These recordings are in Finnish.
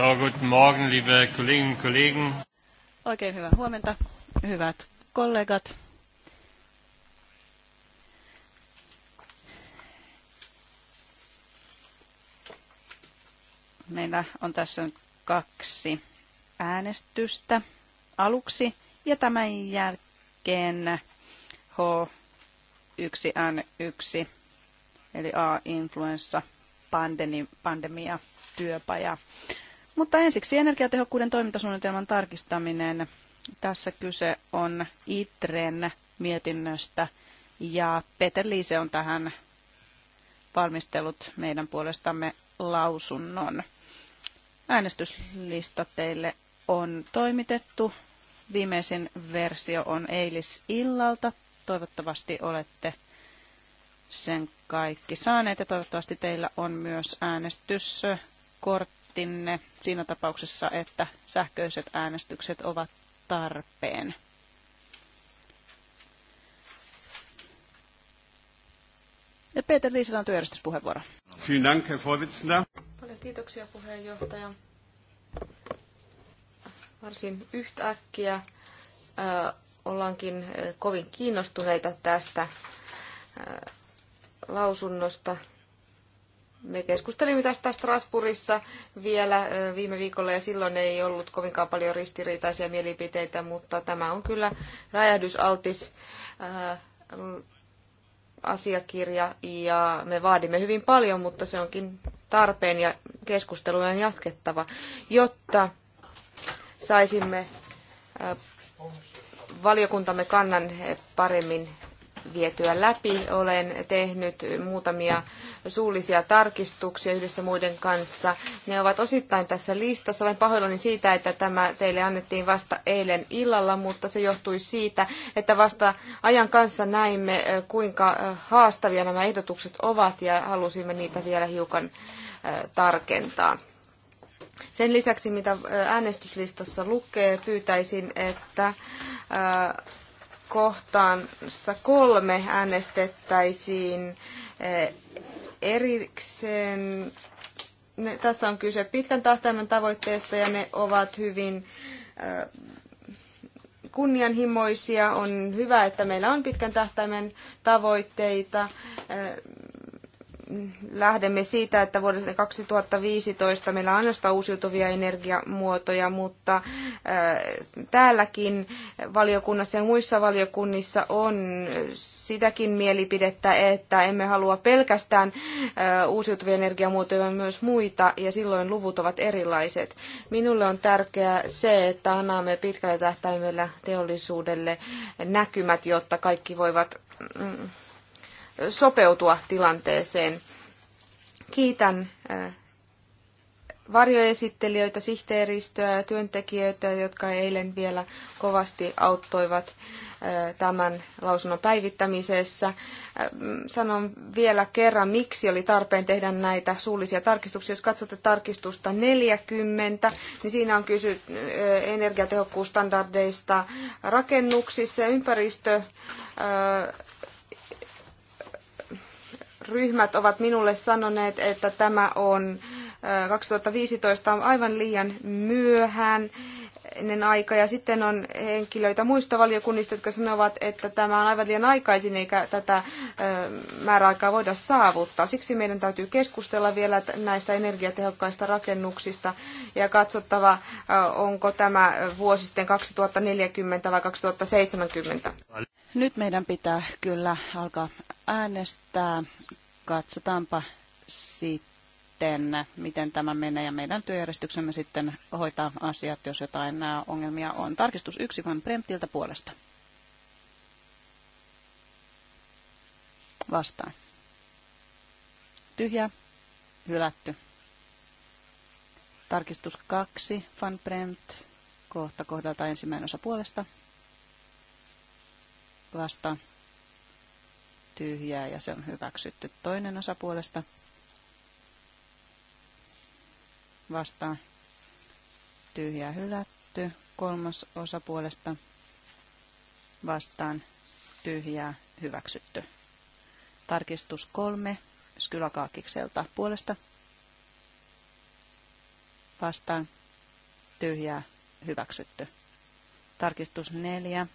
So, guten Morgen, liebe Kolleginnen und Kollegen. Oikein hyvää huomenta, hyvät kollegat. Meillä on tässä kaksi äänestystä aluksi ja tämän jälkeen H1N1 eli A-influenssa pandemia työpaja mutta ensiksi energiatehokkuuden toimintasuunnitelman tarkistaminen. Tässä kyse on ITREN mietinnöstä ja Peter Liise on tähän valmistellut meidän puolestamme lausunnon. Äänestyslista teille on toimitettu. Viimeisin versio on eilisillalta. Toivottavasti olette sen kaikki saaneet ja toivottavasti teillä on myös äänestyskortti kommenttinne siinä tapauksessa, että sähköiset äänestykset ovat tarpeen. Ja Peter Liisillä on työjärjestyspuheenvuoro. Paljon kiitoksia puheenjohtaja. Varsin yhtäkkiä äh, ollaankin äh, kovin kiinnostuneita tästä äh, lausunnosta me keskustelimme tästä Strasbourgissa vielä viime viikolla ja silloin ei ollut kovinkaan paljon ristiriitaisia mielipiteitä, mutta tämä on kyllä räjähdysaltis asiakirja ja me vaadimme hyvin paljon, mutta se onkin tarpeen ja keskustelujen jatkettava, jotta saisimme valiokuntamme kannan paremmin vietyä läpi. Olen tehnyt muutamia suullisia tarkistuksia yhdessä muiden kanssa. Ne ovat osittain tässä listassa. Olen pahoillani siitä, että tämä teille annettiin vasta eilen illalla, mutta se johtui siitä, että vasta ajan kanssa näimme, kuinka haastavia nämä ehdotukset ovat ja halusimme niitä vielä hiukan tarkentaa. Sen lisäksi, mitä äänestyslistassa lukee, pyytäisin, että kohtaansa kolme äänestettäisiin erikseen. Ne, tässä on kyse pitkän tähtäimen tavoitteista ja ne ovat hyvin kunnianhimoisia. On hyvä, että meillä on pitkän tähtäimen tavoitteita lähdemme siitä, että vuodesta 2015 meillä on ainoastaan uusiutuvia energiamuotoja, mutta äh, täälläkin valiokunnassa ja muissa valiokunnissa on sitäkin mielipidettä, että emme halua pelkästään äh, uusiutuvia energiamuotoja, vaan myös muita, ja silloin luvut ovat erilaiset. Minulle on tärkeää se, että annamme pitkällä tähtäimellä teollisuudelle näkymät, jotta kaikki voivat mm, sopeutua tilanteeseen. Kiitän varjoesittelijöitä, sihteeristöä ja työntekijöitä, jotka eilen vielä kovasti auttoivat tämän lausunnon päivittämisessä. Sanon vielä kerran, miksi oli tarpeen tehdä näitä suullisia tarkistuksia. Jos katsotte tarkistusta 40, niin siinä on kysy energiatehokkuusstandardeista rakennuksissa ja ympäristö ryhmät ovat minulle sanoneet, että tämä on 2015 on aivan liian myöhään ennen aika ja sitten on henkilöitä muista valiokunnista, jotka sanovat, että tämä on aivan liian aikaisin eikä tätä määräaikaa voida saavuttaa. Siksi meidän täytyy keskustella vielä näistä energiatehokkaista rakennuksista ja katsottava, onko tämä vuosi sitten 2040 vai 2070. Nyt meidän pitää kyllä alkaa äänestää. Katsotaanpa siitä miten, miten tämä menee ja meidän työjärjestyksemme sitten hoitaa asiat, jos jotain nämä ongelmia on. Tarkistus yksi Van Premptiltä puolesta. Vastaan. Tyhjä. Hylätty. Tarkistus kaksi Van Brempt. Kohta kohdalta ensimmäinen osa puolesta. Vastaan. Tyhjää ja se on hyväksytty toinen osa puolesta vastaan tyhjää hylätty. Kolmas osa puolesta vastaan tyhjää hyväksytty. Tarkistus kolme Skylakaakikselta puolesta vastaan tyhjää hyväksytty. Tarkistus neljä.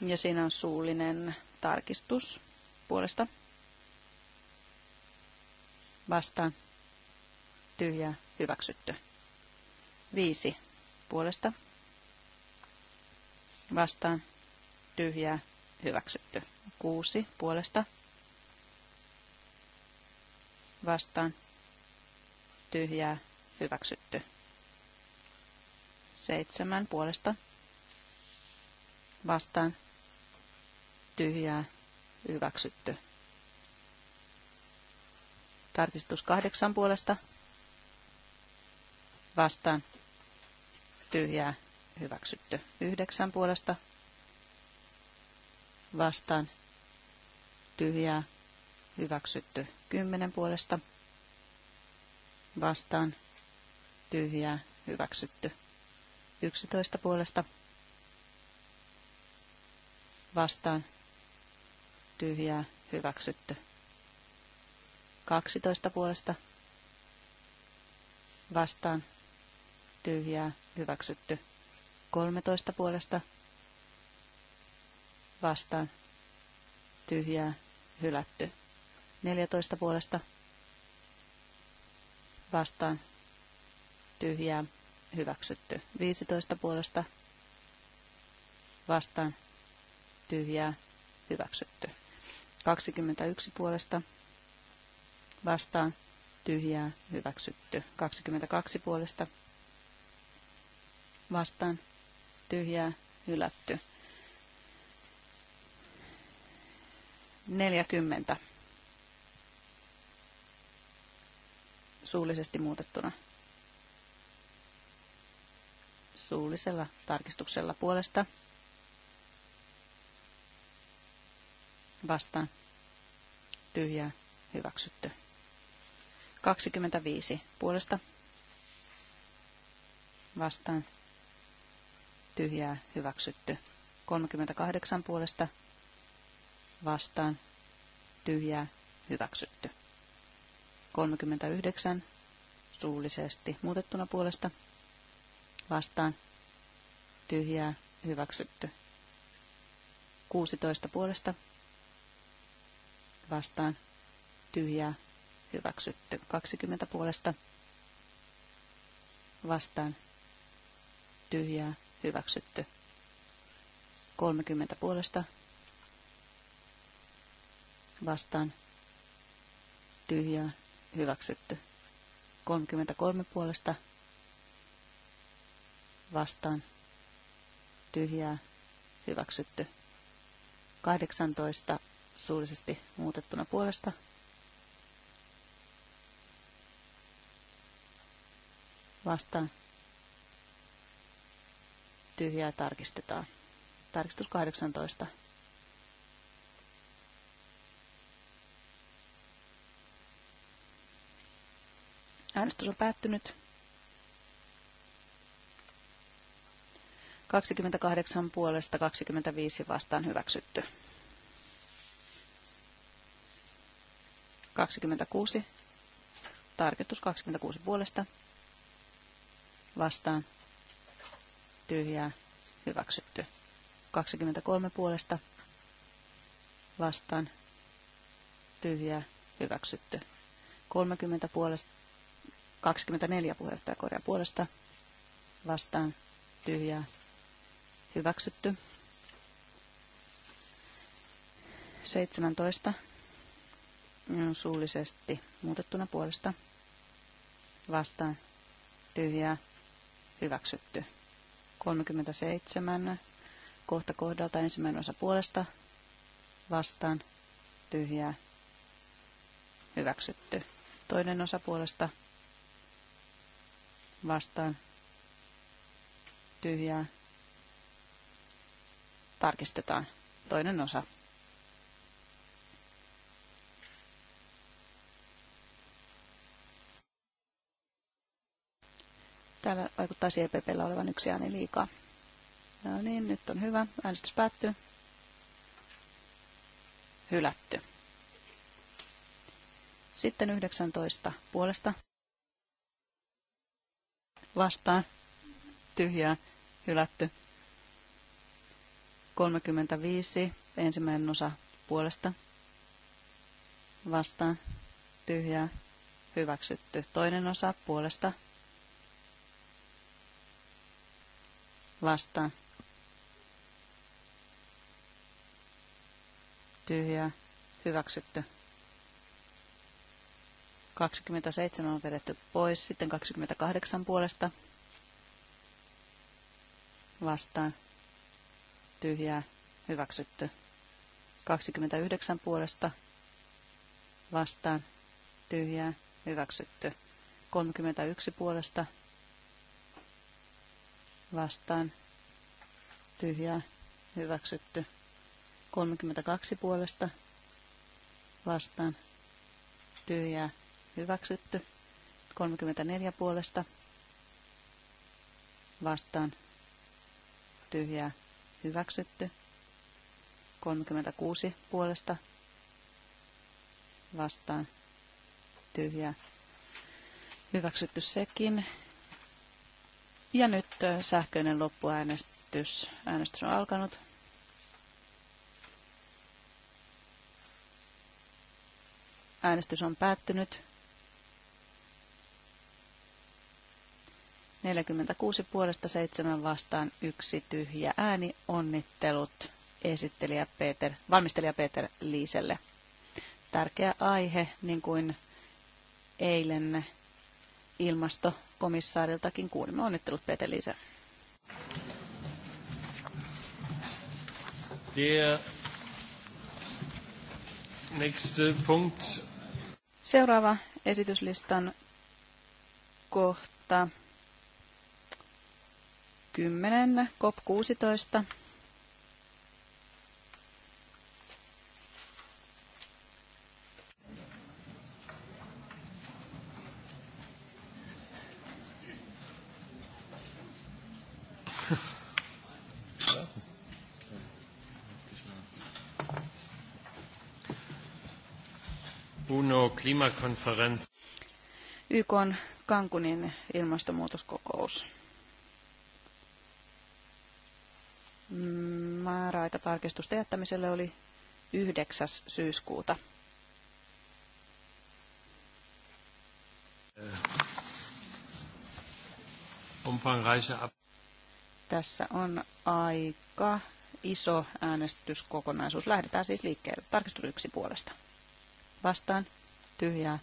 Ja siinä on suullinen tarkistus puolesta vastaan tyhjää, hyväksytty. Viisi puolesta vastaan, tyhjää, hyväksytty. Kuusi puolesta vastaan, tyhjää, hyväksytty. Seitsemän puolesta vastaan, tyhjää, hyväksytty. Tarkistus kahdeksan puolesta vastaan tyhjää hyväksytty. Yhdeksän puolesta vastaan tyhjää hyväksytty. Kymmenen puolesta vastaan tyhjää hyväksytty. Yksitoista puolesta vastaan tyhjää hyväksytty. Kaksitoista puolesta vastaan tyhjää, hyväksytty. 13 puolesta vastaan, tyhjää, hylätty. 14 puolesta vastaan, tyhjää, hyväksytty. 15 puolesta vastaan, tyhjää, hyväksytty. 21 puolesta vastaan, tyhjää, hyväksytty. 22 puolesta vastaan, vastaan tyhjää hylätty. 40 suullisesti muutettuna suullisella tarkistuksella puolesta vastaan tyhjää hyväksytty. 25 puolesta vastaan tyhjää hyväksytty. 38 puolesta vastaan tyhjää hyväksytty. 39 suullisesti muutettuna puolesta vastaan tyhjää hyväksytty. 16 puolesta vastaan tyhjää hyväksytty. 20 puolesta vastaan tyhjää hyväksytty. 30 puolesta vastaan tyhjää hyväksytty. 33 puolesta vastaan tyhjää hyväksytty. 18 suullisesti muutettuna puolesta vastaan tyhjää tarkistetaan. Tarkistus 18. Äänestys on päättynyt. 28 puolesta 25 vastaan hyväksytty. 26. Tarkistus 26 puolesta vastaan tyhjää, hyväksytty. 23 puolesta vastaan, tyhjää, hyväksytty. 30 puolesta, 24 korjaa puolesta vastaan, tyhjää, hyväksytty. 17 mm, suullisesti muutettuna puolesta vastaan, tyhjää, hyväksytty. 37 kohta kohdalta ensimmäinen osa puolesta vastaan tyhjää hyväksytty. Toinen osa puolesta vastaan tyhjää tarkistetaan. Toinen osa Täällä vaikuttaisi EPPllä olevan yksi ääni liikaa. No niin, nyt on hyvä. Äänestys päättyy. Hylätty. Sitten 19 puolesta. Vastaan. Tyhjää. Hylätty. 35. Ensimmäinen osa puolesta. Vastaan. Tyhjää. Hyväksytty. Toinen osa puolesta vastaan. Tyhjää. Hyväksytty. 27 on vedetty pois. Sitten 28 puolesta vastaan. Tyhjää. Hyväksytty. 29 puolesta vastaan. Tyhjää. Hyväksytty. 31 puolesta vastaan tyhjää hyväksytty. 32 puolesta vastaan tyhjää hyväksytty. 34 puolesta vastaan tyhjää hyväksytty. 36 puolesta vastaan tyhjää hyväksytty sekin. Ja nyt sähköinen loppuäänestys. Äänestys on alkanut. Äänestys on päättynyt. 46 puolesta 7 vastaan yksi tyhjä ääni. Onnittelut esittelijä Peter, valmistelija Peter Liiselle. Tärkeä aihe, niin kuin eilen ilmasto komissaariltakin kuulimme. Onnittelut Peter Liisa. Der Punkt. Seuraava esityslistan kohta 10, COP16, Klimakonferenz. YK on Kankunin ilmastonmuutoskokous. Määräaika tarkistusta jättämiselle oli 9. syyskuuta. Eh, Tässä on aika iso äänestyskokonaisuus. Lähdetään siis liikkeelle. Tarkistus yksi puolesta. Vastaan tyhjää,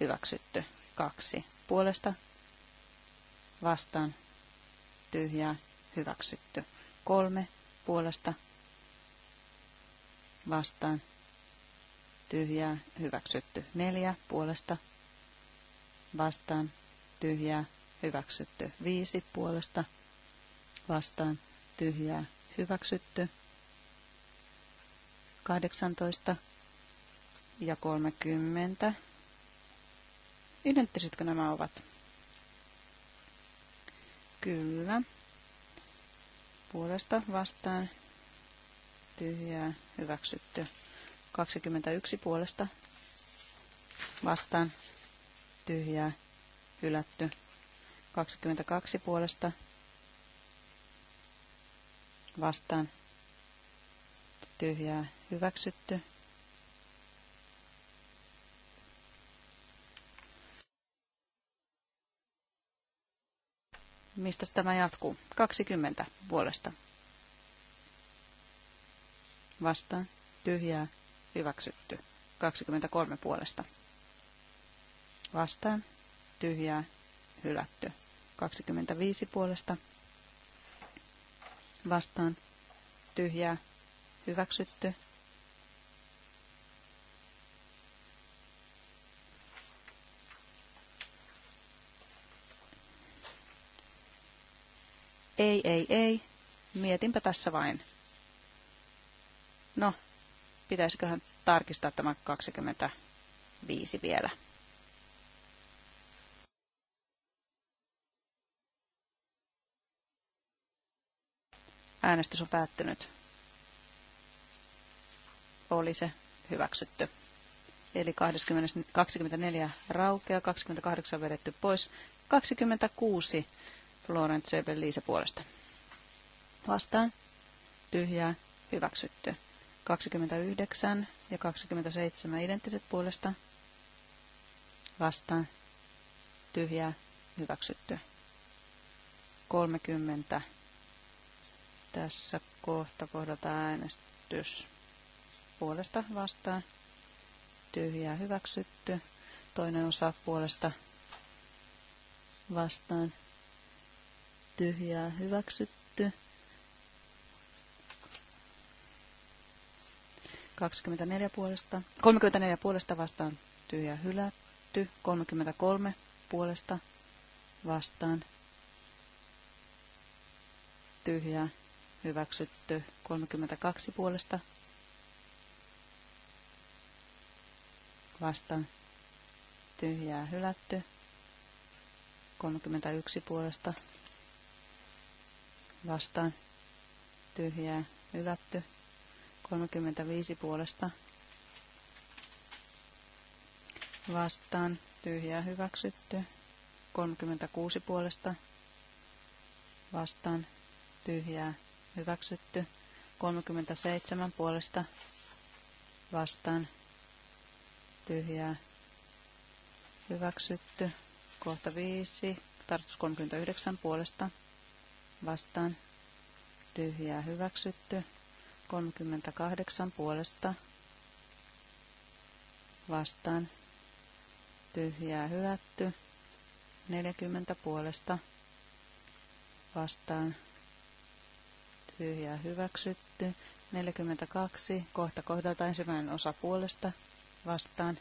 hyväksytty. Kaksi puolesta vastaan, tyhjää, hyväksytty. Kolme puolesta vastaan, tyhjää, hyväksytty. Neljä puolesta vastaan, tyhjää, hyväksytty. Viisi puolesta vastaan, tyhjää, hyväksytty. 18 ja 30. Identtisitkö nämä ovat? Kyllä. Puolesta vastaan tyhjää hyväksytty. 21 puolesta vastaan tyhjää hylätty. 22 puolesta vastaan tyhjää hyväksytty. mistä tämä jatkuu. 20 puolesta. Vastaan. Tyhjää. Hyväksytty. 23 puolesta. Vastaan. Tyhjää. Hylätty. 25 puolesta. Vastaan. Tyhjää. Hyväksytty. Ei, ei, ei. Mietinpä tässä vain. No, pitäisiköhän tarkistaa tämä 25 vielä. Äänestys on päättynyt. Oli se hyväksytty. Eli 20, 24 raukea, 28 vedetty pois, 26 Florent Sebel puolesta. Vastaan. Tyhjää. Hyväksytty. 29 ja 27 identtiset puolesta. Vastaan. Tyhjää. Hyväksytty. 30. Tässä kohta kohdata äänestys. Puolesta vastaan. Tyhjää hyväksytty. Toinen osa puolesta vastaan tyhjää hyväksytty. 24 puolesta, 34 puolesta vastaan tyhjä hylätty, 33 puolesta vastaan tyhjä hyväksytty, 32 puolesta vastaan tyhjää hylätty, 31 puolesta vastaan tyhjää ylätty 35 puolesta vastaan tyhjää hyväksytty. 36 puolesta vastaan tyhjää hyväksytty. 37 puolesta vastaan tyhjää hyväksytty. Kohta 5, tarkoitus 39 puolesta vastaan tyhjää hyväksytty. 38 puolesta vastaan tyhjää hylätty. 40 puolesta vastaan tyhjää hyväksytty. 42 kohta kohdalta ensimmäinen osa puolesta vastaan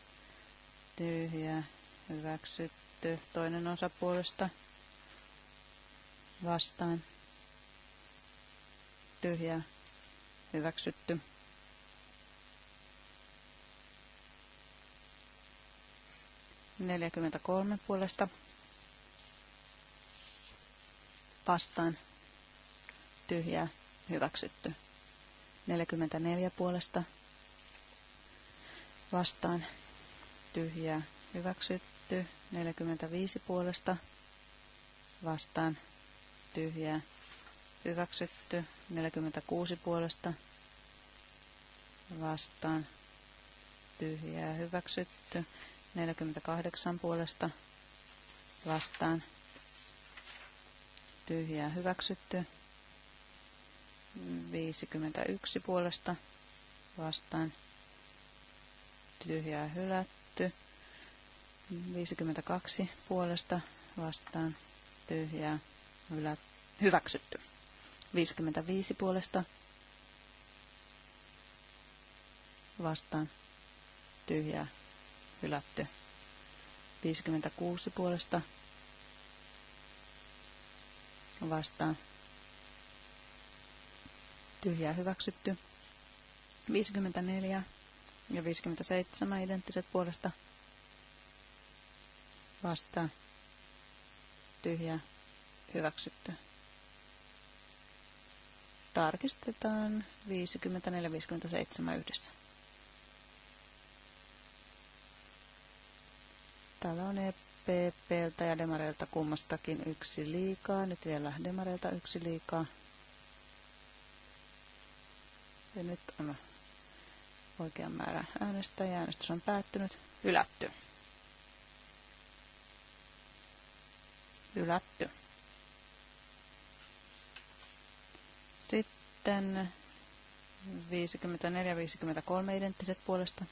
tyhjää hyväksytty. Toinen osa puolesta vastaan ja hyväksytty. neljäkymmentä kolme puolesta vastaan tyhjää hyväksytty. neljäkymmentä neljä puolesta vastaan tyhjää hyväksytty. neljäkymmentä viisi puolesta vastaan tyhjää hyväksytty. 46 puolesta vastaan tyhjää hyväksytty. 48 puolesta vastaan tyhjää hyväksytty. 51 puolesta vastaan tyhjää hylätty. 52 puolesta vastaan tyhjää hylätty hyväksytty. 55 puolesta vastaan tyhjää hylätty. 56 puolesta vastaan tyhjää hyväksytty. 54 ja 57 identtiset puolesta vastaan tyhjää hyväksytty. Tarkistetaan 54-57 yhdessä. Täällä on EPPltä ja Demareilta kummastakin yksi liikaa. Nyt vielä Demareilta yksi liikaa. Ja nyt on oikean määrä ja Äänestys on päättynyt. Hylätty. Hylätty. Sitten 54 53 identtiset puolesta.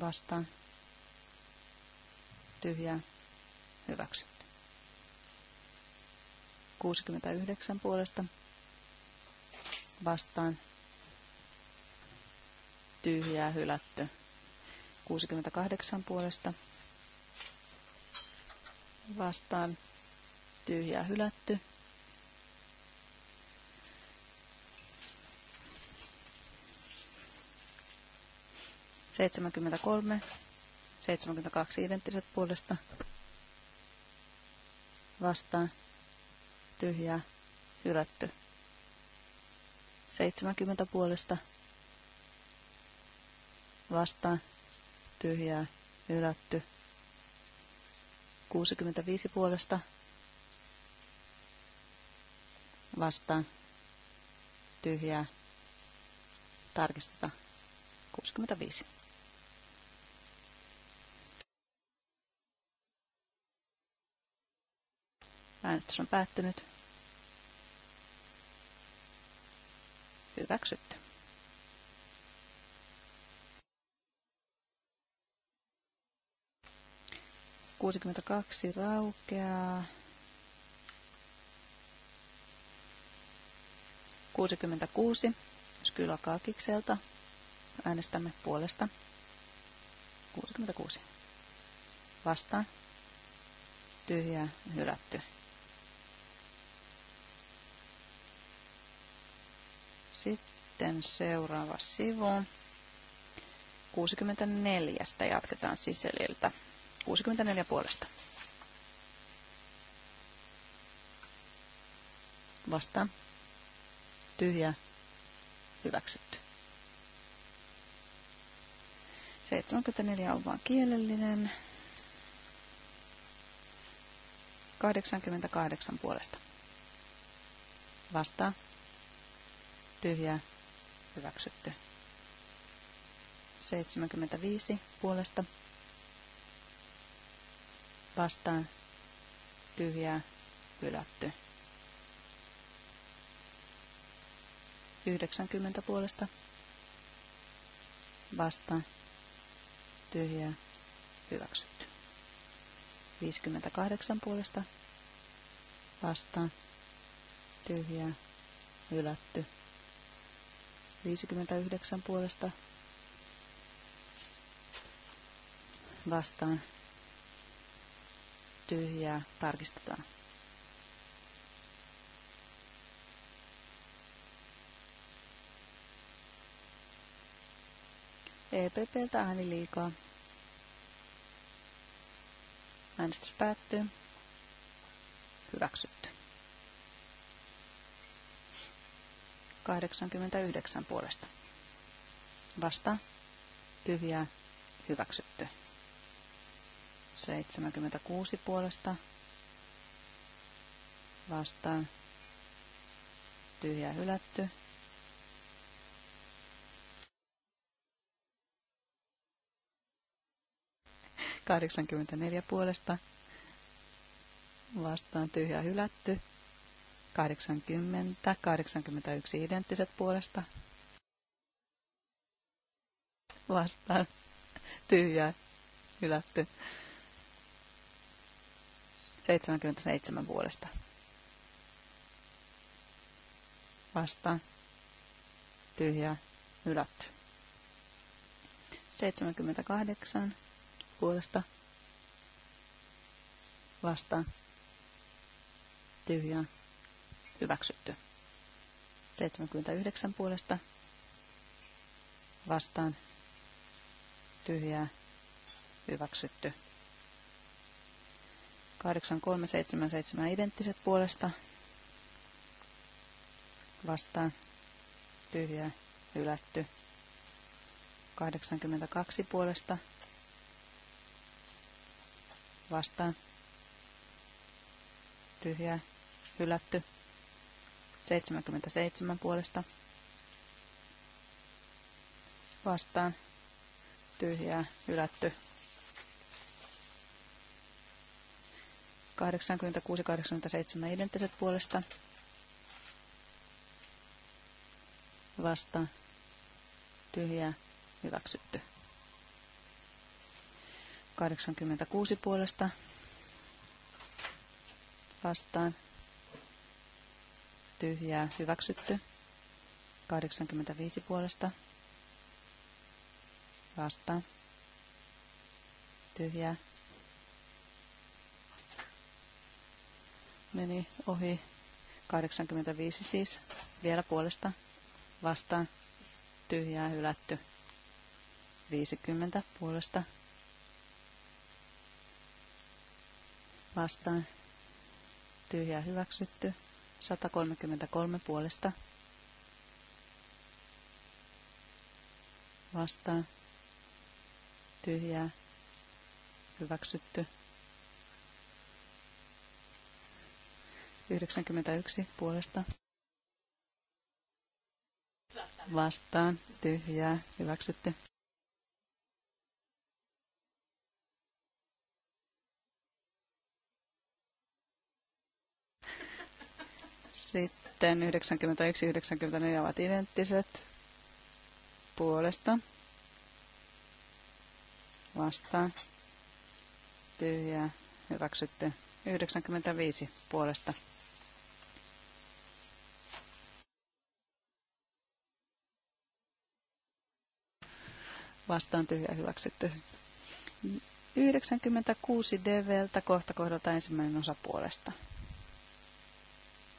Vastaan. Tyhjää. Hyväksy. 69 puolesta. Vastaan. Tyhjää hylätty. 68 puolesta. Vastaan tyhjää hylätty. Seitsemänkymmentä kaksi identtiset puolesta vastaan tyhjää hylätty. Seitsemänkymmentä puolesta vastaan tyhjää hylätty. viisi puolesta vastaan tyhjää tarkistetaan 65. Äänestys on päättynyt. Hyväksytty. kaksi raukeaa. 66 Skylakaakikselta. Äänestämme puolesta. 66. Vastaan. Tyhjää hylätty. Sitten seuraava sivu. 64. jatketaan siseliltä. 64 puolesta. Vastaan tyhjä, hyväksytty. 74 on vain kielellinen. 88 puolesta. Vastaa. Tyhjä, Hyväksytty. 75 puolesta. Vastaan. Tyhjää. Hylätty. 90 puolesta vastaan tyhjää hyväksytty. 58 puolesta vastaan tyhjää hylätty. 59 puolesta vastaan tyhjää tarkistetaan. EPPltä ääni liikaa. Äänestys päättyy. Hyväksytty. 89 puolesta. Vasta. Tyhjää. Hyväksytty. 76 puolesta. Vastaan. Tyhjää hylätty. 84 puolesta vastaan tyhjä hylätty. 80, 81 identtiset puolesta vastaan tyhjä hylätty. 77 puolesta vastaan tyhjä hylätty. 78 puolesta vastaan tyhjää hyväksytty. 79 puolesta vastaan tyhjää hyväksytty. 8377 identtiset puolesta vastaan tyhjää hylätty. 82 puolesta vastaan vastaan. Tyhjää, hylätty. 77 puolesta vastaan. Tyhjää, hylätty. 86-87 identtiset puolesta vastaan. Tyhjää, hyväksytty. 86 puolesta vastaan. Tyhjää hyväksytty. 85 puolesta vastaan. Tyhjää. Meni ohi. 85 siis. Vielä puolesta vastaan. Tyhjää hylätty. 50 puolesta vastaan tyhjää hyväksytty. 133 puolesta vastaan tyhjää hyväksytty. 91 puolesta vastaan tyhjää hyväksytty. Sitten 91-94 ovat identtiset puolesta vastaan tyhjää hyväksytty 95 puolesta. Vastaan tyhjä hyväksytty 96 DVltä kohta kohdalta ensimmäinen osa puolesta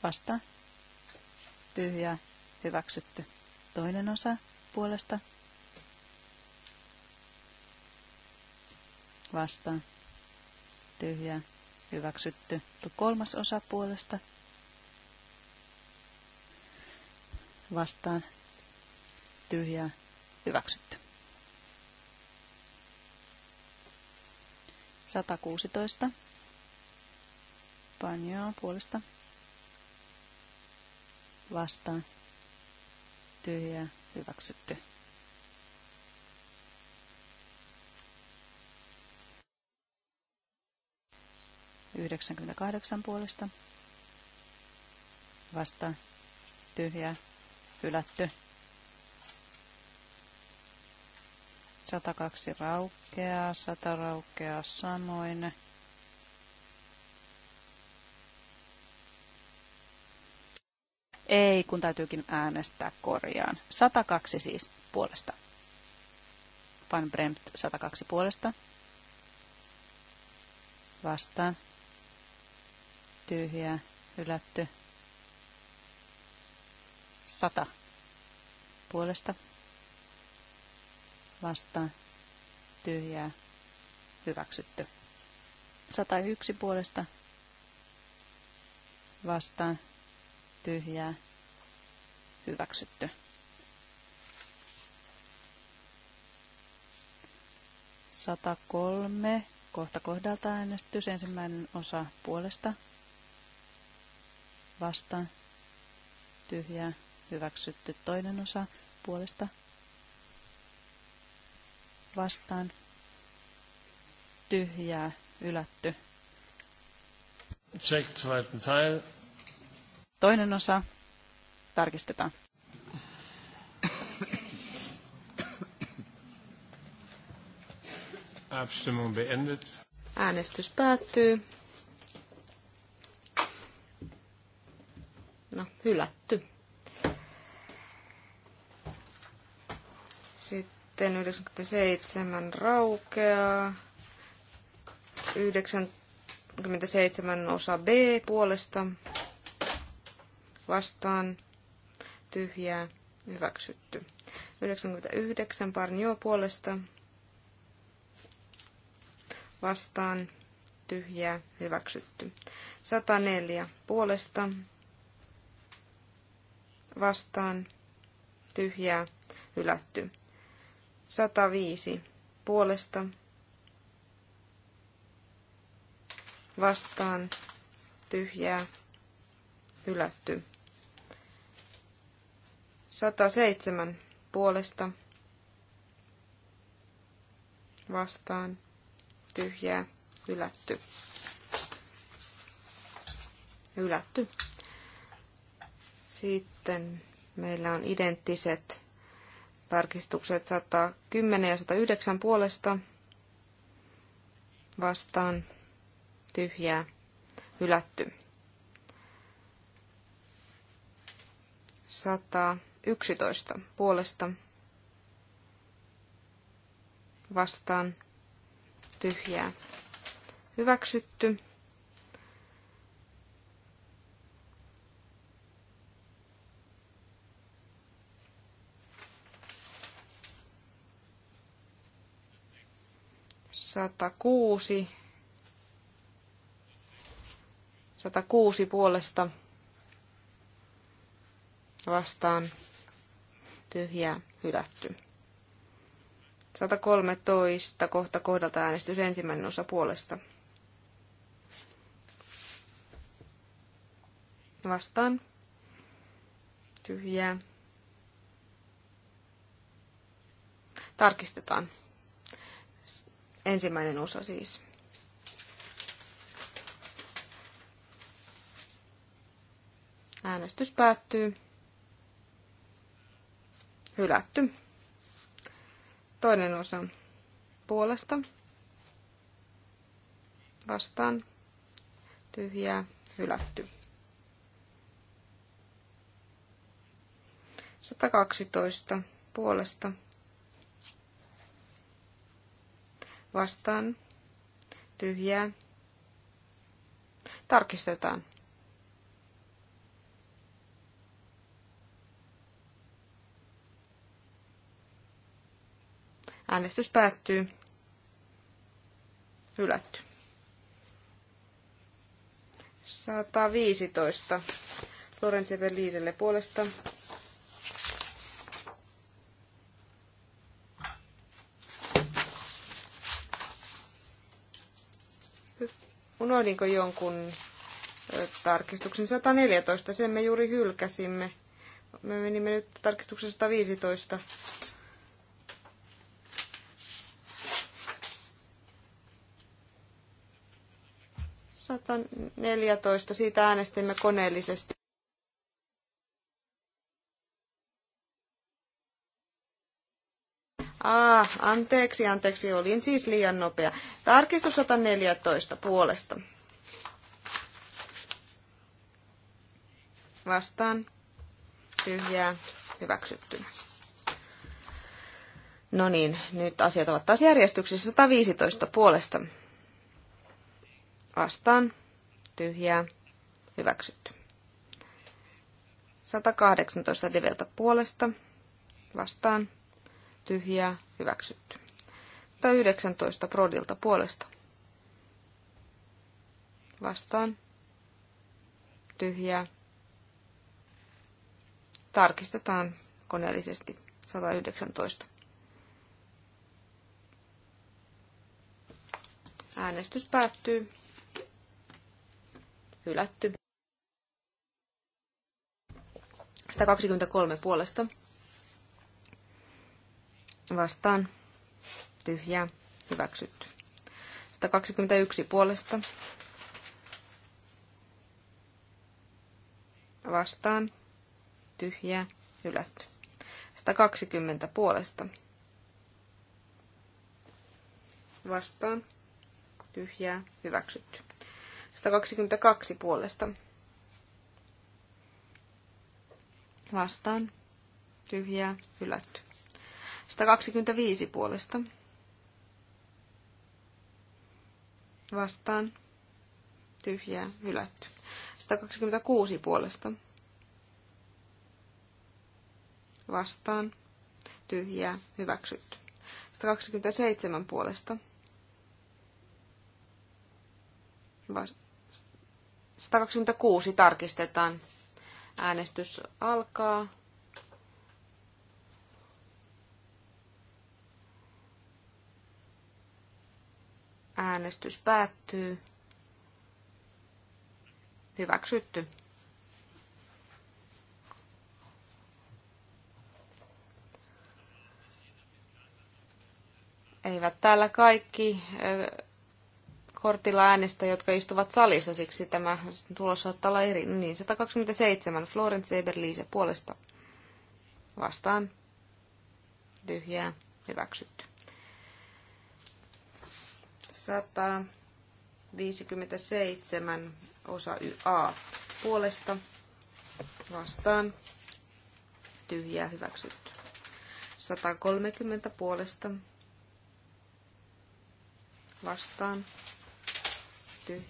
vasta tyhjä Hyväksytty. Toinen osa puolesta. vasta tyhjä Hyväksytty. Kolmas osa puolesta. Vastaan. tyhjä Hyväksytty. 116. Panjaa puolesta vastaan tyhjää hyväksytty. Yhdeksänkymmentäkahdeksan puolesta vasta tyhjää hylätty. 102 raukeaa, 100 raukeaa samoin. Ei, kun täytyykin äänestää korjaan. 102 siis puolesta. Van Bremt 102 puolesta. Vastaan. Tyhjää, hylätty. 100 puolesta. Vastaan. Tyhjää, hyväksytty. 101 puolesta. Vastaan tyhjää hyväksytty. Sata kolme kohta kohdalta äänestys ensimmäinen osa puolesta vasta tyhjää hyväksytty toinen osa puolesta vastaan tyhjää ylätty. Check zweiten Teil. Toinen osa tarkistetaan. Äänestys päättyy. No, hylätty. Sitten 97 raukeaa. 97 osa B puolesta vastaan tyhjää hyväksytty. 99 Parnio puolesta vastaan tyhjää hyväksytty. 104 puolesta vastaan tyhjää hylätty. 105 puolesta vastaan tyhjää hylätty. 107 puolesta vastaan tyhjää ylätty. Ylätty. Sitten meillä on identtiset tarkistukset 110 ja 109 puolesta vastaan tyhjää ylätty. 100 11 puolesta vastaan tyhjää hyväksytty. Sata kuusi. Sata kuusi puolesta vastaan tyhjä, hylätty. 113. Kohta kohdalta äänestys ensimmäinen osa puolesta. Vastaan. Tyhjää. Tarkistetaan. Ensimmäinen osa siis. Äänestys päättyy. Hylätty. Toinen osa puolesta. Vastaan. Tyhjää. Hylätty. 112 puolesta. Vastaan. Tyhjää. Tarkistetaan. Äänestys päättyy. Hylätty. 115. Florence Berliiselle puolesta. Unohdinko jonkun tarkistuksen 114? Sen me juuri hylkäsimme. Me menimme nyt tarkistuksen 115. 114, siitä äänestimme koneellisesti. Ah, anteeksi, anteeksi, olin siis liian nopea. Tarkistus 114 puolesta. Vastaan. Tyhjää. Hyväksytty. No niin, nyt asiat ovat taas järjestyksessä 115 puolesta vastaan, tyhjää, hyväksytty. 118 diveltä puolesta, vastaan, tyhjää, hyväksytty. 119 prodilta puolesta, vastaan, tyhjää, tarkistetaan koneellisesti 119. Äänestys päättyy hylätty. 123 puolesta vastaan Tyhjä. hyväksytty. 121 puolesta vastaan Tyhjä. hylätty. 120 puolesta vastaan tyhjää hyväksytty. 122 puolesta. Vastaan. Tyhjää. Hylätty. 125 puolesta. Vastaan. Tyhjää. Hylätty. 126 puolesta. Vastaan. Tyhjää. Hyväksytty. 127 puolesta. Vastaan. 126 tarkistetaan. Äänestys alkaa. Äänestys päättyy. Hyväksytty. Eivät täällä kaikki kortilla äänestä, jotka istuvat salissa, siksi tämä tulos saattaa olla eri. Niin, 127. Florence Eberliise puolesta vastaan. Tyhjää. Hyväksytty. 157 osa YA puolesta vastaan. Tyhjää hyväksytty. 130 puolesta vastaan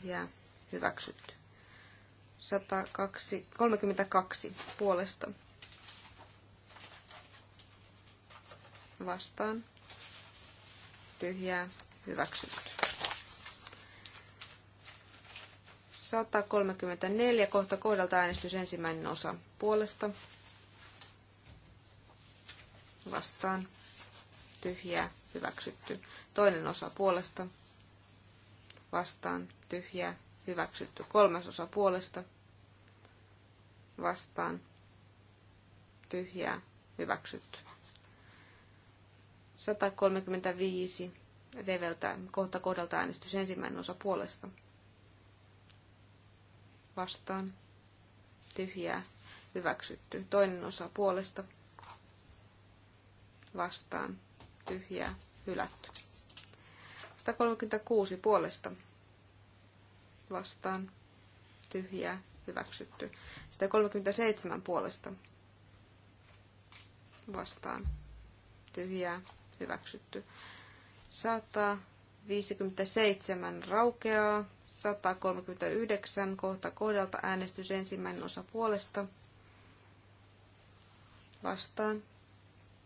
ja hyväksytty. 132 puolesta vastaan tyhjää hyväksytty. 134 kohta kohdalta äänestys ensimmäinen osa puolesta vastaan tyhjää hyväksytty. Toinen osa puolesta vastaan tyhjää, hyväksytty. Kolmasosa puolesta vastaan, tyhjää, hyväksytty. 135 leveltä kohta kohdalta äänestys ensimmäinen osa puolesta. Vastaan, tyhjää, hyväksytty. Toinen osa puolesta, vastaan, tyhjää, hylätty. 136 puolesta vastaan tyhjää hyväksytty. 137 puolesta vastaan tyhjää hyväksytty. 157 raukeaa. 139 kohta kohdalta äänestys ensimmäinen osa puolesta vastaan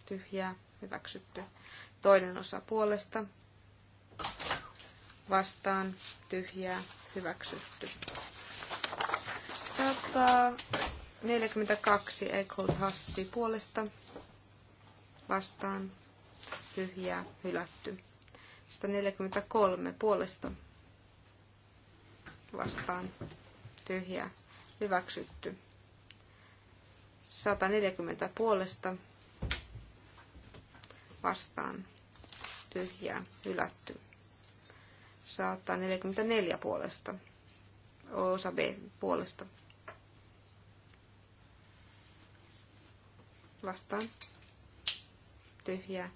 tyhjää hyväksytty. Toinen osa puolesta vastaan tyhjää hyväksytty. 142 Eichhold Hassi puolesta vastaan tyhjää hylätty. 143 puolesta vastaan tyhjää hyväksytty. 140 puolesta vastaan tyhjää hylätty saattaa 44 puolesta. Osa B puolesta. Vastaan. Tyhjää.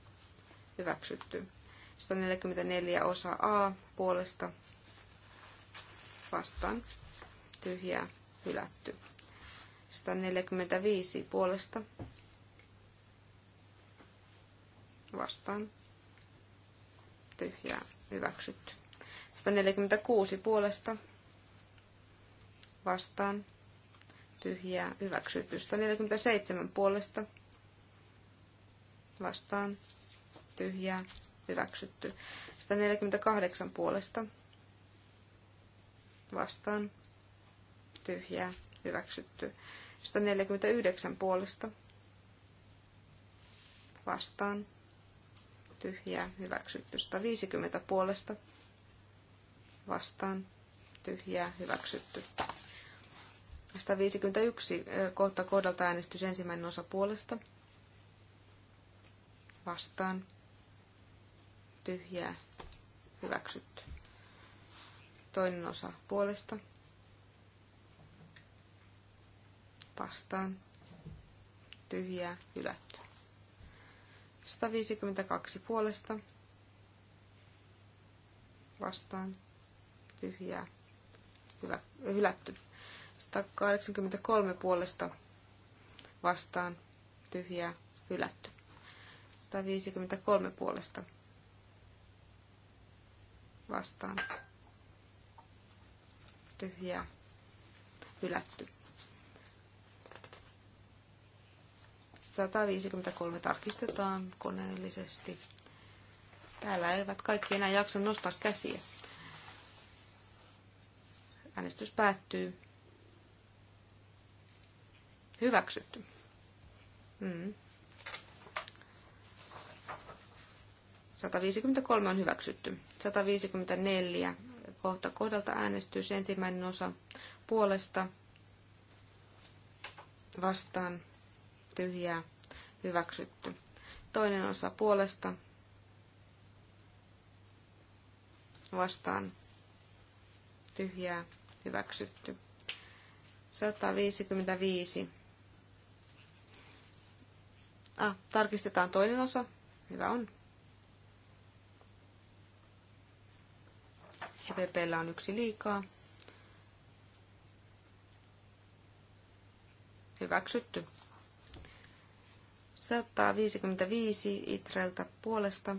Hyväksytty. 144 osa A puolesta. Vastaan. Tyhjää. Hylätty. 145 puolesta. Vastaan. Tyhjää. Hyväksytty. 146 puolesta vastaan tyhjää hyväksytty. 147 puolesta vastaan tyhjää hyväksytty. 148 puolesta vastaan tyhjää hyväksytty. 149 puolesta vastaan tyhjää hyväksytty. 150 puolesta vastaan vastaan tyhjää hyväksytty. 151 kohta kohdalta äänestys ensimmäinen osa puolesta vastaan tyhjää hyväksytty. Toinen osa puolesta vastaan tyhjää hylätty. 152 puolesta vastaan tyhjää hyvä, hylätty. 183 puolesta vastaan tyhjää hylätty. 153 puolesta vastaan tyhjää hylätty. 153 tarkistetaan koneellisesti. Täällä eivät kaikki enää jaksa nostaa käsiä. Äänestys päättyy. Hyväksytty. Mm. 153 on hyväksytty. 154 kohta kohdalta äänestys ensimmäinen osa puolesta vastaan tyhjää hyväksytty. Toinen osa puolesta vastaan tyhjää hyväksytty. 155. Ah, tarkistetaan toinen osa. Hyvä on. EPPllä on yksi liikaa. Hyväksytty. 155 Itreltä puolesta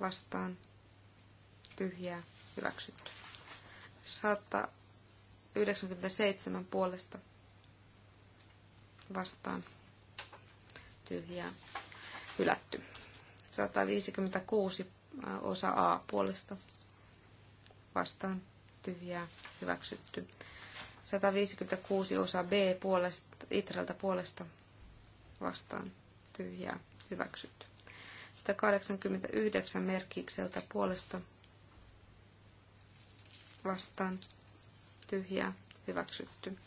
vastaan tyhjää hyväksytty. 197 puolesta vastaan tyhjää hylätty. 156 osa A puolesta vastaan tyhjää hyväksytty. 156 osa B puolesta, Itreltä puolesta vastaan tyhjää hyväksytty. 189 merkikseltä puolesta vastaan tyhjä hyväksytty.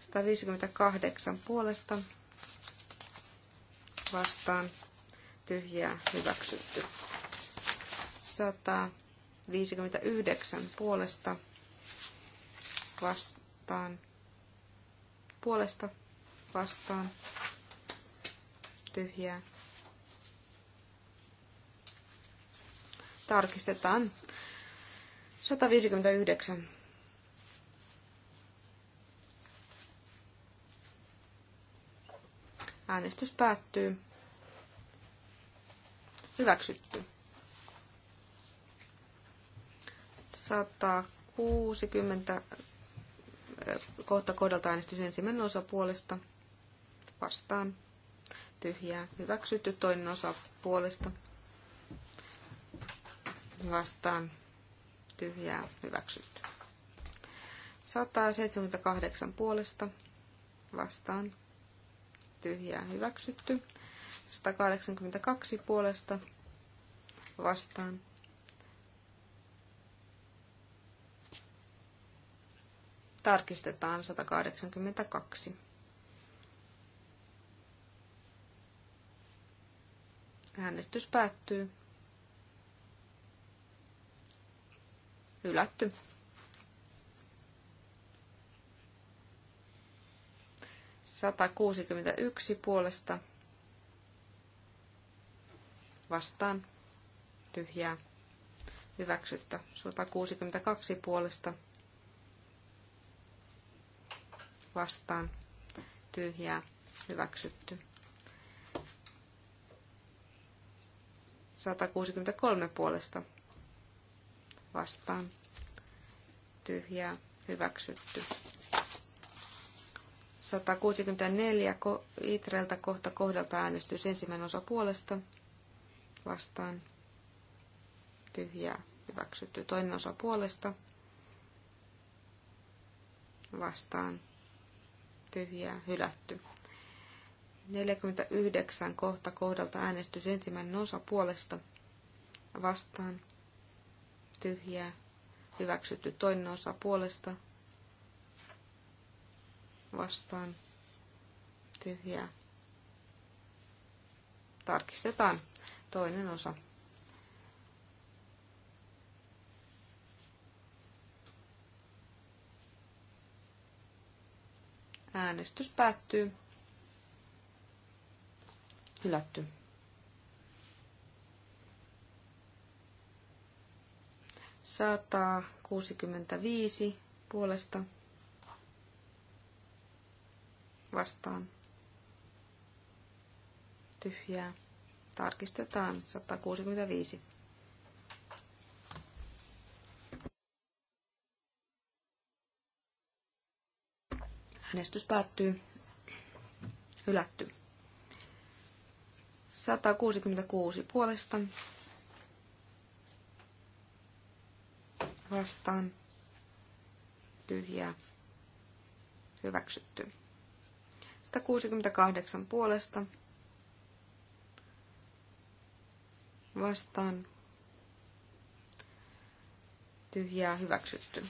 158 puolesta vastaan tyhjä hyväksytty. 159 puolesta vastaan puolesta vastaan tyhjä Tarkistetaan. 159. Äänestys päättyy. Hyväksytty. 160 eh, kohta kohdalta äänestys ensimmäinen osa puolesta vastaan. Tyhjää. Hyväksytty toinen osa puolesta vastaan tyhjää hyväksytty. 178 puolesta vastaan tyhjää hyväksytty. 182 puolesta vastaan tarkistetaan 182. Äänestys päättyy. Hylätty. Sata puolesta vastaan tyhjää hyväksyttä. 162 puolesta vastaan tyhjää hyväksytty. 163 puolesta vastaan tyhjää hyväksytty. 164 Itreltä kohta kohdalta äänestys ensimmäinen osa puolesta vastaan tyhjää hyväksytty. Toinen osa puolesta vastaan tyhjää hylätty. 49 kohta kohdalta äänestys ensimmäinen osa puolesta vastaan tyhjää, hyväksytty toinen osa puolesta, vastaan, tyhjää. Tarkistetaan toinen osa. Äänestys päättyy. Hylätty. 165 puolesta vastaan tyhjää. Tarkistetaan 165. Äänestys päättyy. Hylätty. 166 puolesta vastaan tyhjä hyväksytty. 168 puolesta vastaan tyhjää hyväksytty.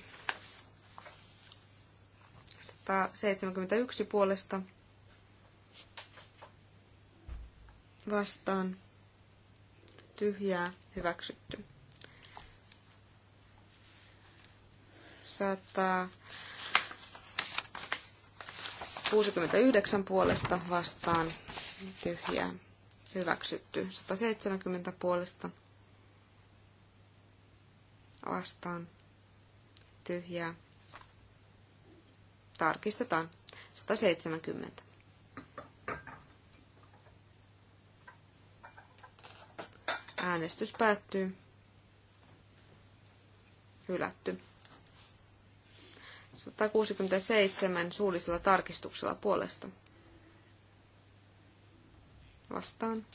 171 puolesta vastaan tyhjää hyväksytty. 169 puolesta vastaan tyhjää hyväksytty. 170 puolesta vastaan tyhjää. Tarkistetaan. 170. Äänestys päättyy. Hylätty. 167 suullisella tarkistuksella puolesta. Vastaan.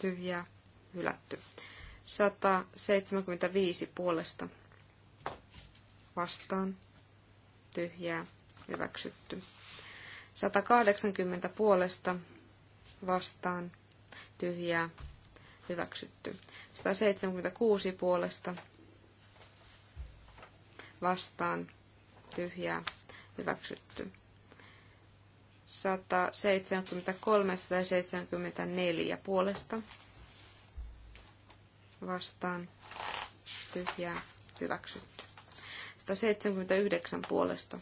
Tyhjää. Hylätty. 175 puolesta. Vastaan. Tyhjää. Hyväksytty. 180 puolesta. Vastaan. Tyhjää. Hyväksytty. 176 puolesta vastaan tyhjää hyväksytty. 173 174 puolesta vastaan tyhjää hyväksytty. 179 puolesta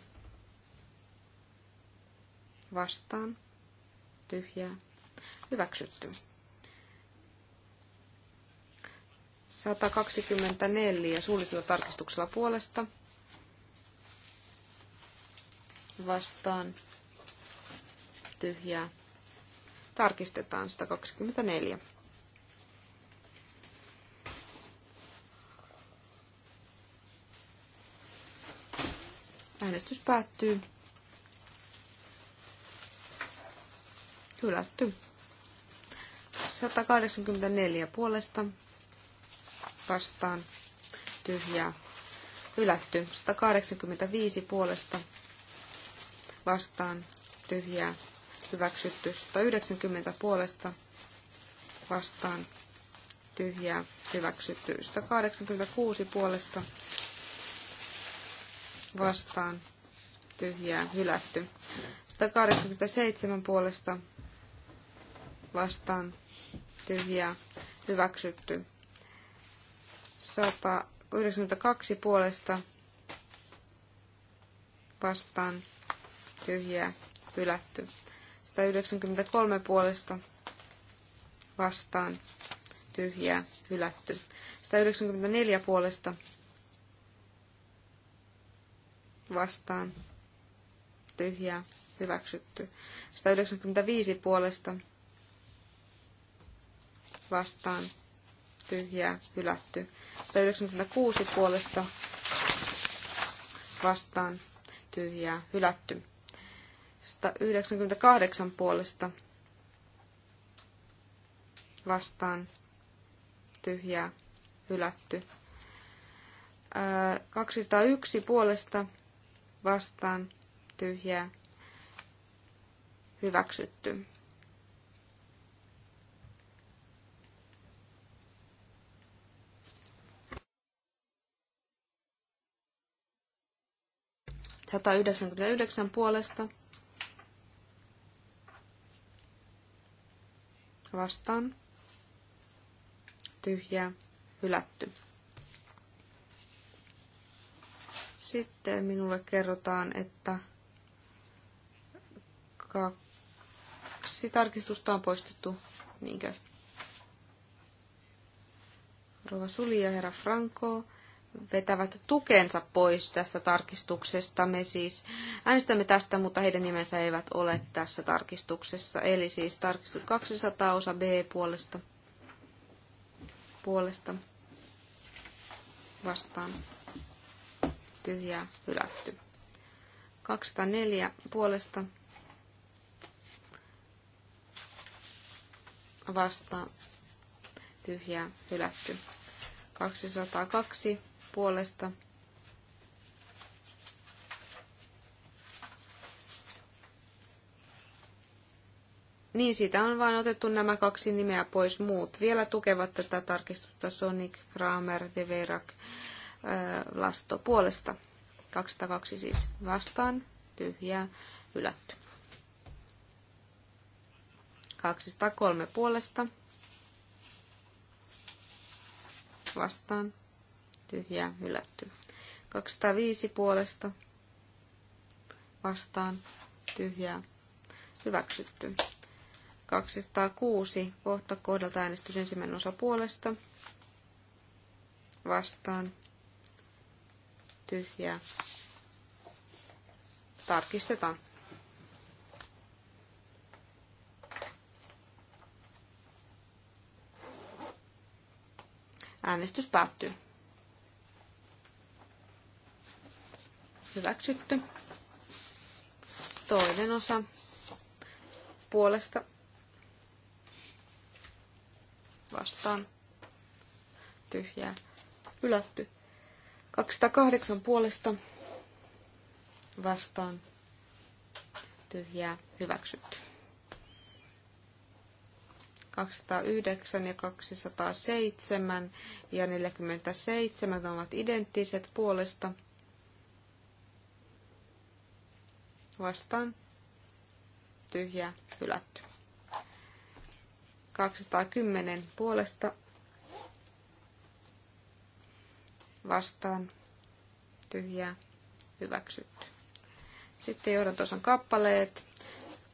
vastaan tyhjää hyväksytty. 124 suullisella tarkistuksella puolesta vastaan tyhjää. Tarkistetaan 124. Äänestys päättyy. Hylätty. 184 puolesta vastaan tyhjää. Hylätty. 185 puolesta vastaan tyhjää hyväksytty. 190 puolesta vastaan tyhjää hyväksytty. 186 puolesta vastaan tyhjää hylätty. 187 puolesta vastaan tyhjää hyväksytty. 192 puolesta vastaan tyhjää hylätty. 193 puolesta vastaan tyhjää hylätty. 194 puolesta vastaan tyhjää hyväksytty. 195 puolesta vastaan tyhjää hylätty. 196 puolesta vastaan tyhjää hylätty. 198 puolesta vastaan tyhjää hylätty. 201 puolesta vastaan tyhjää hyväksytty. Satayhdeksänkymmentäyhdeksän puolesta vastaan, tyhjä hylätty. Sitten minulle kerrotaan, että kaksi tarkistusta on poistettu, niinkö? Rova Suli ja herra Franco vetävät tukensa pois tästä tarkistuksesta. Me siis äänestämme tästä, mutta heidän nimensä eivät ole tässä tarkistuksessa. Eli siis tarkistus 200 osa B puolesta. Puolesta vastaan tyhjää hylätty. 204 puolesta vastaan tyhjää hylätty. 202 puolesta. Niin, siitä on vain otettu nämä kaksi nimeä pois. Muut vielä tukevat tätä tarkistusta Sonic, Kramer, De Verac, Lasto puolesta. 202 siis vastaan, tyhjää, hylätty. 203 puolesta vastaan, tyhjää hylätty. 205 puolesta vastaan tyhjää hyväksytty. 206 kohta kohdalta äänestys ensimmäinen osa puolesta vastaan tyhjää. Tarkistetaan. Äänestys päättyy. Hyväksytty. Toinen osa puolesta vastaan tyhjää ylätty. 208 puolesta vastaan tyhjää hyväksytty. 209 ja 207 ja 47 ovat identtiset puolesta vastaan tyhjä hylätty. 210 puolesta vastaan tyhjä hyväksytty. Sitten tuossa kappaleet.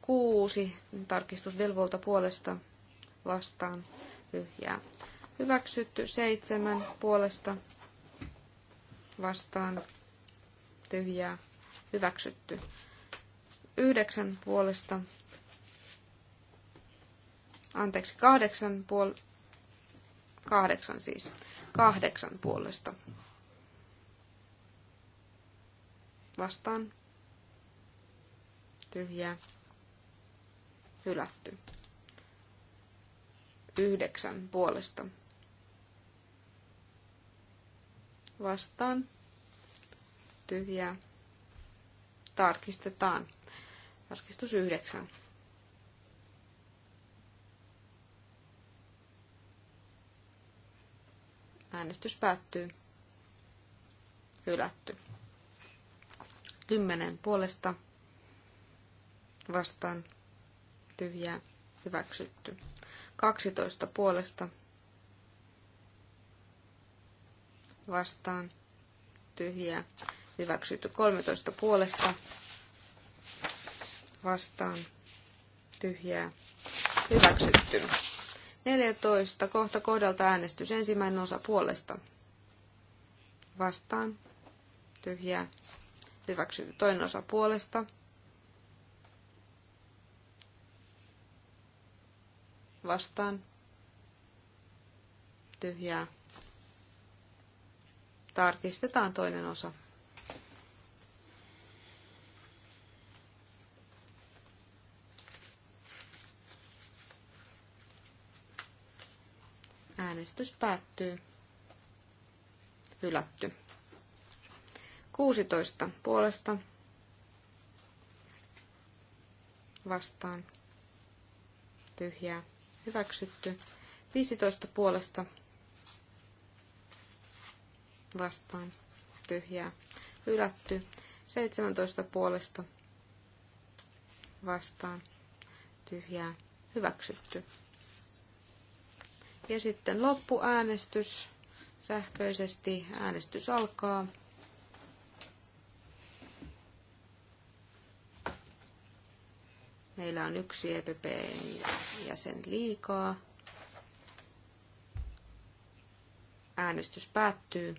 Kuusi tarkistus Delvolta puolesta vastaan tyhjää hyväksytty. Seitsemän puolesta vastaan tyhjää hyväksytty. Yhdeksän puolesta. Anteeksi, kahdeksan puol... Kahdeksan siis. Kahdeksan puolesta. Vastaan. Tyhjää. Hylätty. Yhdeksän puolesta. Vastaan. Tyhjää tarkistetaan. Tarkistus yhdeksän. Äänestys päättyy. Hylätty. Kymmenen puolesta vastaan tyhjää hyväksytty. 12 puolesta vastaan tyhjää hyväksytty. 13 puolesta vastaan tyhjää hyväksytty. 14. Kohta kohdalta äänestys. Ensimmäinen osa puolesta. Vastaan. Tyhjää. Hyväksytty. Toinen osa puolesta. Vastaan. Tyhjää. Tarkistetaan toinen osa. Äänestys päättyy. Hylätty. 16 puolesta vastaan tyhjää hyväksytty. 15 puolesta vastaan tyhjää hylätty. 17 puolesta vastaan tyhjää hyväksytty. Ja sitten loppuäänestys. Sähköisesti äänestys alkaa. Meillä on yksi EPP-jäsen liikaa. Äänestys päättyy.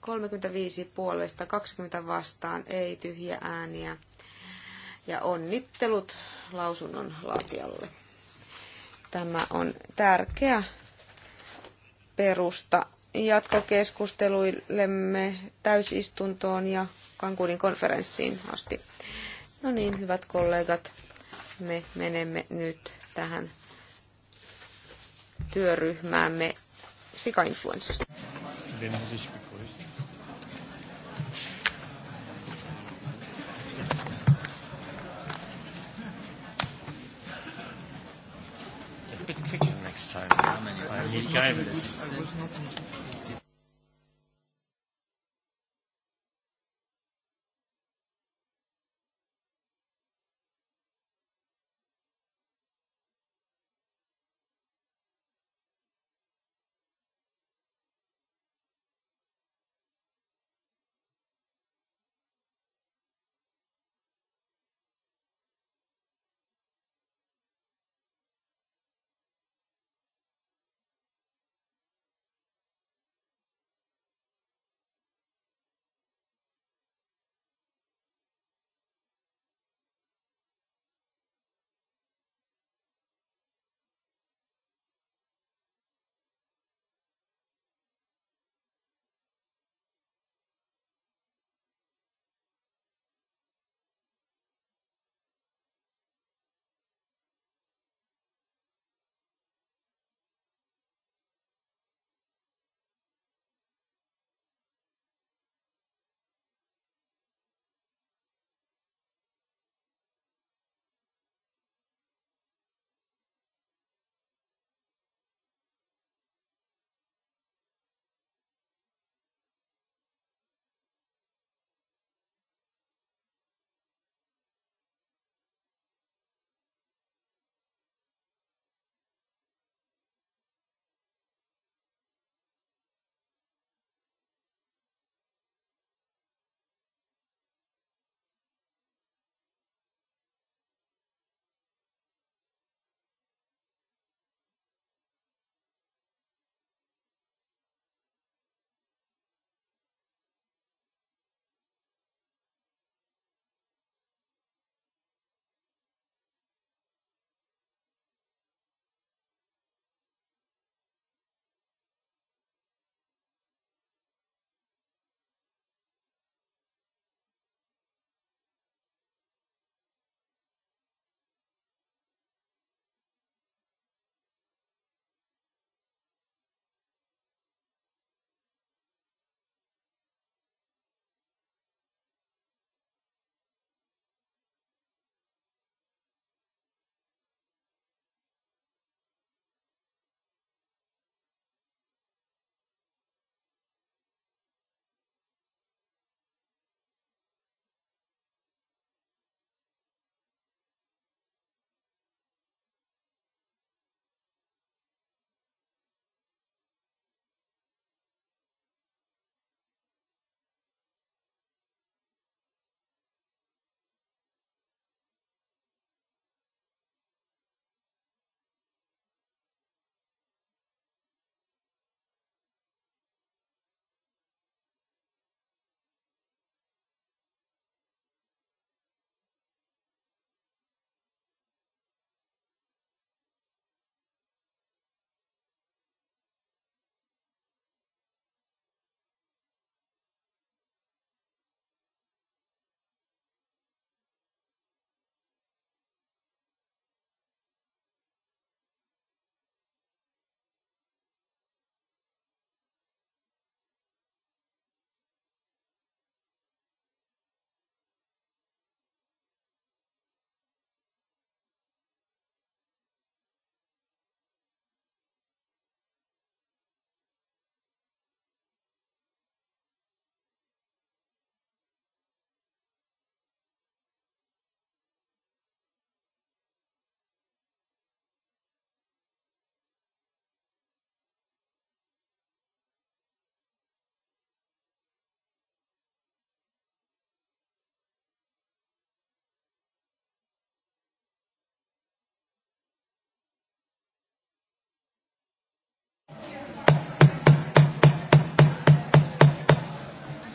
35 puolesta, 20 vastaan, ei tyhjä ääniä ja onnittelut lausunnon laatijalle. Tämä on tärkeä perusta jatkokeskusteluillemme täysistuntoon ja Kankunin konferenssiin asti. No niin, hyvät kollegat, me menemme nyt tähän työryhmäämme sikainfluenssasta. time. How many? I, I, I, I, I,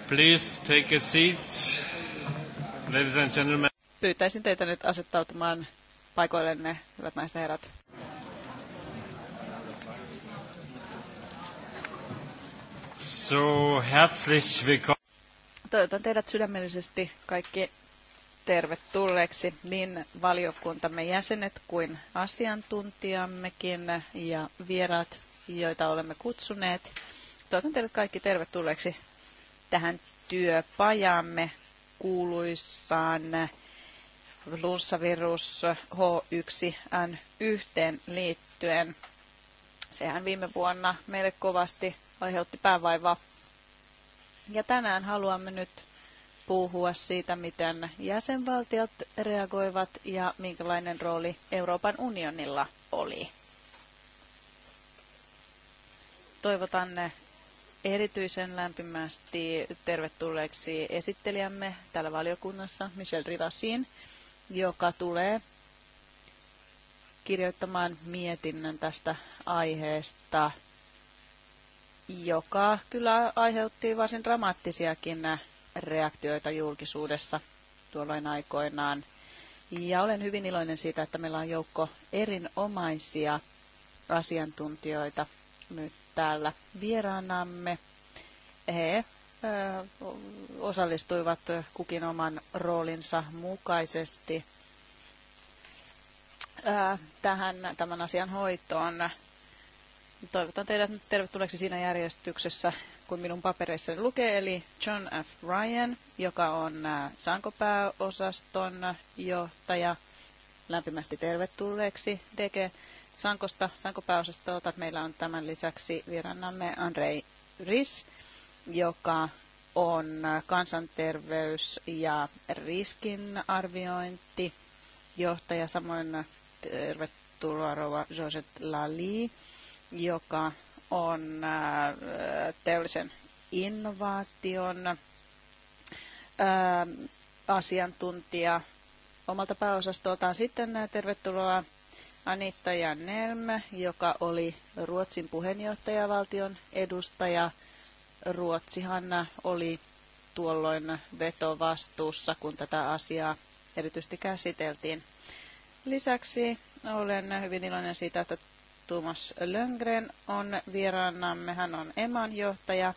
Please take a seat. Ladies and gentlemen. Pyytäisin teitä nyt asettautumaan paikoillenne, hyvät naiset ja herrat. So, herzlich willkommen. Toivotan teidät sydämellisesti kaikki tervetulleeksi niin valiokuntamme jäsenet kuin asiantuntijammekin ja vieraat, joita olemme kutsuneet. Toivotan teidät kaikki tervetulleeksi tähän työpajamme kuuluissaan flunssavirus H1N1 liittyen. Sehän viime vuonna meille kovasti aiheutti päävaivaa. Ja tänään haluamme nyt puhua siitä, miten jäsenvaltiot reagoivat ja minkälainen rooli Euroopan unionilla oli. Toivotan erityisen lämpimästi tervetulleeksi esittelijämme täällä valiokunnassa Michel Rivasin, joka tulee kirjoittamaan mietinnön tästä aiheesta, joka kyllä aiheutti varsin dramaattisiakin reaktioita julkisuudessa tuolloin aikoinaan. Ja olen hyvin iloinen siitä, että meillä on joukko erinomaisia asiantuntijoita nyt täällä vieraanamme. He osallistuivat kukin oman roolinsa mukaisesti tähän, tämän asian hoitoon. Toivotan teidät nyt tervetulleeksi siinä järjestyksessä, kun minun papereissani lukee, eli John F. Ryan, joka on Sankopääosaston johtaja. Lämpimästi tervetulleeksi Deke. Sankosta, Sankopääosastolta. Meillä on tämän lisäksi vieraannamme Andrei Ris, joka on kansanterveys- ja riskinarviointijohtaja. Samoin tervetuloa Rova Joset Lali, joka on äh, teollisen innovaation äh, asiantuntija omalta pääosastoltaan. Sitten äh, tervetuloa Anitta Jannelm, joka oli Ruotsin puheenjohtajavaltion edustaja. Ruotsihan oli tuolloin vetovastuussa, kun tätä asiaa erityisesti käsiteltiin. Lisäksi olen hyvin iloinen siitä, että Tuomas Löngren on vieraannamme. Hän on EMAN johtaja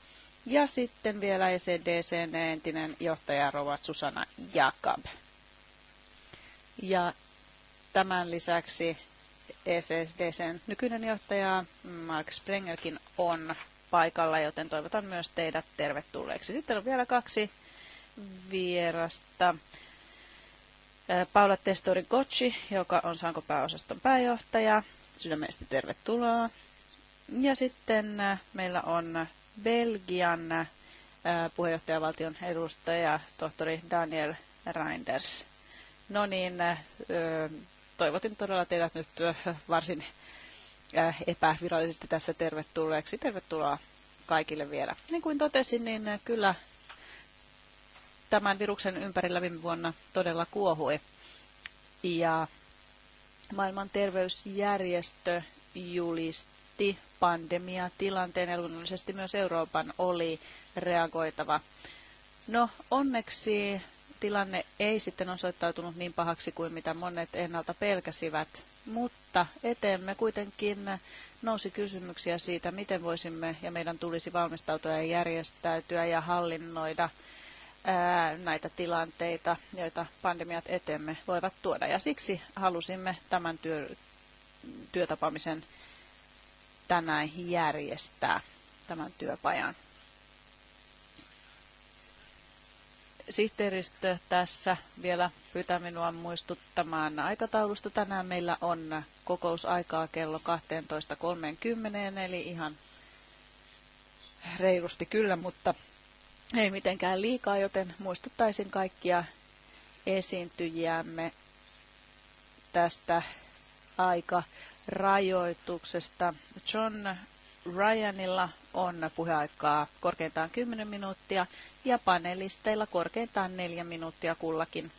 ja sitten vielä ECDCn entinen johtaja Rova Susanna Jakab. Ja tämän lisäksi ECDCn nykyinen johtaja Mark Sprengelkin on paikalla, joten toivotan myös teidät tervetulleeksi. Sitten on vielä kaksi vierasta. Paula Testori Gocci, joka on Sanko pääosaston pääjohtaja. Sydämestä tervetuloa. Ja sitten meillä on Belgian puheenjohtajavaltion edustaja, tohtori Daniel Reinders. No niin, toivotin todella teidät nyt varsin epävirallisesti tässä tervetulleeksi. Tervetuloa kaikille vielä. Niin kuin totesin, niin kyllä tämän viruksen ympärillä viime vuonna todella kuohui. Ja maailman terveysjärjestö julisti pandemiatilanteen ja luonnollisesti myös Euroopan oli reagoitava. No onneksi tilanne ei sitten osoittautunut niin pahaksi kuin mitä monet ennalta pelkäsivät, mutta eteemme kuitenkin nousi kysymyksiä siitä, miten voisimme ja meidän tulisi valmistautua ja järjestäytyä ja hallinnoida näitä tilanteita, joita pandemiat eteemme voivat tuoda. Ja siksi halusimme tämän työ, työtapaamisen tänään järjestää tämän työpajan. Sihteeristö tässä vielä pyytää minua muistuttamaan aikataulusta. Tänään meillä on kokousaikaa kello 12.30, eli ihan reilusti kyllä, mutta ei mitenkään liikaa, joten muistuttaisin kaikkia esiintyjiämme tästä aikarajoituksesta. John Ryanilla on puheaikaa korkeintaan 10 minuuttia ja panelisteilla korkeintaan 4 minuuttia kullakin.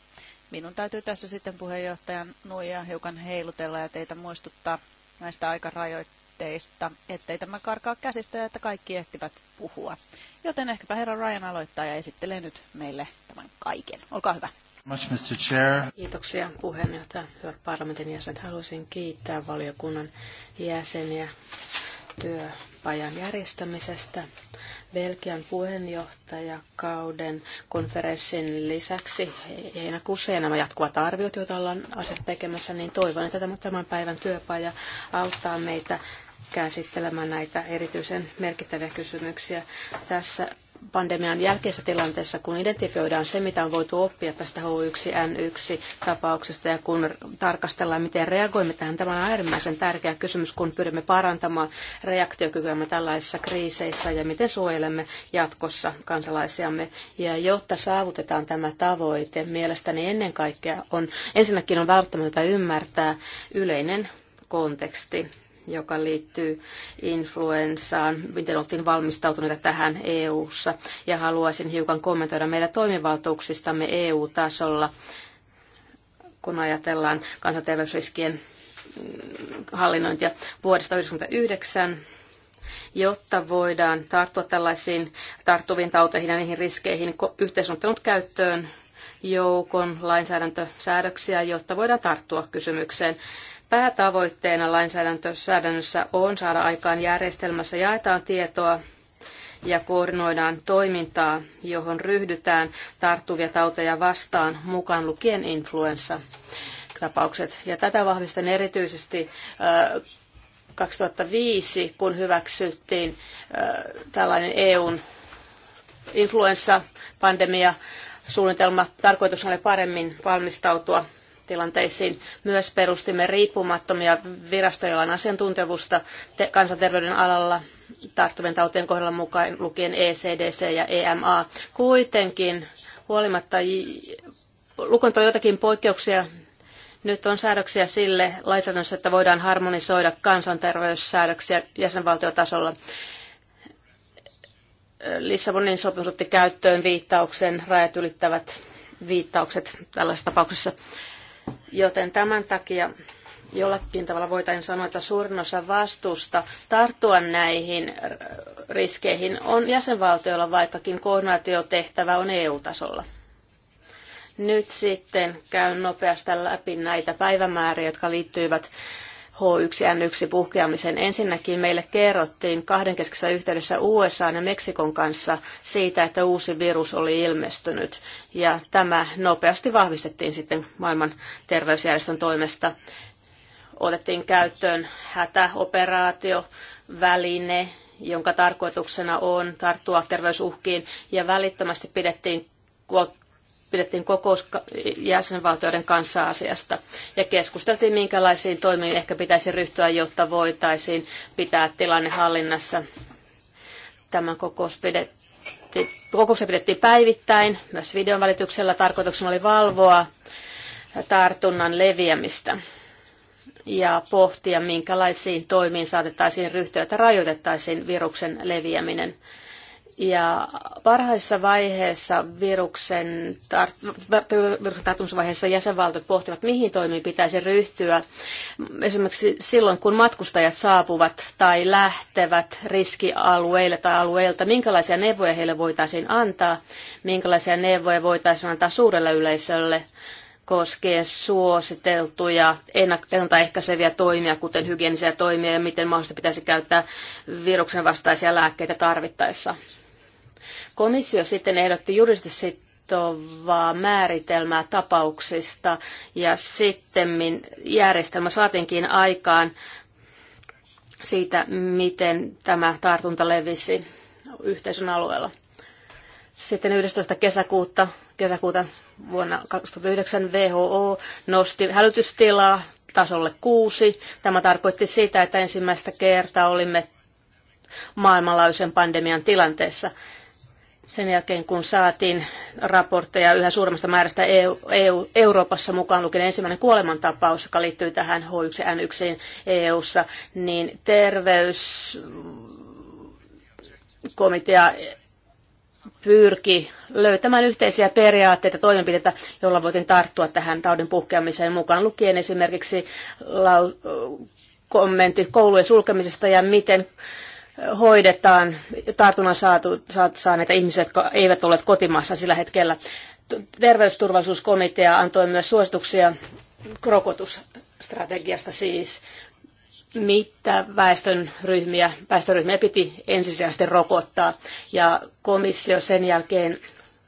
Minun täytyy tässä sitten puheenjohtajan nuija hiukan heilutella ja teitä muistuttaa näistä aikarajoitteista, ettei tämä karkaa käsistä ja että kaikki ehtivät puhua. Joten ehkäpä herra Ryan aloittaa ja esittelee nyt meille tämän kaiken. Olkaa hyvä. Much, Mr. Chair. Kiitoksia puheenjohtaja. Hyvät parlamentin jäsenet, haluaisin kiittää valiokunnan jäseniä työpajan järjestämisestä. Belgian puheenjohtajakauden konferenssin lisäksi heinäkuussa ja nämä jatkuvat arviot, joita ollaan asiat tekemässä, niin toivon, että tämän päivän työpaja auttaa meitä käsittelemään näitä erityisen merkittäviä kysymyksiä. Tässä pandemian jälkeisessä tilanteessa, kun identifioidaan se, mitä on voitu oppia tästä H1N1-tapauksesta ja kun tarkastellaan, miten reagoimme tähän, tämä on äärimmäisen tärkeä kysymys, kun pyrimme parantamaan reaktiokykyämme tällaisissa kriiseissä ja miten suojelemme jatkossa kansalaisiamme. Ja jotta saavutetaan tämä tavoite, mielestäni ennen kaikkea on, ensinnäkin on välttämätöntä ymmärtää yleinen konteksti joka liittyy influenssaan, miten oltiin valmistautuneita tähän EU-ssa. Ja haluaisin hiukan kommentoida meidän toimivaltuuksistamme EU-tasolla, kun ajatellaan kansanterveysriskien mm, hallinnointia vuodesta 1999 jotta voidaan tarttua tällaisiin tarttuviin tauteihin ja niihin riskeihin, yhteisottanut käyttöön joukon lainsäädäntösäädöksiä, jotta voidaan tarttua kysymykseen. Päätavoitteena lainsäädännössä on saada aikaan järjestelmässä jaetaan tietoa ja koordinoidaan toimintaa, johon ryhdytään tarttuvia tauteja vastaan, mukaan lukien influenssa tapaukset. Ja tätä vahvistan erityisesti 2005, äh, kun hyväksyttiin äh, tällainen EUn influenssapandemia suunnitelma. Tarkoituksena oli paremmin valmistautua tilanteisiin. Myös perustimme riippumattomia virastoja, joilla on asiantuntevusta kansanterveyden alalla tarttuvien tautien kohdalla mukaan lukien ECDC ja EMA. Kuitenkin huolimatta lukon on jotakin poikkeuksia. Nyt on säädöksiä sille lainsäädännössä, että voidaan harmonisoida kansanterveyssäädöksiä jäsenvaltiotasolla. Lissabonin sopimus otti käyttöön viittauksen, rajat ylittävät viittaukset tällaisessa tapauksessa. Joten tämän takia jollakin tavalla voitaisiin sanoa, että suurin osa vastuusta tarttua näihin äh, riskeihin on jäsenvaltioilla, vaikkakin koordinaatiotehtävä on EU-tasolla. Nyt sitten käyn nopeasti läpi näitä päivämääriä, jotka liittyvät H1N1 puhkeamisen. Ensinnäkin meille kerrottiin kahdenkeskisessä yhteydessä USA ja Meksikon kanssa siitä, että uusi virus oli ilmestynyt. Ja tämä nopeasti vahvistettiin sitten maailman terveysjärjestön toimesta. Otettiin käyttöön hätäoperaatio, väline, jonka tarkoituksena on tarttua terveysuhkiin ja välittömästi pidettiin pidettiin kokous jäsenvaltioiden kanssa asiasta ja keskusteltiin, minkälaisiin toimiin ehkä pitäisi ryhtyä, jotta voitaisiin pitää tilanne hallinnassa. Tämä kokous pidettiin, kokouksia pidettiin päivittäin, myös videon välityksellä. Tarkoituksena oli valvoa tartunnan leviämistä ja pohtia, minkälaisiin toimiin saatettaisiin ryhtyä, että rajoitettaisiin viruksen leviäminen ja varhaisessa vaiheessa viruksen, tart- viruksen tarttumisvaiheessa jäsenvaltiot pohtivat, mihin toimiin pitäisi ryhtyä. Esimerkiksi silloin, kun matkustajat saapuvat tai lähtevät riskialueille tai alueilta, minkälaisia neuvoja heille voitaisiin antaa, minkälaisia neuvoja voitaisiin antaa suurelle yleisölle koskien suositeltuja ennaltaehkäiseviä toimia, kuten hygienisiä toimia ja miten mahdollisesti pitäisi käyttää viruksen vastaisia lääkkeitä tarvittaessa. Komissio sitten ehdotti juridisesti sitovaa määritelmää tapauksista ja sitten järjestelmä saatiinkin aikaan siitä, miten tämä tartunta levisi yhteisön alueella. Sitten 11. kesäkuuta, kesäkuuta vuonna 2009 WHO nosti hälytystilaa tasolle kuusi. Tämä tarkoitti sitä, että ensimmäistä kertaa olimme maailmanlaajuisen pandemian tilanteessa sen jälkeen, kun saatiin raportteja yhä suuremmasta määrästä EU, EU, Euroopassa mukaan lukien ensimmäinen kuolemantapaus, joka liittyy tähän H1N1 EUssa, niin terveyskomitea pyrki löytämään yhteisiä periaatteita toimenpiteitä, joilla voitiin tarttua tähän taudin puhkeamiseen mukaan lukien esimerkiksi lau- kommentti koulujen sulkemisesta ja miten hoidetaan tartunnan saatu, saaneita ihmisiä, jotka eivät ole kotimaassa sillä hetkellä. Terveysturvallisuuskomitea antoi myös suosituksia rokotusstrategiasta siis, mitä väestön ryhmiä, väestöryhmiä piti ensisijaisesti rokottaa. Ja komissio sen jälkeen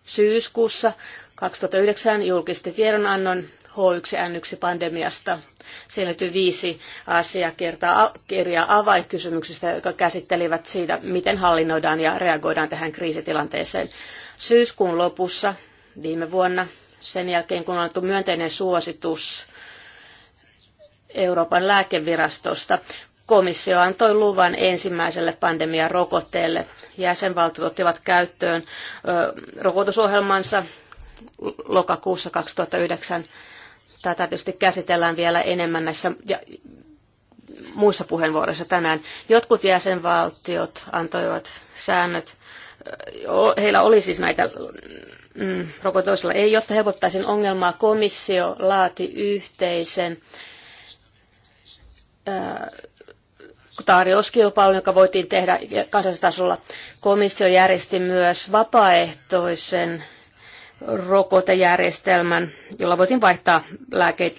syyskuussa 2009 julkisti tiedonannon H1N1-pandemiasta – Siihen löytyy viisi asiakirjaa kirjaa avainkysymyksistä, jotka käsittelivät siitä, miten hallinnoidaan ja reagoidaan tähän kriisitilanteeseen. Syyskuun lopussa viime vuonna, sen jälkeen kun on annettu myönteinen suositus Euroopan lääkevirastosta, komissio antoi luvan ensimmäiselle pandemian rokotteelle. Jäsenvaltiot ottivat käyttöön rokotusohjelmansa lokakuussa 2009 Tätä tietysti käsitellään vielä enemmän näissä ja muissa puheenvuoroissa tänään. Jotkut jäsenvaltiot antoivat säännöt, heillä oli siis näitä mm, rokotoisilla ei, jotta helpottaisiin ongelmaa, komissio laati yhteisen tarjouskilpailun, joka voitiin tehdä kansallistasolla. Komissio järjesti myös vapaaehtoisen rokotejärjestelmän, jolla voitiin vaihtaa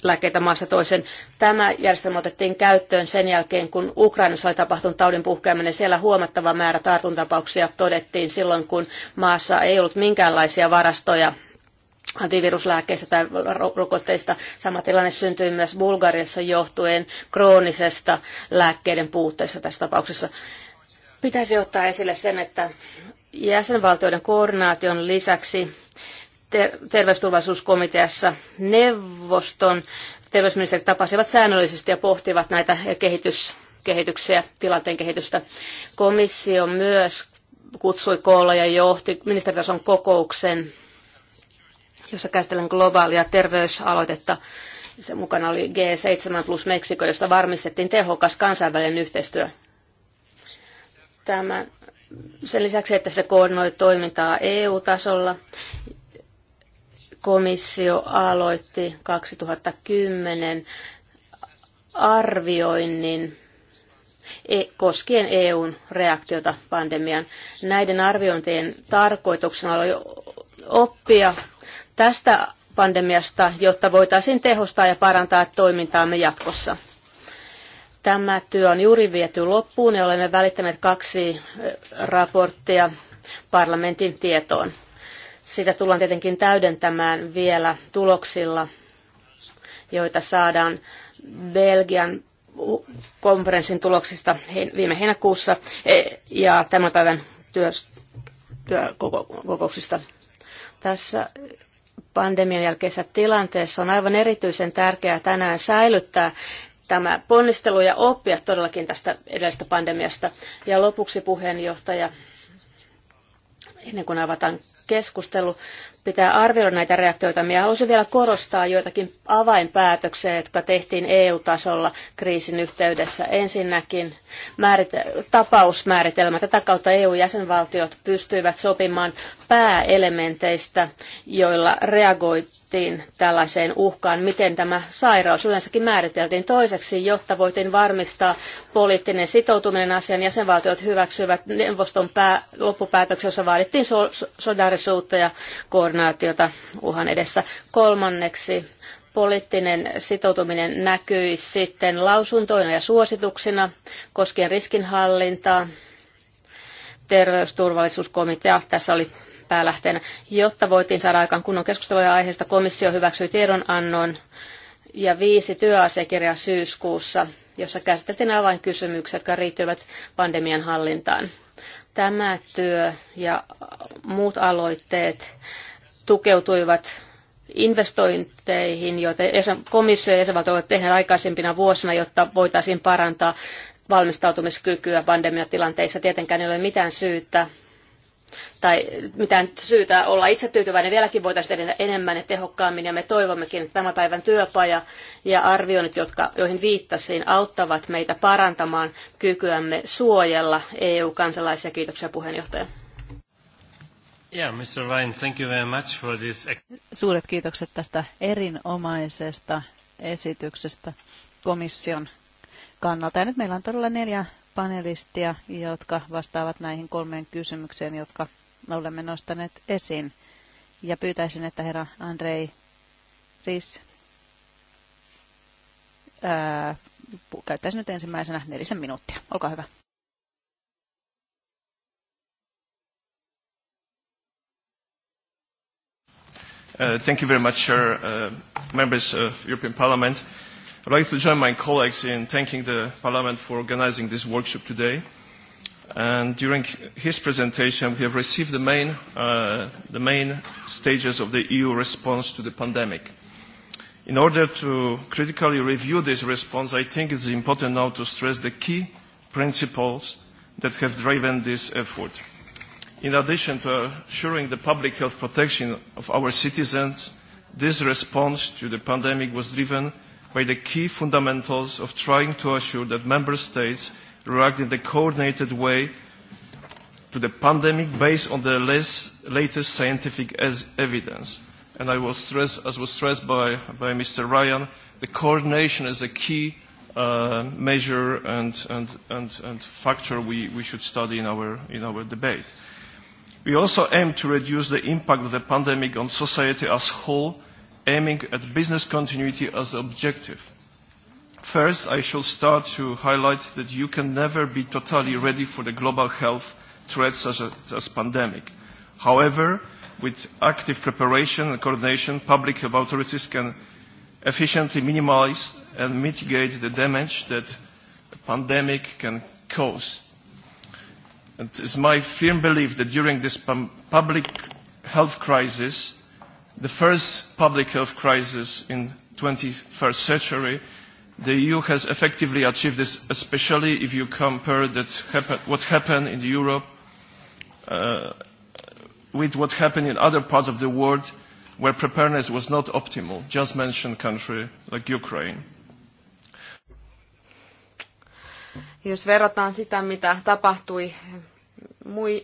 lääkkeitä maasta toiseen. Tämä järjestelmä otettiin käyttöön sen jälkeen, kun Ukrainassa oli tapahtunut taudin puhkeaminen. Siellä huomattava määrä tartuntapauksia todettiin silloin, kun maassa ei ollut minkäänlaisia varastoja antiviruslääkkeistä tai rokotteista. Sama tilanne syntyi myös Bulgariassa johtuen kroonisesta lääkkeiden puutteesta tässä tapauksessa. Pitäisi ottaa esille sen, että jäsenvaltioiden koordinaation lisäksi ter- terveysturvallisuuskomiteassa neuvoston terveysministerit tapasivat säännöllisesti ja pohtivat näitä kehitys, kehityksiä, tilanteen kehitystä. Komissio myös kutsui koolla ja johti ministeritason kokouksen, jossa käsitellään globaalia terveysaloitetta. Se mukana oli G7 plus Meksiko, josta varmistettiin tehokas kansainvälinen yhteistyö. Tämän, sen lisäksi, että se koordinoi toimintaa EU-tasolla komissio aloitti 2010 arvioinnin e, koskien EUn reaktiota pandemian. Näiden arviointien tarkoituksena oli oppia tästä pandemiasta, jotta voitaisiin tehostaa ja parantaa toimintaamme jatkossa. Tämä työ on juuri viety loppuun ja olemme välittäneet kaksi raporttia parlamentin tietoon. Sitä tullaan tietenkin täydentämään vielä tuloksilla, joita saadaan Belgian konferenssin tuloksista viime heinäkuussa e, ja tämän päivän työkokouksista. Tässä pandemian jälkeisessä tilanteessa on aivan erityisen tärkeää tänään säilyttää tämä ponnistelu ja oppia todellakin tästä edellisestä pandemiasta. Ja lopuksi puheenjohtaja ennen kuin avataan keskustelu, pitää arvioida näitä reaktioita. Minä haluaisin vielä korostaa joitakin avainpäätöksiä, jotka tehtiin EU-tasolla kriisin yhteydessä. Ensinnäkin määrite- tapausmääritelmä. Tätä kautta EU-jäsenvaltiot pystyivät sopimaan pääelementeistä, joilla reagoitiin tällaiseen uhkaan, miten tämä sairaus yleensäkin määriteltiin toiseksi, jotta voitiin varmistaa poliittinen sitoutuminen asian. Jäsenvaltiot hyväksyivät neuvoston pää- loppupäätöksessä vaadittiin so- solidaarisuutta ja koordinaatiota koordinaatiota uhan edessä. Kolmanneksi poliittinen sitoutuminen näkyi sitten lausuntoina ja suosituksina koskien riskinhallintaa. Terveysturvallisuuskomitea tässä oli päälähteenä. Jotta voitiin saada aikaan kunnon keskustelua aiheesta, komissio hyväksyi tiedonannon ja viisi työasiakirjaa syyskuussa, jossa käsiteltiin avainkysymyksiä, jotka riittyvät pandemian hallintaan. Tämä työ ja muut aloitteet tukeutuivat investointeihin, joita komissio ja jäsenvaltiot ovat tehneet aikaisempina vuosina, jotta voitaisiin parantaa valmistautumiskykyä pandemiatilanteissa. Tietenkään ei ole mitään syytä tai mitään syytä olla itse tyytyväinen. Vieläkin voitaisiin tehdä enemmän ja tehokkaammin, ja me toivommekin, että tämän päivän työpaja ja arvioinnit, jotka, joihin viittasin, auttavat meitä parantamaan kykyämme suojella EU-kansalaisia. Kiitoksia puheenjohtaja. Yeah, Mr. Ryan, thank you very much for this. Suuret kiitokset tästä erinomaisesta esityksestä komission kannalta. Ja nyt meillä on todella neljä panelistia, jotka vastaavat näihin kolmeen kysymykseen, jotka olemme nostaneet esiin. Ja pyytäisin, että herra Andrei Ris käyttäisi nyt ensimmäisenä nelisen minuuttia. Olkaa hyvä. Uh, thank you very much, Chair, uh, members of European Parliament. I'd like to join my colleagues in thanking the Parliament for organizing this workshop today. And during his presentation, we have received the main, uh, the main stages of the EU response to the pandemic. In order to critically review this response, I think it's important now to stress the key principles that have driven this effort. In addition to assuring the public health protection of our citizens, this response to the pandemic was driven by the key fundamentals of trying to assure that member states react in a coordinated way to the pandemic based on the less, latest scientific as evidence. And I will stress, as was stressed by, by Mr. Ryan, the coordination is a key uh, measure and, and, and, and factor we, we should study in our, in our debate. We also aim to reduce the impact of the pandemic on society as a whole, aiming at business continuity as objective. First, I shall start to highlight that you can never be totally ready for the global health threats such as pandemic. However, with active preparation and coordination, public health authorities can efficiently minimize and mitigate the damage that a pandemic can cause. It is my firm belief that during this public health crisis, the first public health crisis in 21st century, the EU has effectively achieved this, especially if you compare that happen, what happened in Europe uh, with what happened in other parts of the world where preparedness was not optimal. Just mention country like Ukraine. Jos verrataan sitä, mitä tapahtui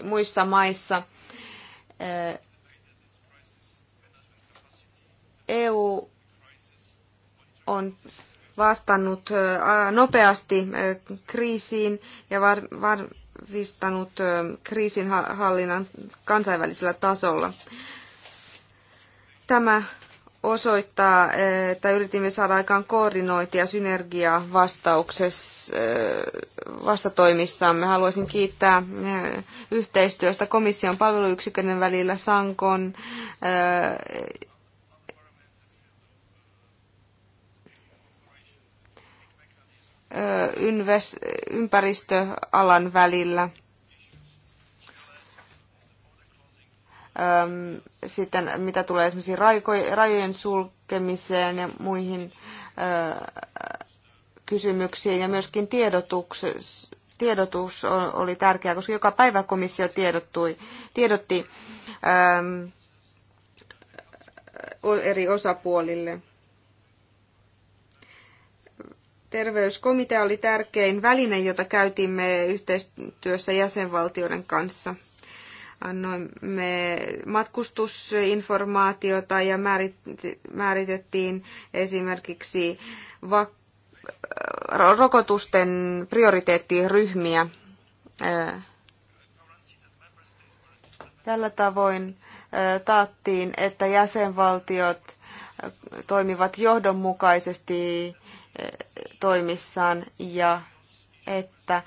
muissa maissa, EU eh, e on vastannut eh, nopeasti eh, kriisiin ja varvistanut kriisinhallinnan kansainvälisellä tasolla. Tämä osoittaa, että yritimme saada aikaan koordinointia synergiaa eh, vastatoimissamme. Haluaisin kiittää eh, yhteistyöstä komission palveluyksikön välillä Sankon eh, ympäristöalan välillä – Sitten mitä tulee esimerkiksi rajojen sulkemiseen ja muihin kysymyksiin ja myöskin tiedotus oli tärkeää, koska joka päivä komissio tiedottui, tiedotti eri osapuolille. Terveyskomitea oli tärkein väline, jota käytimme yhteistyössä jäsenvaltioiden kanssa annoimme matkustusinformaatiota ja määritettiin esimerkiksi rokotusten prioriteettiryhmiä. Tällä tavoin taattiin, että jäsenvaltiot toimivat johdonmukaisesti toimissaan ja että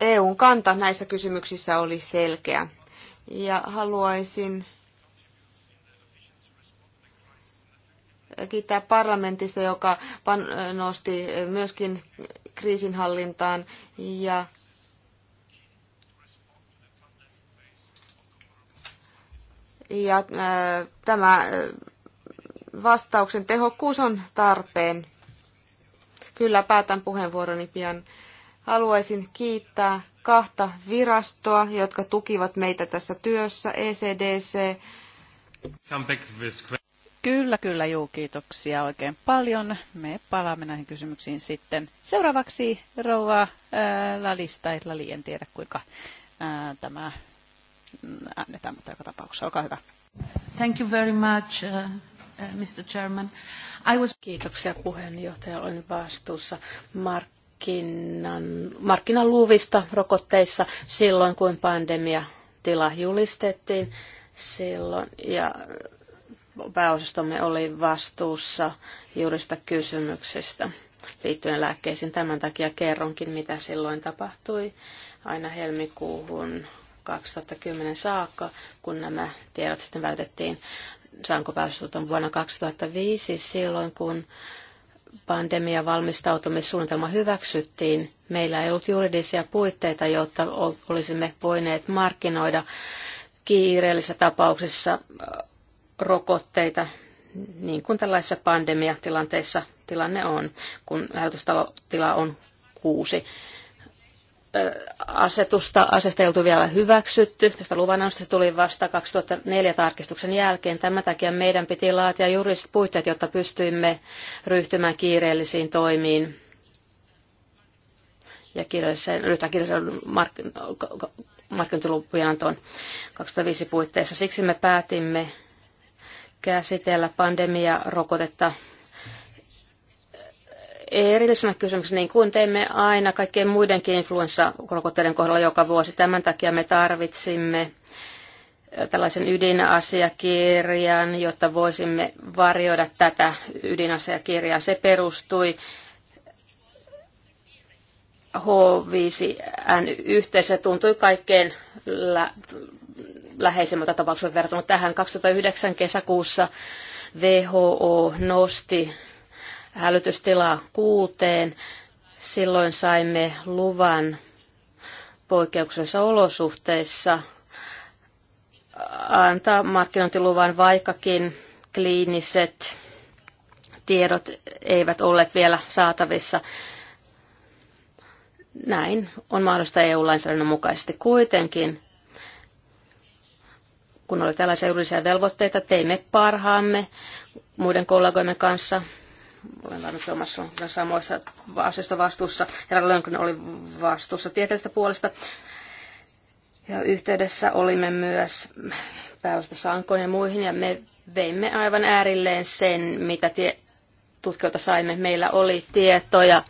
EUn kanta näissä kysymyksissä oli selkeä. Ja haluaisin kiittää parlamentista, joka nosti myöskin kriisinhallintaan ja ja äh, tämä äh, vastauksen tehokkuus on tarpeen. Kyllä päätän puheenvuoroni pian. Haluaisin kiittää kahta virastoa, jotka tukivat meitä tässä työssä, ECDC. Kyllä, kyllä, juu, kiitoksia oikein paljon. Me palaamme näihin kysymyksiin sitten. Seuraavaksi rouva ää, Lalista, et Lali, en tiedä kuinka ää, tämä annetaan, mutta joka tapauksessa, olkaa hyvä. Thank you very much, uh, uh Mr. Chairman. I was... Kiitoksia puheenjohtaja, olen vastuussa Mark markkinan, markkinaluvista rokotteissa silloin, kun pandemiatila julistettiin silloin. Ja pääosastomme oli vastuussa juurista kysymyksistä liittyen lääkkeisiin. Tämän takia kerronkin, mitä silloin tapahtui aina helmikuuhun 2010 saakka, kun nämä tiedot sitten välitettiin saanko päästötön vuonna 2005, silloin kun pandemia valmistautumissuunnitelma hyväksyttiin, meillä ei ollut juridisia puitteita, jotta olisimme voineet markkinoida kiireellisissä tapauksissa äh, rokotteita, niin kuin tällaisissa pandemiatilanteissa tilanne on, kun hälytystila on kuusi asetusta, asesta ei oltu vielä hyväksytty. Tästä luvanannosta tuli vasta 2004 tarkistuksen jälkeen. Tämän takia meidän piti laatia juridiset puitteet, jotta pystyimme ryhtymään kiireellisiin toimiin ja kirjalliseen, ryhtyä kirjalliseen mark, markkinointilupien antoon 2005 puitteissa. Siksi me päätimme käsitellä pandemiarokotetta erillisenä kysymyksenä, niin kuin teimme aina kaikkien muidenkin influenssarokotteiden kohdalla joka vuosi. Tämän takia me tarvitsimme tällaisen ydinasiakirjan, jotta voisimme varjoida tätä ydinasiakirjaa. Se perustui h 5 n yhteisö tuntui kaikkein lä- läheisemmältä tapaukselta verrattuna tähän. 2009 kesäkuussa WHO nosti hälytystilaa kuuteen. Silloin saimme luvan poikkeuksellisissa olosuhteissa antaa markkinointiluvan, vaikkakin kliiniset tiedot eivät olleet vielä saatavissa. Näin on mahdollista EU-lainsäädännön mukaisesti kuitenkin. Kun oli tällaisia juridisia velvoitteita, teimme parhaamme muiden kollegoimme kanssa olen varmasti omassa samoissa asioista vastuussa. Herra Lönkön oli vastuussa tieteellisestä puolesta. Ja yhteydessä olimme myös pääosasta Sankoon ja muihin, ja me veimme aivan äärilleen sen, mitä tie- tutkijoilta saimme. Meillä oli tietoja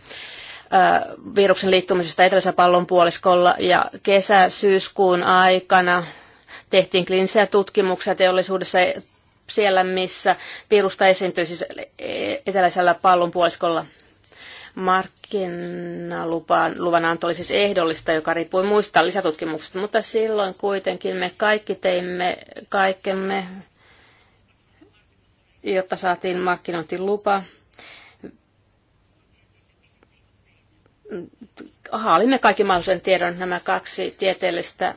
viruksen liittymisestä eteläisellä pallonpuoliskolla, ja kesä-syyskuun aikana tehtiin kliinisiä tutkimuksia teollisuudessa siellä, missä virusta esiintyy siis eteläisellä pallonpuoliskolla. Markkinaluvan luvan anto oli siis ehdollista, joka riippui muista lisätutkimuksista, mutta silloin kuitenkin me kaikki teimme kaikkemme, jotta saatiin markkinointilupa. Haalimme kaikki mahdollisen tiedon nämä kaksi tieteellistä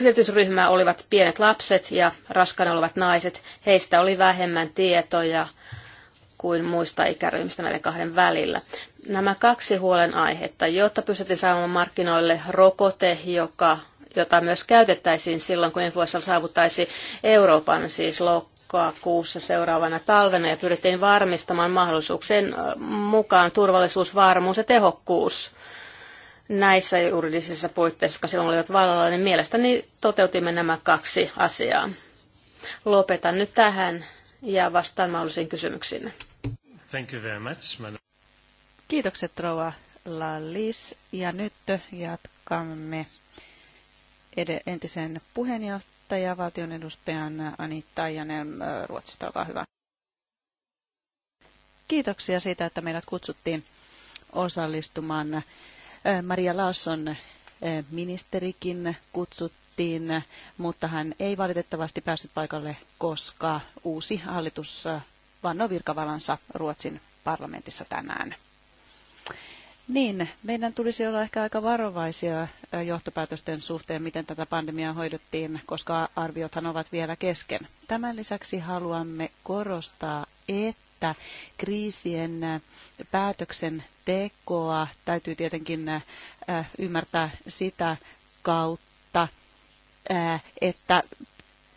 erityisryhmä olivat pienet lapset ja raskaana olevat naiset. Heistä oli vähemmän tietoja kuin muista ikäryhmistä näiden kahden välillä. Nämä kaksi huolenaihetta, jotta pystyttiin saamaan markkinoille rokote, joka, jota myös käytettäisiin silloin, kun influenssa saavuttaisi Euroopan, siis kuussa seuraavana talvena ja pyrittiin varmistamaan mahdollisuuksien mukaan turvallisuus, varmuus ja tehokkuus näissä juridisissa puitteissa, jotka silloin olivat vallalla, niin mielestäni toteutimme nämä kaksi asiaa. Lopetan nyt tähän ja vastaan mahdollisiin kysymyksiin. Thank you very much, madam. Kiitokset rouva Lallis. Ja nyt jatkamme entisen puheenjohtajan, valtionedustajan Ani Tajanen Ruotsista. Olkaa hyvä. Kiitoksia siitä, että meidät kutsuttiin osallistumaan Maria Larsson ministerikin kutsuttiin, mutta hän ei valitettavasti päässyt paikalle, koska uusi hallitus vannoi virkavalansa Ruotsin parlamentissa tänään. Niin, meidän tulisi olla ehkä aika varovaisia johtopäätösten suhteen, miten tätä pandemiaa hoidettiin, koska arviothan ovat vielä kesken. Tämän lisäksi haluamme korostaa, että kriisien päätöksen tekoa täytyy tietenkin äh, ymmärtää sitä kautta, äh, että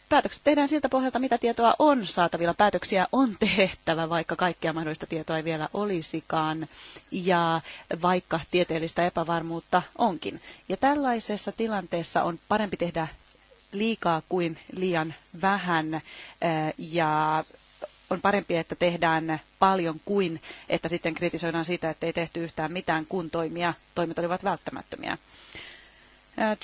päätökset tehdään siltä pohjalta, mitä tietoa on saatavilla. Päätöksiä on tehtävä, vaikka kaikkea mahdollista tietoa ei vielä olisikaan, ja vaikka tieteellistä epävarmuutta onkin. Ja tällaisessa tilanteessa on parempi tehdä liikaa kuin liian vähän, äh, ja on parempi, että tehdään paljon kuin, että sitten kritisoidaan sitä, että ei tehty yhtään mitään, kun toimia, toimet olivat välttämättömiä.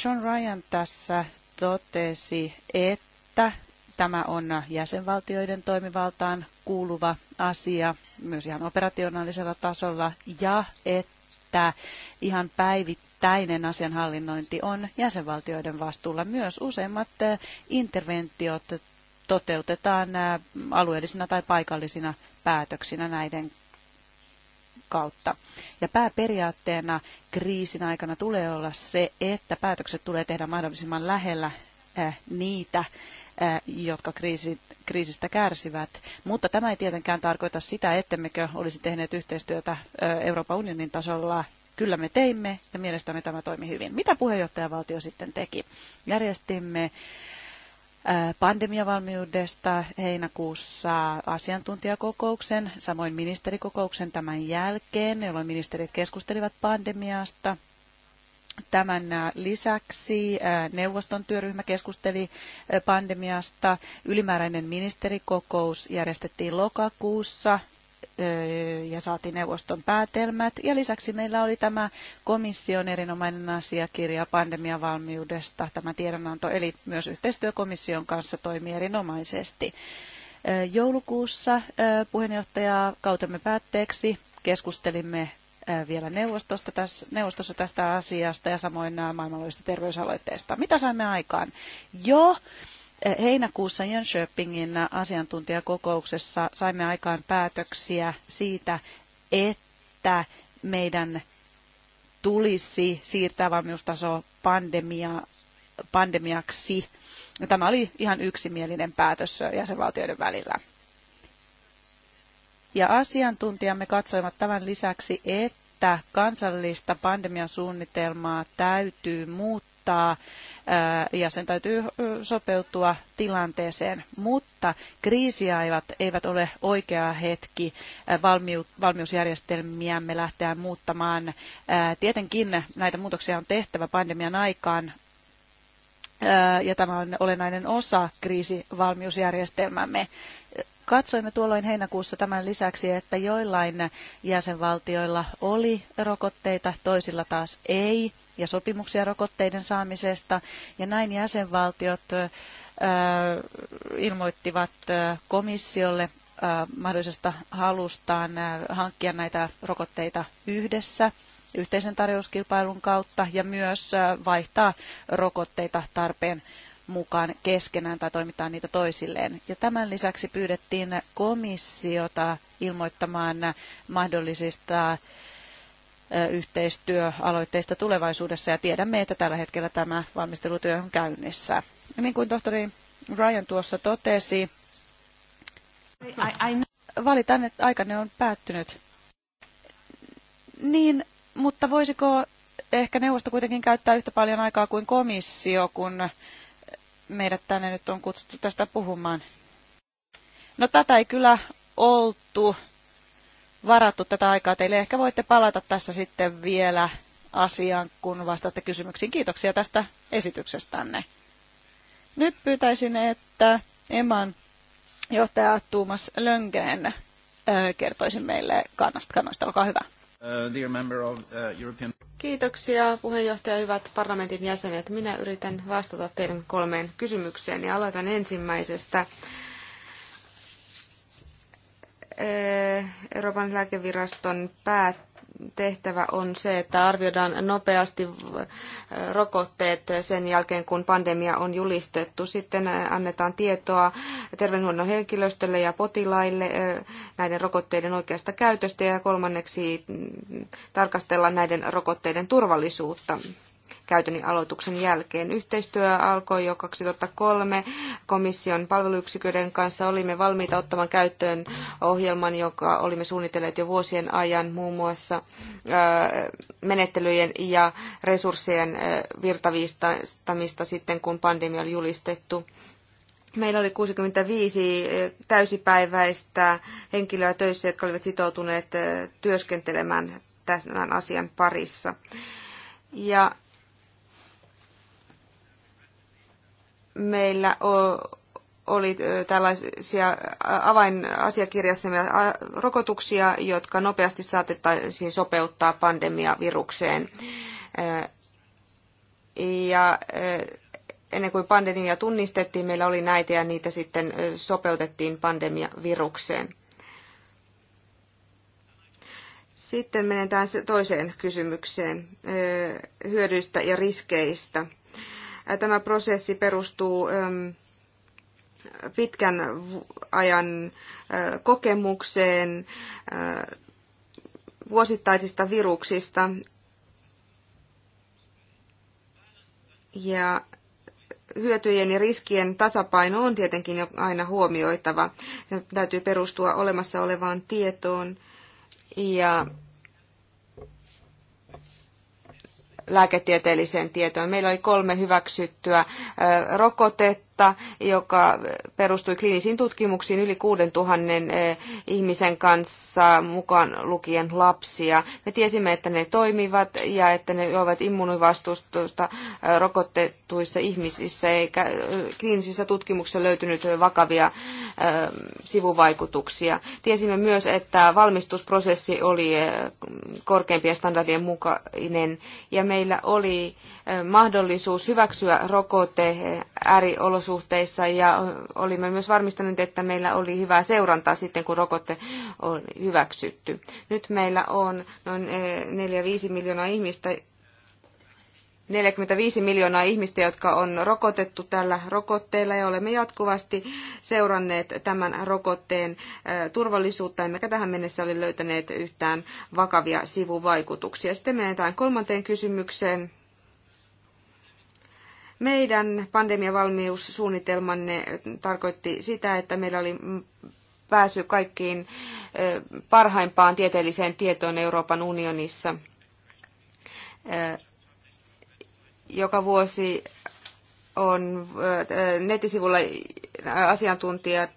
John Ryan tässä totesi, että tämä on jäsenvaltioiden toimivaltaan kuuluva asia myös ihan operationaalisella tasolla ja että ihan päivittäinen asianhallinnointi on jäsenvaltioiden vastuulla. Myös useimmat interventiot toteutetaan alueellisina tai paikallisina päätöksinä näiden kautta. Ja pääperiaatteena kriisin aikana tulee olla se, että päätökset tulee tehdä mahdollisimman lähellä niitä, jotka kriisistä kärsivät. Mutta tämä ei tietenkään tarkoita sitä, ettemmekö olisi tehneet yhteistyötä Euroopan unionin tasolla. Kyllä me teimme ja mielestämme tämä toimi hyvin. Mitä puheenjohtajavaltio sitten teki? Järjestimme pandemiavalmiudesta heinäkuussa asiantuntijakokouksen, samoin ministerikokouksen tämän jälkeen, jolloin ministerit keskustelivat pandemiasta. Tämän lisäksi neuvoston työryhmä keskusteli pandemiasta. Ylimääräinen ministerikokous järjestettiin lokakuussa ja saatiin neuvoston päätelmät. Ja lisäksi meillä oli tämä komission erinomainen asiakirja pandemiavalmiudesta. Tämä tiedonanto, eli myös yhteistyö komission kanssa toimii erinomaisesti. Joulukuussa puheenjohtaja kautemme päätteeksi keskustelimme vielä neuvostosta tässä, neuvostossa tästä asiasta ja samoin maailmanlaajuisesta terveysaloitteesta. Mitä saimme aikaan? Jo Heinäkuussa Jönköpingin asiantuntijakokouksessa saimme aikaan päätöksiä siitä, että meidän tulisi siirtää valmiustaso pandemia, pandemiaksi. Tämä oli ihan yksimielinen päätös jäsenvaltioiden välillä. Ja asiantuntijamme katsoivat tämän lisäksi, että kansallista pandemiasuunnitelmaa täytyy muuttaa ja sen täytyy sopeutua tilanteeseen. Mutta kriisiaivat eivät ole oikea hetki valmiusjärjestelmiämme lähteä muuttamaan. Tietenkin näitä muutoksia on tehtävä pandemian aikaan, ja tämä on olennainen osa kriisivalmiusjärjestelmämme. Katsoimme tuolloin heinäkuussa tämän lisäksi, että joillain jäsenvaltioilla oli rokotteita, toisilla taas ei ja sopimuksia rokotteiden saamisesta. Ja näin jäsenvaltiot ilmoittivat komissiolle mahdollisesta halustaan hankkia näitä rokotteita yhdessä yhteisen tarjouskilpailun kautta ja myös vaihtaa rokotteita tarpeen mukaan keskenään tai toimittaa niitä toisilleen. Ja tämän lisäksi pyydettiin komissiota ilmoittamaan mahdollisista yhteistyöaloitteista tulevaisuudessa ja tiedämme, että tällä hetkellä tämä valmistelutyö on käynnissä. Niin kuin tohtori Ryan tuossa totesi, valitan, että aikanne on päättynyt. Niin, mutta voisiko ehkä neuvosto kuitenkin käyttää yhtä paljon aikaa kuin komissio, kun meidät tänne nyt on kutsuttu tästä puhumaan? No tätä ei kyllä oltu varattu tätä aikaa teille. Ehkä voitte palata tässä sitten vielä asiaan, kun vastaatte kysymyksiin. Kiitoksia tästä esityksestänne. Nyt pyytäisin, että Eman johtaja Tuomas Löngren kertoisi meille kannasta kannasta. Olkaa hyvä. Uh, uh, Kiitoksia puheenjohtaja, hyvät parlamentin jäsenet. Minä yritän vastata teidän kolmeen kysymykseen ja aloitan ensimmäisestä. Euroopan lääkeviraston päätehtävä on se, että arvioidaan nopeasti äh, rokotteet sen jälkeen, kun pandemia on julistettu. Sitten äh, annetaan tietoa terveydenhuollon henkilöstölle ja potilaille äh, näiden rokotteiden oikeasta käytöstä ja kolmanneksi mm, tarkastellaan näiden rokotteiden turvallisuutta. Käytön aloituksen jälkeen. Yhteistyö alkoi jo 2003 komission palveluyksiköiden kanssa. Olimme valmiita ottamaan käyttöön ohjelman, joka olimme suunnitelleet jo vuosien ajan muun muassa menettelyjen ja resurssien virtaviistamista sitten, kun pandemia oli julistettu. Meillä oli 65 täysipäiväistä henkilöä töissä, jotka olivat sitoutuneet työskentelemään tämän asian parissa. Ja meillä oli tällaisia avainasiakirjassa rokotuksia, jotka nopeasti saatettaisiin sopeuttaa pandemiavirukseen. Ja ennen kuin pandemia tunnistettiin, meillä oli näitä ja niitä sitten sopeutettiin pandemiavirukseen. Sitten menetään toiseen kysymykseen hyödyistä ja riskeistä – Tämä prosessi perustuu pitkän ajan kokemukseen vuosittaisista viruksista. Ja hyötyjen ja riskien tasapaino on tietenkin jo aina huomioitava. Se täytyy perustua olemassa olevaan tietoon ja lääketieteelliseen tietoon. Meillä oli kolme hyväksyttyä rokotetta tutkimusta, joka perustui kliinisiin tutkimuksiin yli 6000 eh, ihmisen kanssa, mukaan lukien lapsia. Me tiesimme, että ne toimivat ja että ne ovat immunivastustusta eh, rokotetuissa ihmisissä, eikä eh, kliinisissä tutkimuksissa löytynyt vakavia sivuvaikutuksia. Tiesimme myös, että valmistusprosessi oli korkeimpien standardien mukainen ja meillä oli mahdollisuus hyväksyä rokote ääriolosuhteissa olosuhteissa ja olimme myös varmistaneet, että meillä oli hyvää seurantaa sitten, kun rokote on hyväksytty. Nyt meillä on noin 4-5 eh, miljoonaa ihmistä, 45 miljoonaa ihmistä, jotka on rokotettu tällä rokotteella ja olemme jatkuvasti seuranneet tämän rokotteen eh, turvallisuutta, emmekä tähän mennessä ole löytäneet yhtään vakavia sivuvaikutuksia. Sitten menetään kolmanteen kysymykseen meidän pandemiavalmiussuunnitelmanne tarkoitti sitä, että meillä oli pääsy kaikkiin parhaimpaan tieteelliseen tietoon Euroopan unionissa. Joka vuosi on nettisivulla asiantuntijat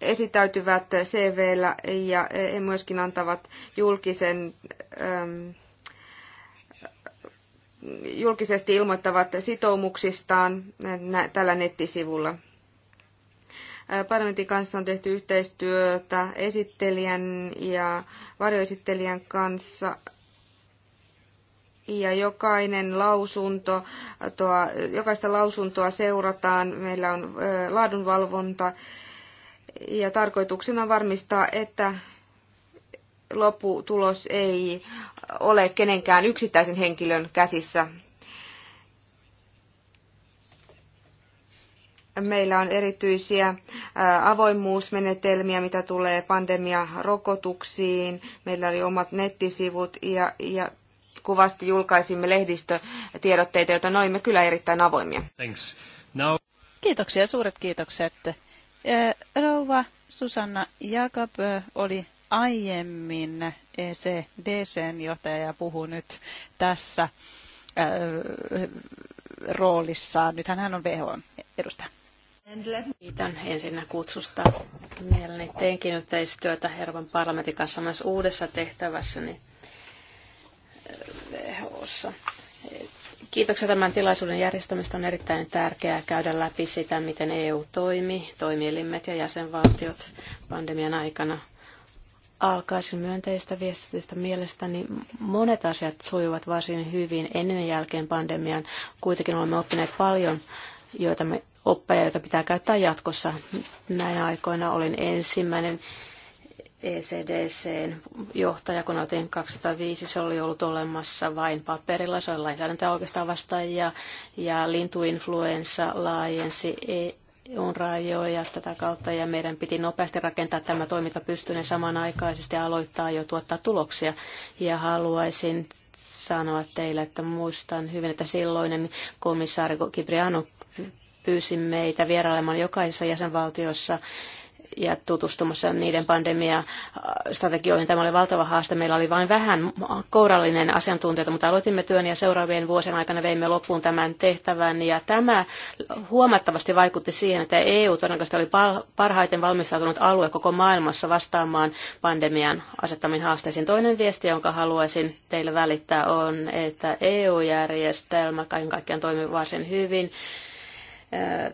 esitäytyvät CV-llä ja e, e myöskin antavat julkisen julkisesti ilmoittavat sitoumuksistaan tällä nettisivulla. Parlamentin kanssa on tehty yhteistyötä esittelijän ja varjoesittelijän kanssa ja jokainen lausunto, tuo, jokaista lausuntoa seurataan. Meillä on laadunvalvonta ja tarkoituksena on varmistaa, että lopputulos ei ole kenenkään yksittäisen henkilön käsissä. Meillä on erityisiä avoimuusmenetelmiä, mitä tulee pandemiarokotuksiin. Meillä oli omat nettisivut ja, ja kuvasti julkaisimme lehdistötiedotteita, joita noimme kyllä erittäin avoimia. Now... Kiitoksia, suuret kiitokset. Rouva Susanna Jakab oli aiemmin ECDCn johtaja ja puhuu nyt tässä äh, roolissaan. Nyt hän on WHOn edustaja. Kiitän ensinnä kutsusta. Mielelläni teinkin yhteistyötä Hervan parlamentin kanssa myös uudessa tehtävässäni WHOssa. Äh, Kiitoksia tämän tilaisuuden järjestämistä. On erittäin tärkeää käydä läpi sitä, miten EU toimii toimielimet ja jäsenvaltiot pandemian aikana alkaisin myönteistä viestistä. Mielestäni monet asiat sujuvat varsin hyvin ennen ja jälkeen pandemian. Kuitenkin olemme oppineet paljon, joita me oppeja, joita pitää käyttää jatkossa. Näinä aikoina olin ensimmäinen ECDCn johtaja, kun otin 205, se oli ollut olemassa vain paperilla, se oli lainsäädäntöä oikeastaan vastaajia, ja lintuinfluenssa laajensi e- on rajoja tätä kautta ja meidän piti nopeasti rakentaa tämä toiminta pystyyn ja samanaikaisesti aloittaa jo tuottaa tuloksia. Ja haluaisin sanoa teille, että muistan hyvin, että silloinen komissaari Kibriano pyysi meitä vierailemaan jokaisessa jäsenvaltiossa ja tutustumassa niiden pandemiastrategioihin. Tämä oli valtava haaste. Meillä oli vain vähän kourallinen asiantuntijoita, mutta aloitimme työn ja seuraavien vuosien aikana veimme loppuun tämän tehtävän. Ja tämä huomattavasti vaikutti siihen, että EU todennäköisesti oli parhaiten valmistautunut alue koko maailmassa vastaamaan pandemian asettamiin haasteisiin. Toinen viesti, jonka haluaisin teille välittää, on, että EU-järjestelmä kaiken kaikkiaan toimii varsin hyvin äh,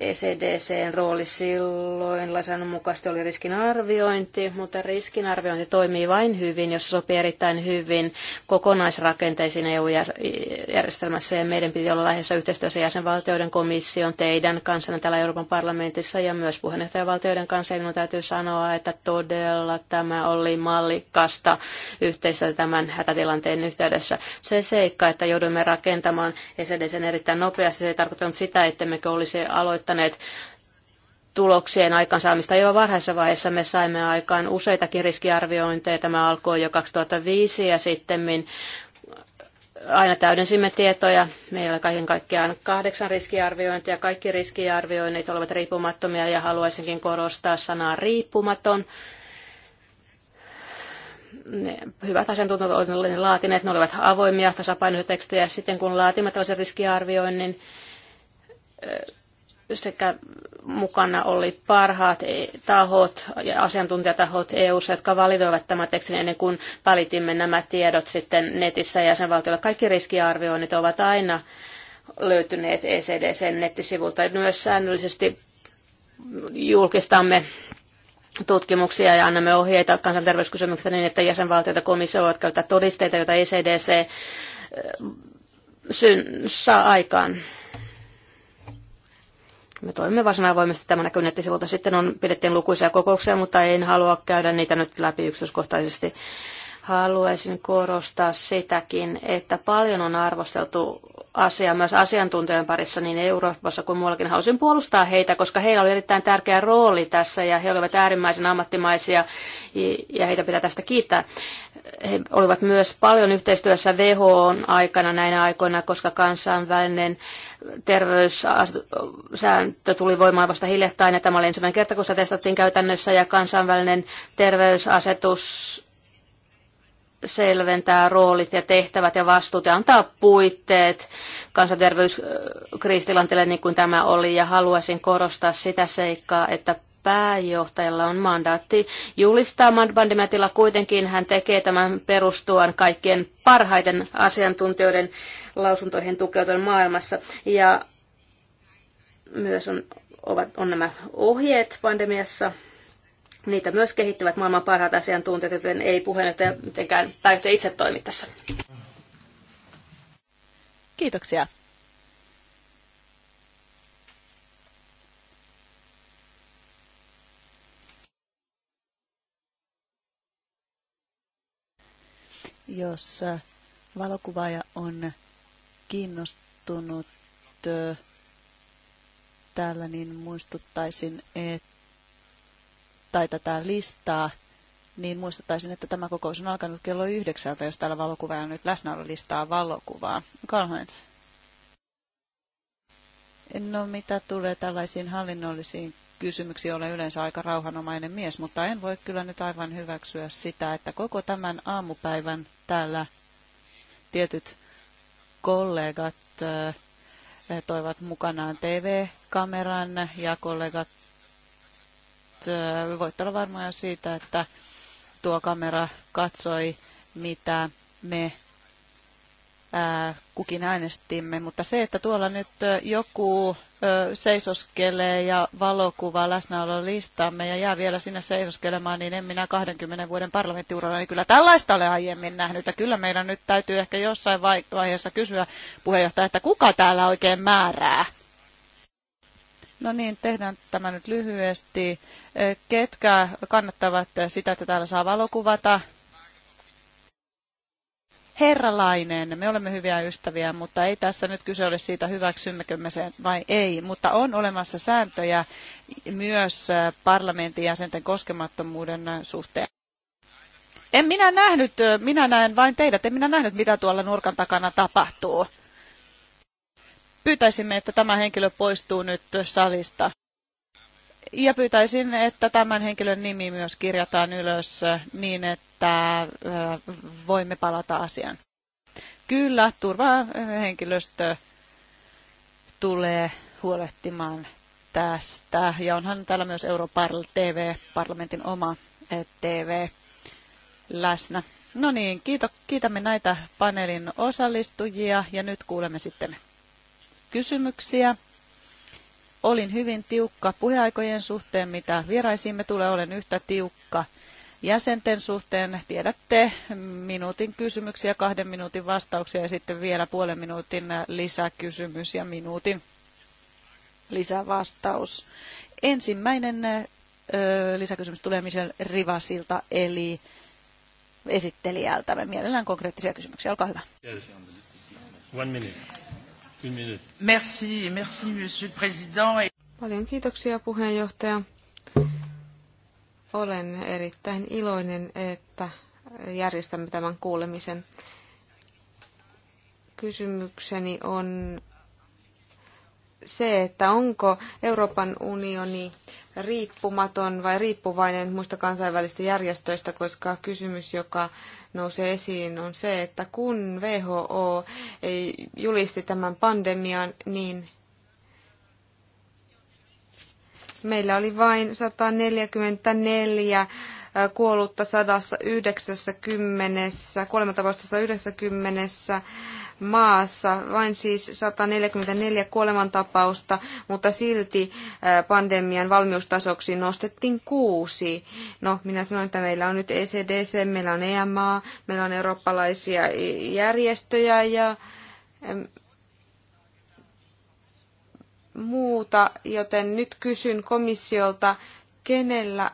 ECDCn rooli silloin lainsäädännön mukaisesti oli riskinarviointi, mutta riskinarviointi toimii vain hyvin, jos sopii erittäin hyvin kokonaisrakenteisiin EU-järjestelmässä ja meidän piti olla lähes yhteistyössä jäsenvaltioiden komission, teidän kanssa täällä Euroopan parlamentissa ja myös puheenjohtajavaltioiden kanssa. Ja minun täytyy sanoa, että todella tämä oli mallikasta yhteistä tämän hätätilanteen yhteydessä. Se seikka, että joudumme rakentamaan ECDCn erittäin nopeasti, se ei tarkoittanut sitä, että me olisi aloittaa helpottaneet tuloksien aikaansaamista jo varhaisessa vaiheessa. Me saimme aikaan useitakin riskiarviointeja. Tämä alkoi jo 2005 ja sitten aina täydensimme tietoja. Meillä oli kaiken kaikkiaan kahdeksan riskiarviointia. Kaikki riskiarvioinnit olivat riippumattomia ja haluaisinkin korostaa sanaa riippumaton. Ne hyvät asiantuntijat olivat laatineet, ne olivat avoimia tasapainoisia tekstejä. Sitten kun laatimme tällaisen riskiarvioinnin, sekä mukana oli parhaat e- tahot ja asiantuntijatahot eu jotka validoivat tämän tekstin ennen kuin välitimme nämä tiedot sitten netissä jäsenvaltioille. Kaikki riskiarvioinnit ovat aina löytyneet ECDCn nettisivulta. Myös säännöllisesti julkistamme tutkimuksia ja annamme ohjeita kansanterveyskysymyksistä niin, että jäsenvaltiot ja komissio voivat käyttää todisteita, joita ECDC syn, saa aikaan. Me toimimme varsin avoimesti tämän näkyy nettisivulta. Sitten on, pidettiin lukuisia kokouksia, mutta en halua käydä niitä nyt läpi yksityiskohtaisesti. Haluaisin korostaa sitäkin, että paljon on arvosteltu asiaa myös asiantuntijoiden parissa niin Euroopassa kuin muuallakin. Halusin puolustaa heitä, koska heillä oli erittäin tärkeä rooli tässä ja he olivat äärimmäisen ammattimaisia ja heitä pitää tästä kiittää. He olivat myös paljon yhteistyössä WHOn aikana näinä aikoina, koska kansainvälinen terveyssääntö tuli voimaan vasta hiljattain ja tämä oli ensimmäinen kerta, kun sitä testattiin käytännössä ja kansainvälinen terveysasetus selventää roolit ja tehtävät ja vastuut ja antaa puitteet kansanterveyskriisitilanteelle niin kuin tämä oli. Ja haluaisin korostaa sitä seikkaa, että pääjohtajalla on mandaatti julistaa mandaatilla. Kuitenkin hän tekee tämän perustuen kaikkien parhaiten asiantuntijoiden lausuntoihin tukeutuen maailmassa. Ja myös on, ovat, on nämä ohjeet pandemiassa Niitä myös kehittyvät maailman parhaat asiantuntijat, joten ei puheenjohtaja mitenkään pääjohtaja itse toimi tässä. Kiitoksia. jos äh, valokuvaaja on kiinnostunut äh, täällä, niin muistuttaisin, että tai tätä listaa, niin muistuttaisin, että tämä kokous on alkanut kello yhdeksältä, jos täällä valokuva on nyt listaa valokuvaa. Karl-Heinz. No mitä tulee tällaisiin hallinnollisiin kysymyksiin, olen yleensä aika rauhanomainen mies, mutta en voi kyllä nyt aivan hyväksyä sitä, että koko tämän aamupäivän täällä tietyt kollegat toivat mukanaan TV-kameran ja kollegat Äh, voitte olla varmoja siitä, että tuo kamera katsoi, mitä me ää, äh, kukin äänestimme, mutta se, että tuolla nyt äh, joku ö, seisoskelee ja valokuvaa läsnäololistamme ja jää vielä sinne seisoskelemaan, niin en minä 20 vuoden parlamenttiuralla niin kyllä tällaista ole aiemmin nähnyt. Ja kyllä meidän nyt täytyy ehkä jossain vaiheessa kysyä puheenjohtaja, että kuka täällä oikein määrää? No niin, tehdään tämä nyt lyhyesti. Eh, ketkä kannattavat sitä, että täällä saa valokuvata? herralainen. Me olemme hyviä ystäviä, mutta ei tässä nyt kyse ole siitä, hyväksymmekö me sen vai ei. Mutta on olemassa sääntöjä myös eh, parlamentin jäsenten koskemattomuuden eh, suhteen. En minä nähnyt, minä näen vain teidät, en minä nähnyt, mitä tuolla nurkan takana tapahtuu pyytäisimme, että tämä henkilö poistuu nyt salista. Ja pyytäisin, että tämän henkilön nimi myös kirjataan ylös niin, että voimme palata asiaan. Kyllä, turvahenkilöstö tulee huolehtimaan tästä. Ja onhan täällä myös Europarl TV, parlamentin oma TV läsnä. No niin, kiitämme näitä paneelin osallistujia ja nyt kuulemme sitten kysymyksiä. Olin hyvin tiukka puheaikojen suhteen, mitä vieraisimme tulee, olen yhtä tiukka jäsenten suhteen. Tiedätte minuutin kysymyksiä, kahden minuutin vastauksia ja sitten vielä puolen minuutin lisäkysymys ja minuutin lisävastaus. Ensimmäinen ö, lisäkysymys tulee Michel Rivasilta, eli esittelijältä. Me mielellään konkreettisia kysymyksiä. Olkaa hyvä. One minute. Merci, merci, monsieur président. Paljon kiitoksia puheenjohtaja. Olen erittäin iloinen, että järjestämme tämän kuulemisen. Kysymykseni on se, että onko Euroopan unioni riippumaton vai riippuvainen muista kansainvälistä järjestöistä, koska kysymys, joka nousee esiin, on se, että kun WHO ei julisti tämän pandemian, niin meillä oli vain 144 äh, kuollutta 190, kuolemantapausta 190 maassa, vain siis 144 kuolemantapausta, mutta silti pandemian valmiustasoksi nostettiin kuusi. No, minä sanoin, että meillä on nyt ECDC, meillä on EMA, meillä on eurooppalaisia järjestöjä ja muuta, joten nyt kysyn komissiolta, kenellä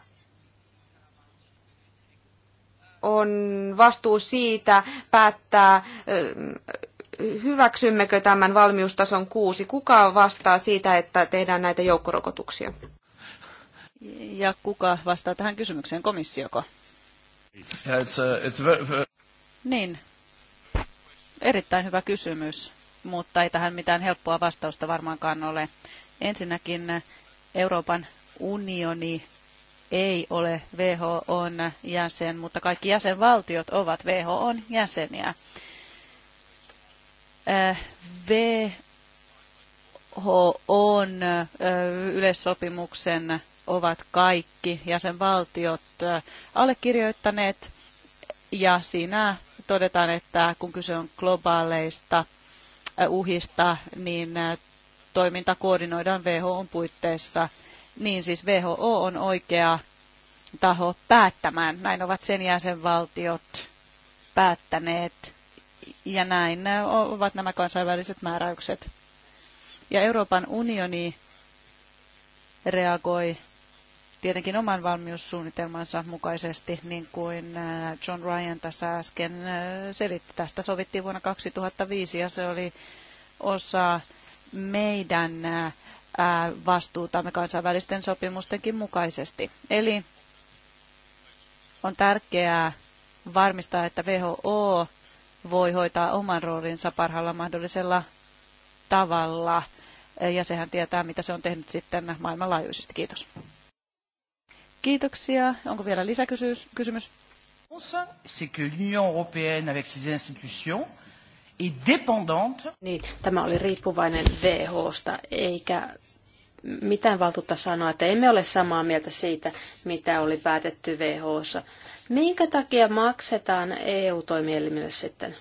on vastuu siitä päättää hyväksymmekö tämän valmiustason kuusi? Kuka vastaa siitä, että tehdään näitä joukkorokotuksia? Ja kuka vastaa tähän kysymykseen? Komissioko? Yeah, it's a, uh, it's very... Niin. Erittäin hyvä kysymys, mutta ei tähän mitään helppoa vastausta varmaankaan ole. Ensinnäkin Euroopan unioni ei ole WHOn jäsen, mutta kaikki jäsenvaltiot ovat WHOn jäseniä. Äh, on äh, yleissopimuksen ovat kaikki jäsenvaltiot äh, allekirjoittaneet ja siinä todetaan, että kun kyse on globaaleista uhista, niin toiminta koordinoidaan WHOn puitteissa. Niin siis WHO on oikea taho päättämään. Näin ovat sen jäsenvaltiot päättäneet ja näin ovat nämä kansainväliset määräykset. Ja Euroopan unioni reagoi tietenkin oman valmiussuunnitelmansa mukaisesti, niin kuin äh, John Ryan tässä äsken äh, selitti. Tästä sovittiin vuonna 2005 ja se oli osa meidän äh, vastuutamme kansainvälisten sopimustenkin mukaisesti. Eli on tärkeää varmistaa, että WHO voi hoitaa oman roolinsa parhaalla mahdollisella tavalla. Ja sehän tietää, mitä se on tehnyt sitten maailmanlaajuisesti. Kiitos. Kiitoksia. Onko vielä lisäkysymys? Kysymys? C'est que l'Union européenne avec ses institutions est dépendante. Niin, tämä oli riippuvainen WHOsta, eikä mitään valtuutta sanoa, että emme ole samaa mieltä siitä, mitä oli päätetty WHOssa. Minkä takia maksetaan EU-toimielimille sitten?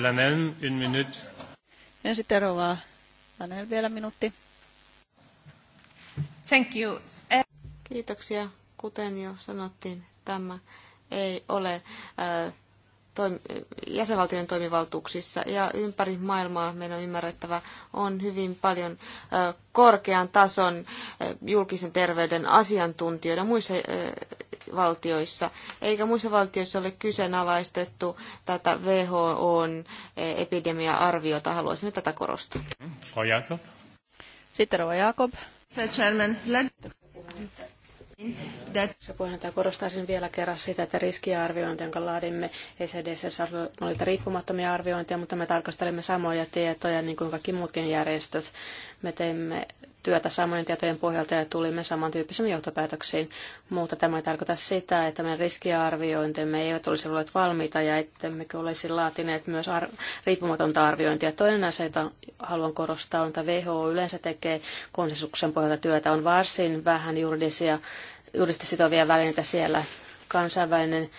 Länel, yksi minuutti. Ja sitten rovaa. Länel vielä minuutti. Thank you. Eh- Kiitoksia. Kuten jo sanottiin, tämä ei ole äh, toim- jäsenvaltion toimivaltuuksissa ja ympäri maailmaa meidän on ymmärrettävä on hyvin paljon korkean tason julkisen terveyden asiantuntijoita muissa valtioissa, eikä muissa valtioissa ole kyseenalaistettu tätä WHOn epidemia-arviota. Haluaisimme tätä korostaa. Mm, Sitten Rova Jakob. Chairman. Se puheenjohtaja korostaisin vielä kerran sitä, että riskiarviointi, jonka laadimme ECDC, oli riippumattomia arviointeja, mutta me tarkastelemme samoja tietoja, niin kuin kaikki muutkin järjestöt. Me teemme työtä samojen tietojen pohjalta ja tulimme samantyyppisiin johtopäätöksiin, mutta tämä ei tarkoita sitä, että meidän riskiarviointimme eivät olisi olleet valmiita ja ettemmekö olisi laatineet myös ar- riippumatonta arviointia. Toinen asia, jota haluan korostaa, on, että WHO yleensä tekee konsensuksen pohjalta työtä. On varsin vähän juridisia, sitovia välineitä siellä. Kansainvälinen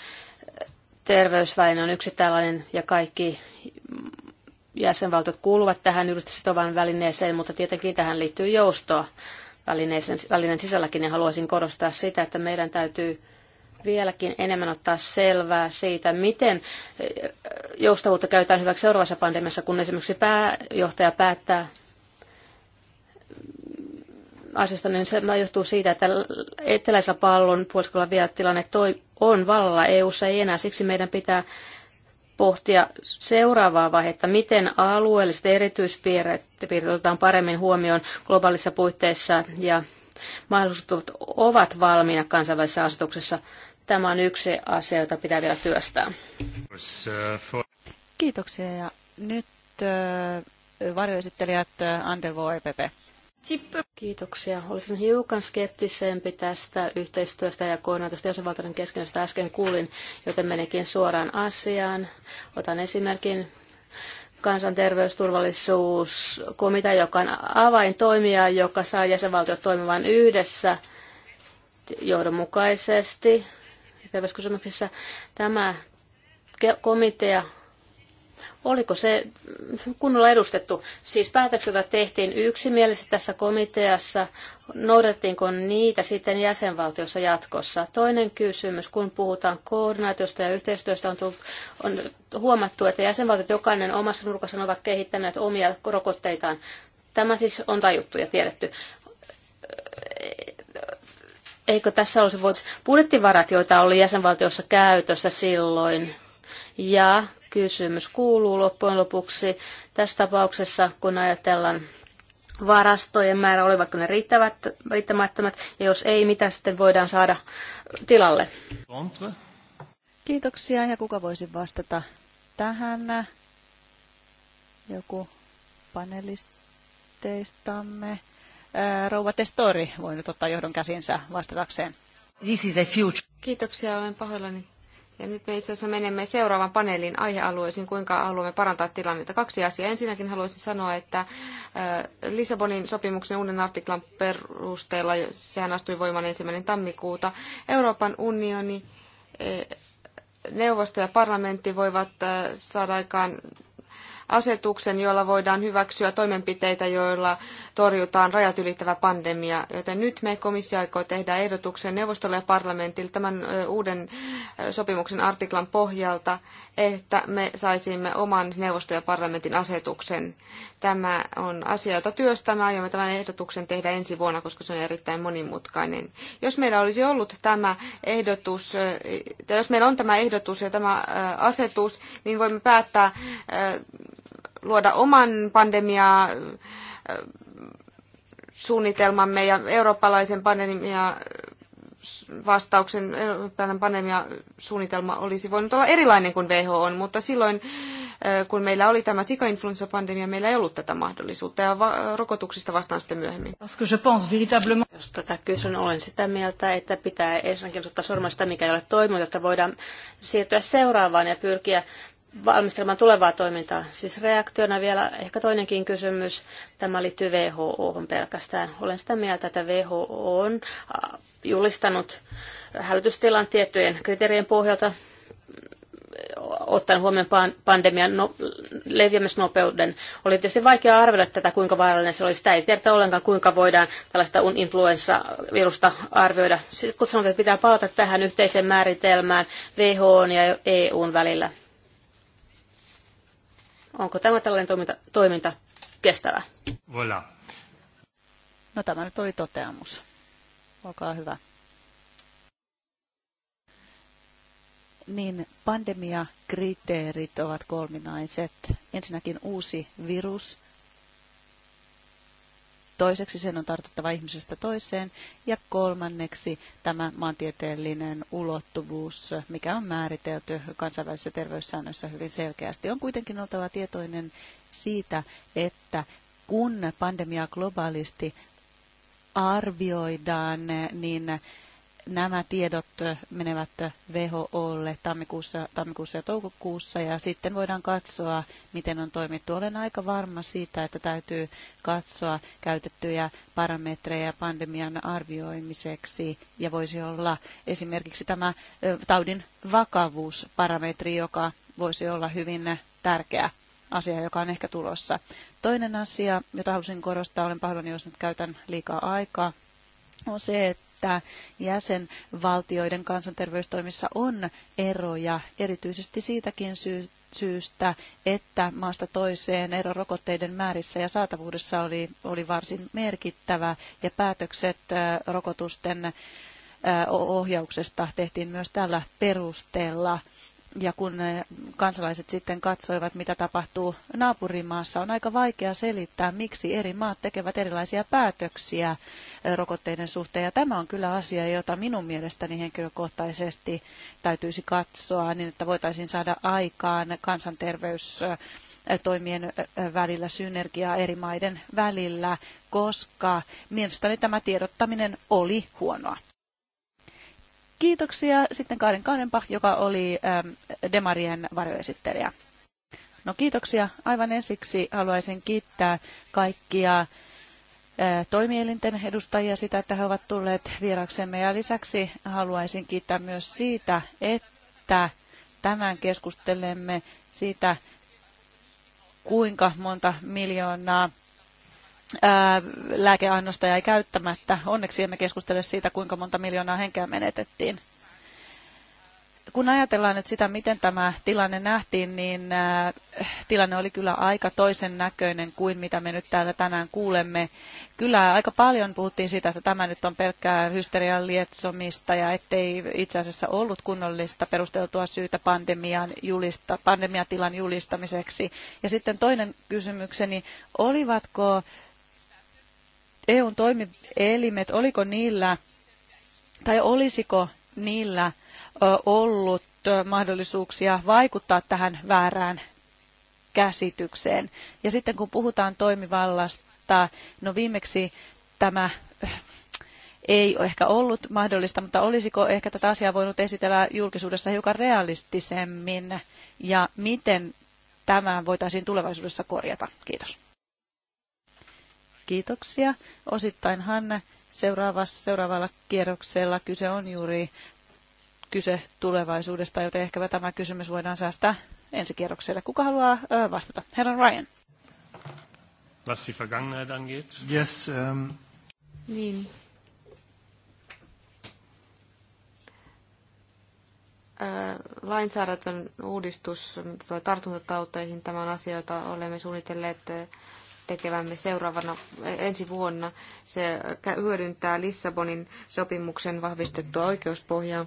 terveysväline on yksi tällainen ja kaikki jäsenvaltiot kuuluvat tähän juridisesti sitovaan välineeseen, mutta tietenkin tähän liittyy joustoa välineisen, välineen sisälläkin, ja haluaisin korostaa sitä, että meidän täytyy vieläkin enemmän ottaa selvää siitä, miten eh, joustavuutta käytetään hyväksi seuraavassa pandemiassa, kun esimerkiksi pääjohtaja päättää asiasta, niin se johtuu siitä, että eteläisellä pallon puoliskolla vielä tilanne toi, on vallalla EU-ssa ei enää. Siksi meidän pitää pohtia seuraavaa vaihetta, miten alueelliset erityispiirteet otetaan paremmin huomioon globaalissa puitteissa ja mahdollisuudet ovat valmiina kansainvälisessä asetuksessa. Tämä on yksi asia, jota pitää vielä työstää. Kiitoksia ja nyt varjoesittelijät Andervo EPP. Kiitoksia. Olisin hiukan skeptisempi tästä yhteistyöstä ja koordinaatiosta jäsenvaltioiden kesken, josta äsken kuulin, joten menekin suoraan asiaan. Otan esimerkin kansanterveysturvallisuuskomitea, joka on avaintoimija, joka saa jäsenvaltiot toimimaan yhdessä johdonmukaisesti terveyskysymyksissä. Tämä komitea Oliko se kunnolla edustettu? Siis päätökset, tehtiin yksimielisesti tässä komiteassa, noudatettiinko niitä sitten jäsenvaltiossa jatkossa? Toinen kysymys, kun puhutaan koordinaatiosta ja yhteistyöstä, on, tullut, on huomattu, että jäsenvaltiot jokainen omassa nurkassaan ovat kehittäneet omia rokotteitaan. Tämä siis on tajuttu ja tiedetty eikö tässä olisi voitu... budjettivarat, joita oli jäsenvaltiossa käytössä silloin, ja Kysymys kuuluu loppujen lopuksi tässä tapauksessa, kun ajatellaan varastojen määrä, olivatko ne riittävät, riittämättömät, ja jos ei, mitä sitten voidaan saada tilalle? Kiitoksia, ja kuka voisi vastata tähän? Joku panelisteistamme. Rouva Testori voi nyt ottaa johdon käsinsä vastatakseen. This is a future. Kiitoksia, olen pahoillani. Ja nyt me itse asiassa menemme seuraavan paneelin aihealueisiin, kuinka haluamme parantaa tilannetta. Kaksi asiaa. Ensinnäkin haluaisin sanoa, että Lissabonin sopimuksen uuden artiklan perusteella, sehän astui voimaan ensimmäinen tammikuuta, Euroopan unioni e, neuvosto ja parlamentti voivat saada aikaan asetuksen, jolla voidaan hyväksyä toimenpiteitä, joilla torjutaan rajat ylittävä pandemia. Joten nyt me komissio aikoo tehdä ehdotuksen neuvostolle ja parlamentille tämän uuden sopimuksen artiklan pohjalta, että me saisimme oman neuvosto- ja parlamentin asetuksen. Tämä on asia, jota työstämme. Aiomme tämän ehdotuksen tehdä ensi vuonna, koska se on erittäin monimutkainen. Jos meillä olisi ollut tämä ehdotus, jos meillä on tämä ehdotus ja tämä asetus, niin voimme päättää luoda oman pandemia suunnitelmamme ja eurooppalaisen pandemia vastauksen pandemia suunnitelma olisi voinut olla erilainen kuin WHO on, mutta silloin kun meillä oli tämä sikainfluenssapandemia, meillä ei ollut tätä mahdollisuutta ja va- rokotuksista vastaan sitten myöhemmin. Jos tätä kysyn, olen sitä mieltä, että pitää ensinnäkin ottaa sormasta, mikä ei ole toiminut, että voidaan siirtyä seuraavaan ja pyrkiä valmistelemaan tulevaa toimintaa. Siis reaktiona vielä ehkä toinenkin kysymys. Tämä liittyy WHO pelkästään. Olen sitä mieltä, että WHO on julistanut hälytystilan tiettyjen kriteerien pohjalta ottaen huomioon pandemian no, leviämisnopeuden. Oli tietysti vaikea arvioida tätä, kuinka vaarallinen se oli. Sitä ei tiedä ollenkaan, kuinka voidaan tällaista influenssavirusta arvioida. Sitten kun sanotaan, että pitää palata tähän yhteiseen määritelmään WHOn ja EUn välillä. Onko tämä tällainen toiminta, toiminta kestävää? Voilà. No tämä nyt oli toteamus. Olkaa hyvä. niin pandemiakriteerit ovat kolminaiset. Ensinnäkin uusi virus, Toiseksi sen on tartuttava ihmisestä toiseen. Ja kolmanneksi tämä maantieteellinen ulottuvuus, mikä on määritelty kansainvälisissä terveyssäännöissä hyvin selkeästi. On kuitenkin oltava tietoinen siitä, että kun pandemiaa globaalisti arvioidaan, niin nämä tiedot menevät WHOlle tammikuussa, tammikuussa ja toukokuussa ja sitten voidaan katsoa, miten on toimittu. Olen aika varma siitä, että täytyy katsoa käytettyjä parametreja pandemian arvioimiseksi ja voisi olla esimerkiksi tämä taudin vakavuusparametri, joka voisi olla hyvin tärkeä asia, joka on ehkä tulossa. Toinen asia, jota halusin korostaa, olen pahoillani, jos nyt käytän liikaa aikaa, on se, että että jäsenvaltioiden kansanterveystoimissa on eroja, erityisesti siitäkin syystä, että maasta toiseen ero rokotteiden määrissä ja saatavuudessa oli, oli varsin merkittävä ja päätökset rokotusten ohjauksesta tehtiin myös tällä perusteella. Ja kun kansalaiset sitten katsoivat, mitä tapahtuu naapurimaassa, on aika vaikea selittää, miksi eri maat tekevät erilaisia päätöksiä rokotteiden suhteen. Ja tämä on kyllä asia, jota minun mielestäni henkilökohtaisesti täytyisi katsoa, niin että voitaisiin saada aikaan kansanterveys toimien välillä, synergiaa eri maiden välillä, koska mielestäni tämä tiedottaminen oli huonoa. Kiitoksia. Sitten Karin Kaarenpah, joka oli ähm, Demarien varjoesittelijä. No kiitoksia. Aivan ensiksi haluaisin kiittää kaikkia äh, toimielinten edustajia sitä, että he ovat tulleet vieraksemme. Ja lisäksi haluaisin kiittää myös siitä, että tänään keskustelemme siitä, kuinka monta miljoonaa lääkeainosta jäi käyttämättä. Onneksi emme keskustele siitä, kuinka monta miljoonaa henkeä menetettiin. Kun ajatellaan nyt sitä, miten tämä tilanne nähtiin, niin tilanne oli kyllä aika toisen näköinen kuin mitä me nyt täällä tänään kuulemme. Kyllä aika paljon puhuttiin siitä, että tämä nyt on pelkkää hysterian lietsomista ja ettei itse asiassa ollut kunnollista perusteltua syytä pandemian julista, pandemiatilan julistamiseksi. Ja sitten toinen kysymykseni, olivatko EUn toimielimet, oliko niillä tai olisiko niillä ollut mahdollisuuksia vaikuttaa tähän väärään käsitykseen. Ja sitten kun puhutaan toimivallasta, no viimeksi tämä ei ehkä ollut mahdollista, mutta olisiko ehkä tätä asiaa voinut esitellä julkisuudessa hiukan realistisemmin ja miten tämä voitaisiin tulevaisuudessa korjata? Kiitos. Kiitoksia. Osittain Hanna seuraavassa, seuraavalla kierroksella kyse on juuri kyse tulevaisuudesta, joten ehkä tämä kysymys voidaan säästää ensi kierrokselle. Kuka haluaa vastata? Herra Ryan. Was die Vergangenheit angeht? Yes. Um... Niin. Lainsäädäntön uudistus tartuntatauteihin, tämä on asia, jota olemme suunnitelleet tekevämme seuraavana eh, ensi vuonna. Se hyödyntää Lissabonin sopimuksen vahvistettua oikeuspohjaa.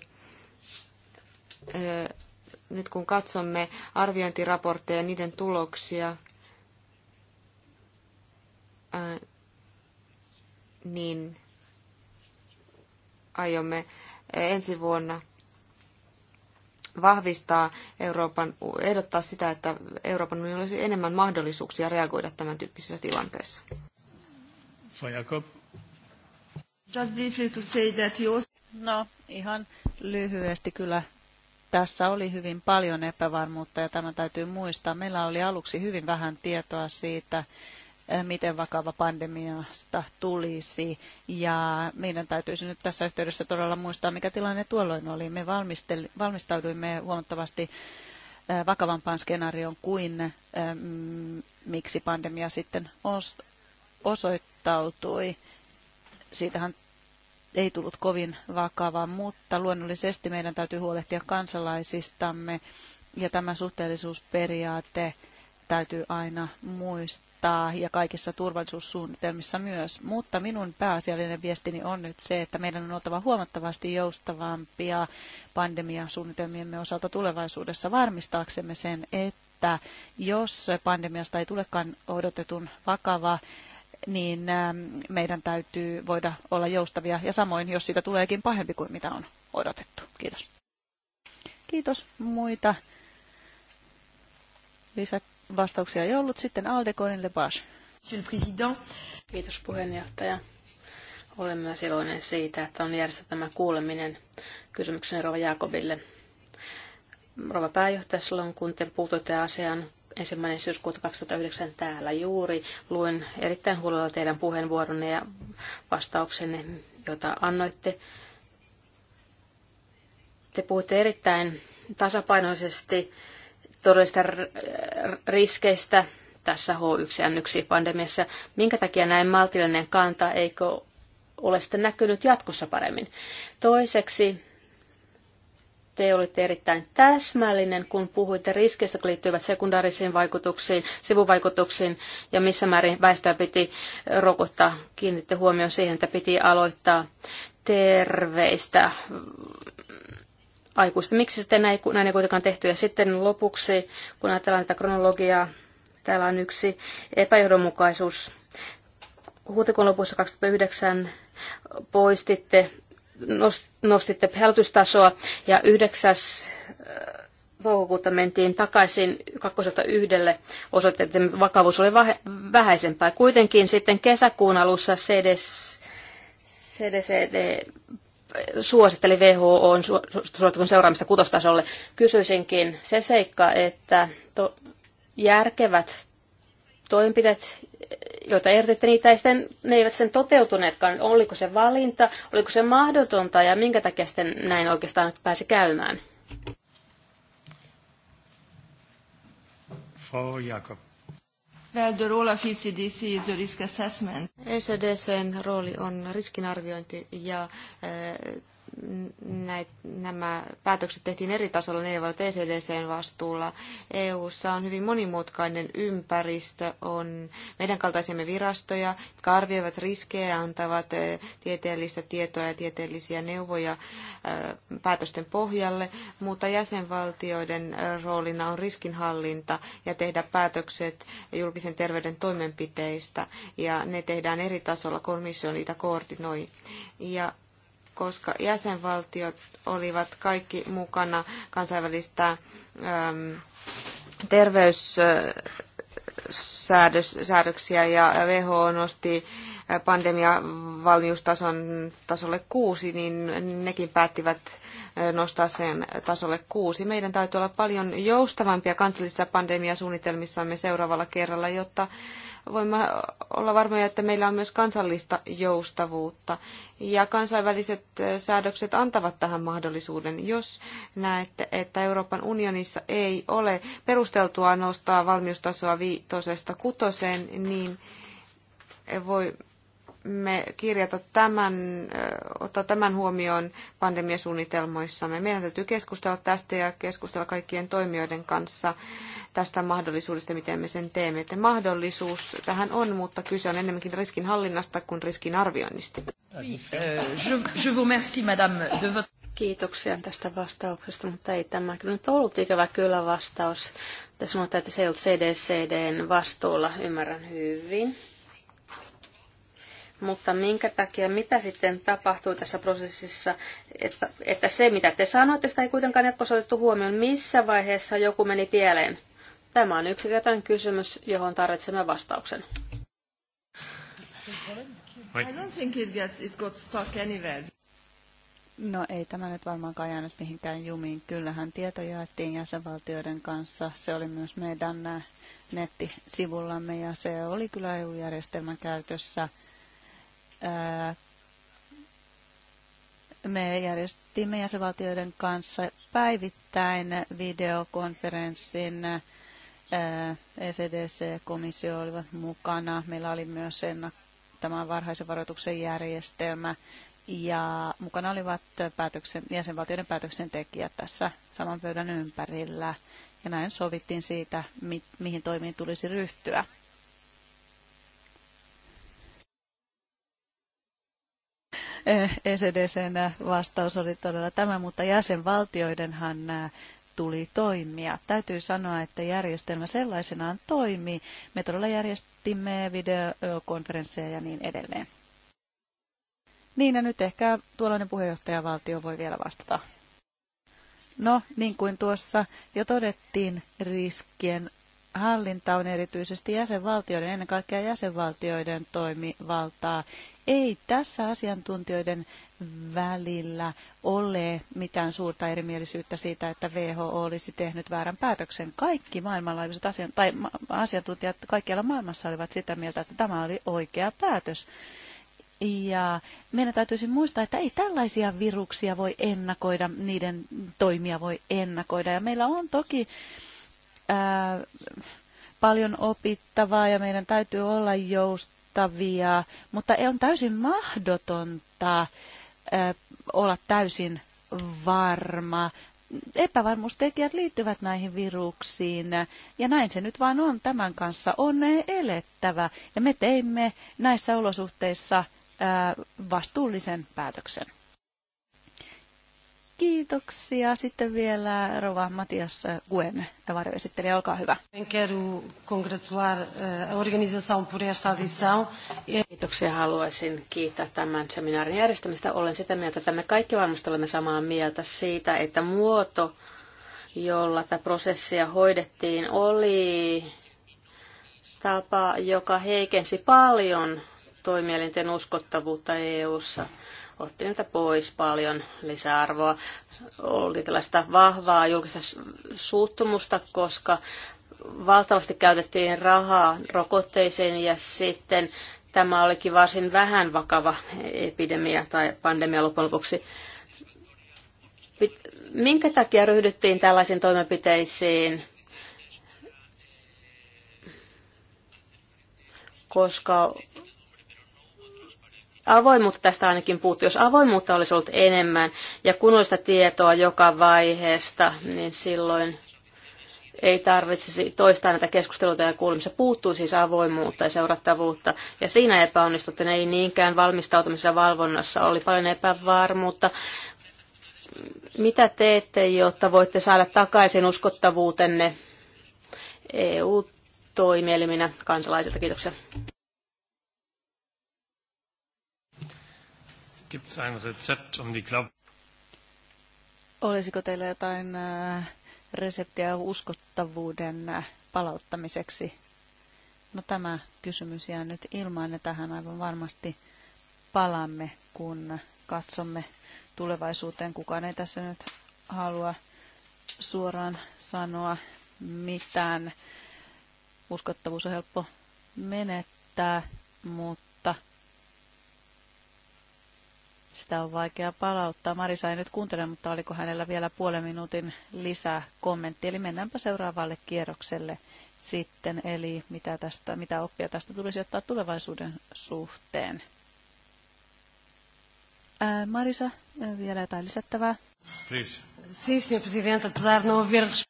Eh, nyt kun katsomme arviointiraportteja ja niiden tuloksia, eh, niin aiomme ensi vuonna – vahvistaa Euroopan, ehdottaa sitä, että Euroopan unionilla olisi enemmän mahdollisuuksia reagoida tämän tyyppisissä tilanteissa. Just No, ihan lyhyesti kyllä tässä oli hyvin paljon epävarmuutta ja tämä täytyy muistaa. Meillä oli aluksi hyvin vähän tietoa siitä, Eh, miten vakava pandemiasta tulisi. Ja meidän täytyisi nyt tässä yhteydessä todella muistaa, mikä tilanne tuolloin oli. Me valmistauduimme huomattavasti eh, vakavampaan skenaarioon kuin eh, miksi pandemia sitten osoittautui. Siitähän ei tullut kovin vakava, mutta luonnollisesti meidän täytyy huolehtia kansalaisistamme ja tämä suhteellisuusperiaate – täytyy aina muistaa ja kaikissa turvallisuussuunnitelmissa myös. Mutta minun pääasiallinen viestini on nyt se, että meidän on oltava huomattavasti joustavampia pandemiasuunnitelmiemme osalta tulevaisuudessa varmistaaksemme sen, että jos pandemiasta ei tulekaan odotetun vakava, niin ähm, meidän täytyy voida olla joustavia ja samoin, jos siitä tuleekin pahempi kuin mitä on odotettu. Kiitos. Kiitos. Muita lisät Vastauksia ei ollut. Sitten Aldekoinen Lepage. Monsieur le Président. Kiitos puheenjohtaja. Olen myös iloinen siitä, että on järjestetty tämä kuuleminen kysymyksen Rova Jaakobille. Rova pääjohtaja, silloin kun te puutuitte asiaan ensimmäinen syyskuuta 2009 täällä juuri, luin erittäin huolella teidän puheenvuoronne ja vastauksenne, jota annoitte. Te puhutte erittäin tasapainoisesti todellisista riskeistä tässä H1N1-pandemiassa. Minkä takia näin maltillinen kanta eikö ole sitten näkynyt jatkossa paremmin? Toiseksi te olitte erittäin täsmällinen, kun puhuitte riskeistä, jotka liittyivät sekundaarisiin vaikutuksiin, sivuvaikutuksiin ja missä määrin väestöä piti rokottaa. Kiinnitte huomioon siihen, että piti aloittaa terveistä aikuista. Miksi sitten näin, näin ei kuitenkaan tehty? Ja sitten lopuksi, kun ajatellaan tätä kronologiaa, täällä on yksi epäjohdonmukaisuus. Huhtikuun lopussa 2009 poistitte, nostitte hälytystasoa ja 9 äh, toukokuuta mentiin takaisin kakkoselta yhdelle osoitteiden että vakavuus oli vähäisempää. Kuitenkin sitten kesäkuun alussa CDC, CDCD suositteli WHO on suosituksen seuraamista kutostasolle. Kysyisinkin se seikka, että to, järkevät toimenpiteet, joita ehdotitte, niitä ei sitten, ne eivät sen toteutuneetkaan. Oliko se valinta, oliko se mahdotonta ja minkä takia sitten näin oikeastaan pääsi käymään? Frau Jakob. Well, the role of ECDC is the risk assessment. ECDCn rooli on riskinarviointi ja eh, näit, nämä päätökset tehtiin eri tasolla, ne eivät ole ECDCn vastuulla. EUssa on hyvin monimutkainen ympäristö, on meidän kaltaisemme virastoja, jotka arvioivat riskejä ja antavat eh, tieteellistä tietoa ja tieteellisiä neuvoja eh, päätösten pohjalle, mutta jäsenvaltioiden eh, roolina on riskinhallinta ja tehdä päätökset julkisen terveyden toimenpiteistä, ja ne tehdään eri tasolla, komissio niitä koordinoi. Ja koska jäsenvaltiot olivat kaikki mukana kansainvälistä äm, terveyssäädöksiä ja WHO nosti pandemiavalmiustason tasolle kuusi, niin nekin päättivät äh, nostaa sen tasolle kuusi. Meidän täytyy olla paljon joustavampia kansallisissa pandemiasuunnitelmissamme seuraavalla kerralla, jotta voimme olla varmoja, että meillä on myös kansallista joustavuutta. Ja kansainväliset eh, säädökset antavat tähän mahdollisuuden. Jos näette, että Euroopan unionissa ei ole perusteltua nostaa valmiustasoa viitosesta kutoseen, niin voi me kirjata tämän, ottaa tämän huomioon pandemiasuunnitelmoissamme. Meidän täytyy keskustella tästä ja keskustella kaikkien toimijoiden kanssa tästä mahdollisuudesta, miten me sen teemme. Että mahdollisuus tähän on, mutta kyse on enemmänkin riskin hallinnasta kuin riskin arvioinnista. Äh, Kiitoksia tästä vastauksesta, mutta ei tämä kyllä nyt ollut ikävä kyllä vastaus. Tässä sanotaan, että se ei ollut CDCDn vastuulla, ymmärrän hyvin. Mutta minkä takia, mitä sitten tapahtuu tässä prosessissa, että, että se mitä te sanoitte, sitä ei kuitenkaan jatkossa otettu huomioon, missä vaiheessa joku meni pieleen? Tämä on yksinkertainen kysymys, johon tarvitsemme vastauksen. I don't think it, got stuck anywhere. No ei tämä nyt varmaankaan jäänyt mihinkään jumiin. Kyllähän tieto jaettiin jäsenvaltioiden kanssa. Se oli myös meidän äh, nettisivullamme ja se oli kyllä EU-järjestelmän käytössä me järjestimme jäsenvaltioiden kanssa päivittäin videokonferenssin. ECDC-komissio olivat mukana. Meillä oli myös tämä varhaisen varoituksen järjestelmä ja mukana olivat päätöksen, jäsenvaltioiden päätöksentekijät tässä saman pöydän ympärillä. Ja näin sovittiin siitä, mi, mihin toimiin tulisi ryhtyä. ECDCn vastaus oli todella tämä, mutta jäsenvaltioidenhan nämä tuli toimia. Täytyy sanoa, että järjestelmä sellaisenaan toimii. Me todella järjestimme videokonferensseja ja niin edelleen. Niin, ja nyt ehkä tuollainen puheenjohtajavaltio voi vielä vastata. No, niin kuin tuossa jo todettiin, riskien hallinta on erityisesti jäsenvaltioiden, ennen kaikkea jäsenvaltioiden toimivaltaa. Ei tässä asiantuntijoiden välillä ole mitään suurta erimielisyyttä siitä, että WHO olisi tehnyt väärän päätöksen. Kaikki maailmanlaajuiset asian, tai asiantuntijat kaikkialla maailmassa olivat sitä mieltä, että tämä oli oikea päätös. Ja meidän täytyisi muistaa, että ei tällaisia viruksia voi ennakoida, niiden toimia voi ennakoida. Ja meillä on toki ää, paljon opittavaa ja meidän täytyy olla joust, kannattavia, mutta on täysin mahdotonta olla täysin varma. Epävarmuustekijät liittyvät näihin viruksiin ja näin se nyt vain on. Tämän kanssa on elettävä ja me teimme näissä olosuhteissa vastuullisen päätöksen. Kiitoksia. Sitten vielä Rova Matias Guen, varjoesittelijä, olkaa hyvä. Eh, Kiitoksia. Haluaisin kiittää tämän seminaarin järjestämistä. Olen sitä mieltä, että me kaikki varmasti olemme samaa mieltä siitä, että muoto, jolla tätä prosessia hoidettiin, oli tapa, joka heikensi paljon toimielinten uskottavuutta EU:ssa. ssa otti niiltä pois paljon lisäarvoa. Oli tällaista vahvaa julkista suuttumusta, koska valtavasti käytettiin rahaa rokotteisiin ja sitten tämä olikin varsin vähän vakava epidemia tai pandemia loppujen lopuksi. Minkä takia ryhdyttiin tällaisiin toimenpiteisiin? Koska avoimuutta tästä ainakin puuttuu. Jos avoimuutta olisi ollut enemmän ja kunnollista tietoa joka vaiheesta, niin silloin ei tarvitsisi toistaa näitä keskusteluita ja kuulemista. Puuttuu siis avoimuutta ja seurattavuutta. Ja siinä epäonnistuttiin ei niinkään valmistautumisessa valvonnassa. Oli paljon epävarmuutta. Mitä teette, jotta voitte saada takaisin uskottavuutenne EU-toimieliminä kansalaisilta? Kiitoksia. ein Rezept um die Olisiko teillä jotain äh, reseptiä uskottavuuden äh, palauttamiseksi? No tämä kysymys jää nyt ilmaan ja tähän aivan varmasti palamme, kun katsomme tulevaisuuteen. Kukaan ei tässä nyt halua suoraan sanoa mitään. Uskottavuus on helppo menettää, mutta sitä on vaikea palauttaa. Marisa sai nyt kuuntele, mutta oliko hänellä vielä puolen minuutin lisää kommentti. Eli mennäänpä seuraavalle kierrokselle sitten, eli mitä, tästä, mitä oppia tästä tulisi ottaa tulevaisuuden suhteen. Marisa, vielä jotain lisättävää? Please.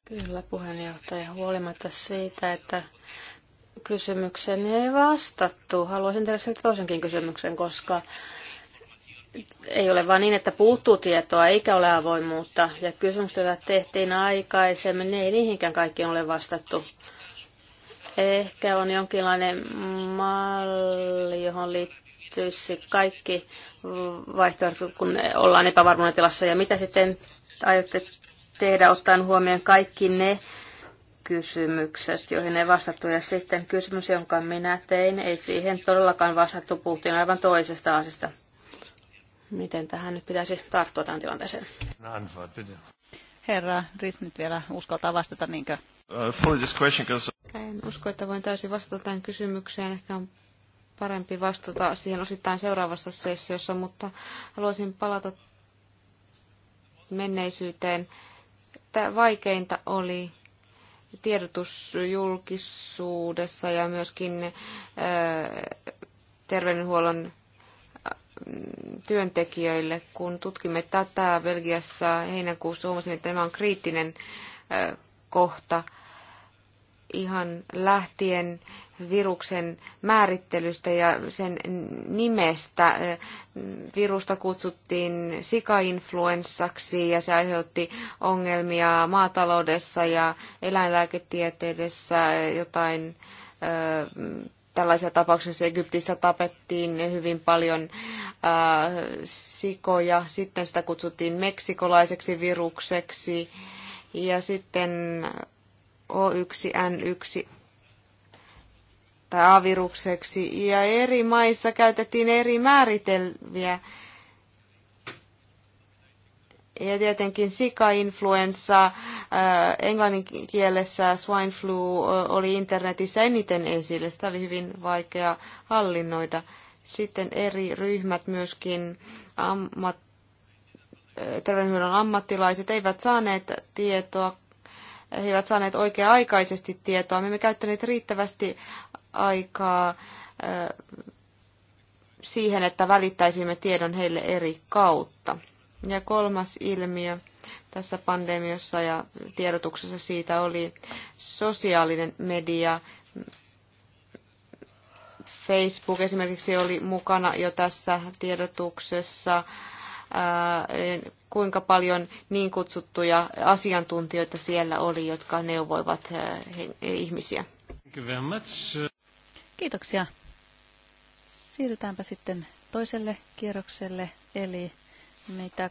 Kyllä, puheenjohtaja, huolimatta siitä, että kysymykseni ei vastattu. Haluaisin tehdä toisenkin kysymyksen, koska ei ole vain niin, että puuttuu tietoa eikä ole avoimuutta. Ja kysymykset, joita tehtiin aikaisemmin, ne ei niihinkään kaikkiin ole vastattu. Ehkä on jonkinlainen malli, johon liittyisi kaikki vaihtoehdot, kun ollaan epävarmuuden tilassa. Ja mitä sitten aiotte tehdä ottaen huomioon kaikki ne kysymykset, joihin ei vastattu. Ja sitten kysymys, jonka minä tein, ei siihen todellakaan vastattu. Puhuttiin aivan toisesta asiasta miten tähän nyt pitäisi tarttua tähän tilanteeseen? Herra Ris nyt vielä uskaltaa vastata, niinkö? En usko, että voin täysin vastata tähän kysymykseen. Ehkä on parempi vastata siihen osittain seuraavassa sessiossa, mutta haluaisin palata menneisyyteen. Tämä vaikeinta oli tiedotusjulkisuudessa ja myöskin terveydenhuollon työntekijöille. Kun tutkimme tätä Belgiassa heinäkuussa, huomasin, että tämä on kriittinen kohta ihan lähtien viruksen määrittelystä ja sen nimestä. Virusta kutsuttiin sikainfluenssaksi ja se aiheutti ongelmia maataloudessa ja eläinlääketieteessä jotain tällaisia tapauksia. Egyptissä tapettiin hyvin paljon ää, äh, sikoja, sitten sitä kutsuttiin meksikolaiseksi virukseksi ja sitten O1N1 tai A-virukseksi ja eri maissa käytettiin eri määritelmiä ja tietenkin sika-influenssa äh, englannin kielessä swine flu äh, oli internetissä eniten esille. Sitä oli hyvin vaikea hallinnoida. Sitten eri ryhmät myöskin ammat, äh, terveydenhuollon ammattilaiset eivät saaneet tietoa, he eivät saaneet oikea-aikaisesti tietoa. Me emme käyttäneet riittävästi aikaa siihen, että välittäisimme tiedon heille eri kautta. Ja kolmas ilmiö tässä pandemiassa ja tiedotuksessa siitä oli sosiaalinen media. Facebook esimerkiksi oli mukana jo tässä tiedotuksessa kuinka paljon niin kutsuttuja asiantuntijoita siellä oli, jotka neuvoivat e, ihmisiä. Kiitoksia. Siirrytäänpä sitten toiselle kierrokselle, eli mitä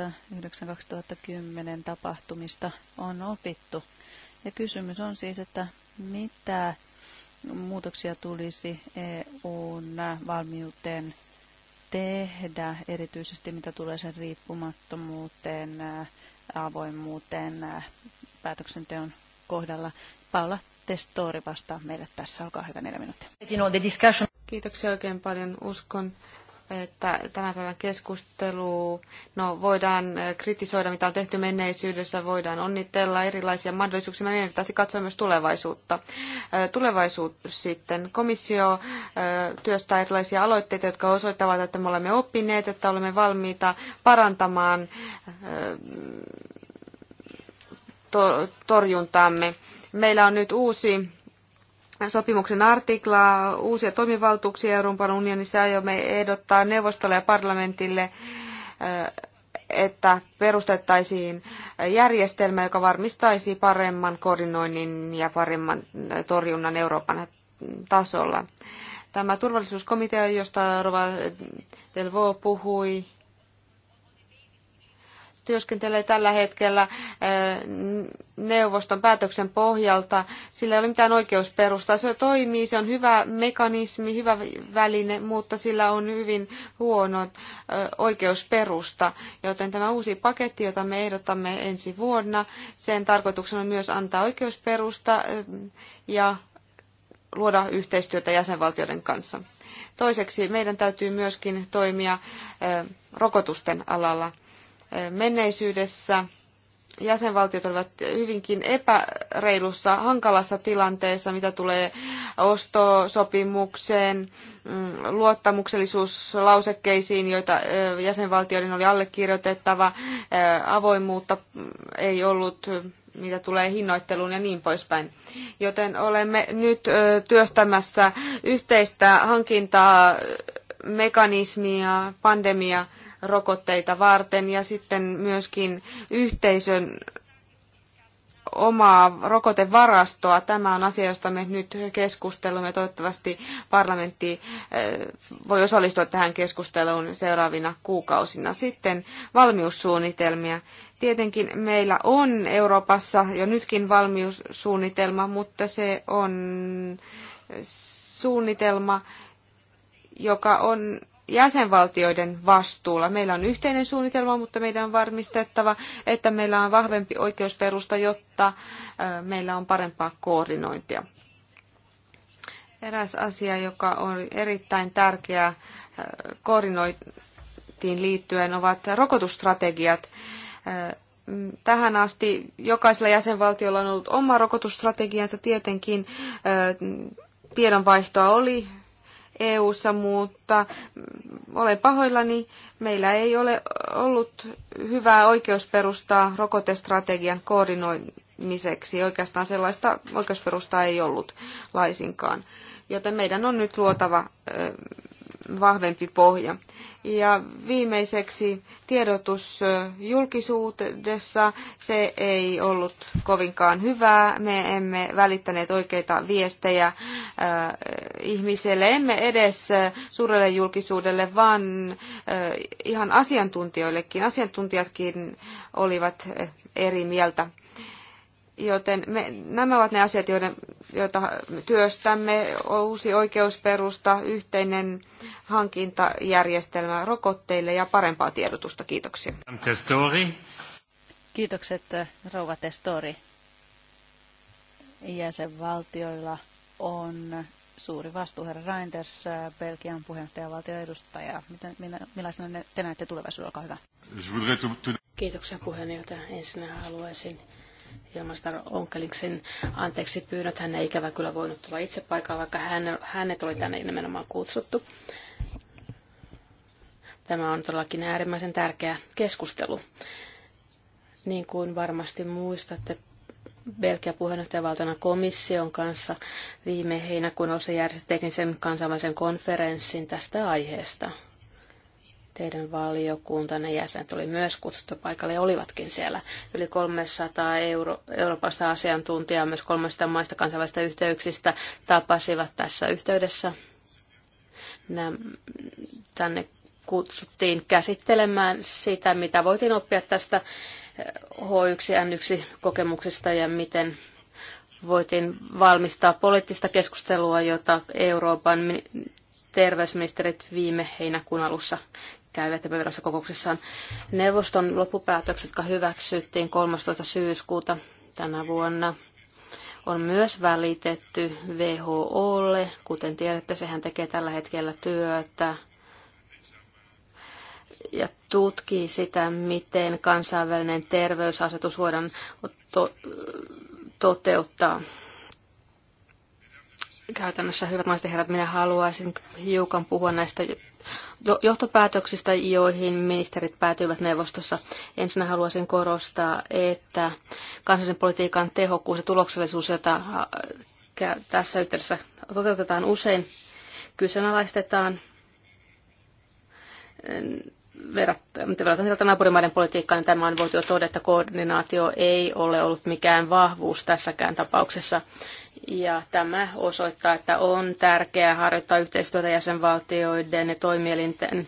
2009-2010 tapahtumista on opittu. Ja kysymys on siis, että mitä muutoksia tulisi EUn valmiuteen tehdä, erityisesti mitä tulee sen riippumattomuuteen, avoimuuteen päätöksenteon kohdalla. Paula Testori vastaa meille tässä. Olkaa hyvä, neljä minuuttia. Kiitoksia oikein paljon. Uskon, että tämän päivän keskustelu, no voidaan äh, kritisoida, mitä on tehty menneisyydessä, voidaan onnitella erilaisia mahdollisuuksia. Meidän pitäisi katsoa myös tulevaisuutta. Äh, tulevaisuus sitten. Komissio äh, työstää erilaisia aloitteita, jotka osoittavat, että me olemme oppineet, että olemme valmiita parantamaan torjuntaamme. Meillä on nyt uusi sopimuksen artiklaa, uusia toimivaltuuksia Euroopan unionissa aiomme ehdottaa neuvostolle ja parlamentille eh, että perustettaisiin järjestelmä, joka varmistaisi paremman koordinoinnin ja paremman torjunnan Euroopan tasolla. Tämä turvallisuuskomitea, josta Rova Delvaux puhui, työskentelee tällä hetkellä eh, neuvoston päätöksen pohjalta. Sillä ei ole mitään oikeusperustaa. Se toimii, se on hyvä mekanismi, hyvä väline, mutta sillä on hyvin huono eh, oikeusperusta. Joten tämä uusi paketti, jota me ehdotamme ensi vuonna, sen tarkoituksena on myös antaa oikeusperusta eh, ja luoda yhteistyötä jäsenvaltioiden kanssa. Toiseksi meidän täytyy myöskin toimia rokotusten alalla menneisyydessä jäsenvaltiot olivat hyvinkin epäreilussa, hankalassa tilanteessa, mitä tulee ostosopimukseen, mm, luottamuksellisuuslausekkeisiin, joita jäsenvaltioiden oli allekirjoitettava, avoimuutta ei ollut mitä tulee hinnoitteluun ja niin poispäin. Joten olemme nyt työstämässä yhteistä hankintaa, mekanismia, pandemia rokotteita varten ja sitten myöskin yhteisön omaa rokotevarastoa. Tämä on asia, josta me nyt keskustelemme. Toivottavasti parlamentti eh, voi osallistua tähän keskusteluun seuraavina kuukausina. Sitten valmiussuunnitelmia. Tietenkin meillä on Euroopassa jo nytkin valmiussuunnitelma, mutta se on suunnitelma, joka on jäsenvaltioiden vastuulla. Meillä on yhteinen suunnitelma, mutta meidän on varmistettava, että meillä on vahvempi oikeusperusta, jotta meillä on parempaa koordinointia. Eräs asia, joka on erittäin tärkeä koordinointiin liittyen, ovat rokotusstrategiat. Tähän asti jokaisella jäsenvaltiolla on ollut oma rokotusstrategiansa tietenkin. Tiedonvaihtoa oli EU-ssa, mutta olen pahoillani, meillä ei ole ollut hyvää oikeusperustaa rokotestrategian koordinoimiseksi. Oikeastaan sellaista oikeusperustaa ei ollut laisinkaan. Joten meidän on nyt luotava vahvempi pohja. Ja viimeiseksi tiedotus julkisuudessa, se ei ollut kovinkaan hyvää. Me emme välittäneet oikeita viestejä äh, ihmiselle, emme edes äh, suurelle julkisuudelle, vaan äh, ihan asiantuntijoillekin. Asiantuntijatkin olivat eri mieltä Joten me, nämä ovat ne asiat, joiden, joita työstämme, uusi oikeusperusta, yhteinen hankintajärjestelmä rokotteille ja parempaa tiedotusta. Kiitoksia. Kiitokset Rouva Testori. Jäsenvaltioilla on suuri vastuu, herra Reinders, Belgian puheenjohtajavaltion edustaja. Miten, minä, millaisena ne, te näette tulevaisuudella? Olkaa hyvä. Kiitoksia puheenjohtaja. Ensin haluaisin Ilmastar Onkeliksen anteeksi pyynnöt. Hän ei ikävä kyllä voinut tulla itse paikalla, vaikka hän, hänet oli tänne nimenomaan kutsuttu. Tämä on todellakin äärimmäisen tärkeä keskustelu. Niin kuin varmasti muistatte, Belgia puheenjohtajavaltana komission kanssa viime heinäkuun osa järjesti teknisen kansainvälisen konferenssin tästä aiheesta. Teidän valiokuntanne jäsenet oli myös kutsuttu paikalle ja olivatkin siellä. Yli 300 euro, Euroopasta asiantuntijaa myös 300 maista kansainvälisistä yhteyksistä tapasivat tässä yhteydessä. Nämä, tänne kutsuttiin käsittelemään sitä, mitä voitiin oppia tästä H1N1-kokemuksesta ja miten voitiin valmistaa poliittista keskustelua, jota Euroopan terveysministerit viime heinäkuun alussa käyvät epävirallisessa kokouksessaan. Neuvoston loppupäätökset, jotka hyväksyttiin 13. syyskuuta tänä vuonna, on myös välitetty WHOlle. Kuten tiedätte, sehän tekee tällä hetkellä työtä ja tutkii sitä, miten kansainvälinen terveysasetus voidaan to- toteuttaa. Käytännössä, hyvät naiset ja herrat, minä haluaisin hiukan puhua näistä johtopäätöksistä, joihin ministerit päätyivät neuvostossa. Ensinnä haluaisin korostaa, että kansallisen politiikan tehokkuus ja tuloksellisuus, jota äh, tässä yhteydessä toteutetaan usein, kyseenalaistetaan verrattuna sieltä naapurimaiden politiikkaan, niin tämä on voitu jo todeta, että koordinaatio ei ole ollut mikään vahvuus tässäkään tapauksessa. Ja tämä osoittaa, että on tärkeää harjoittaa yhteistyötä jäsenvaltioiden ja toimielinten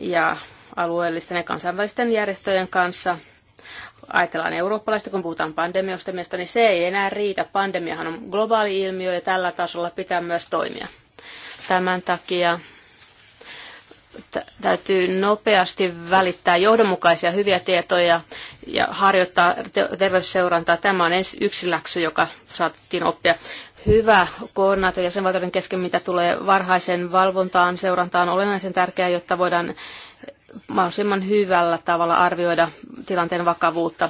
ja alueellisten ja kansainvälisten järjestöjen kanssa. Ajatellaan eurooppalaista, kun puhutaan pandemiosta, niin se ei enää riitä. Pandemiahan on globaali ilmiö ja tällä tasolla pitää myös toimia. Tämän takia täytyy nopeasti välittää johdonmukaisia hyviä tietoja ja harjoittaa terveysseurantaa. Tämä on ensi yksi läksy, joka saatettiin oppia. Hyvä koordinaatio jäsenvaltioiden kesken, mitä tulee varhaiseen valvontaan, seurantaan, on olennaisen tärkeää, jotta voidaan mahdollisimman hyvällä tavalla arvioida tilanteen vakavuutta.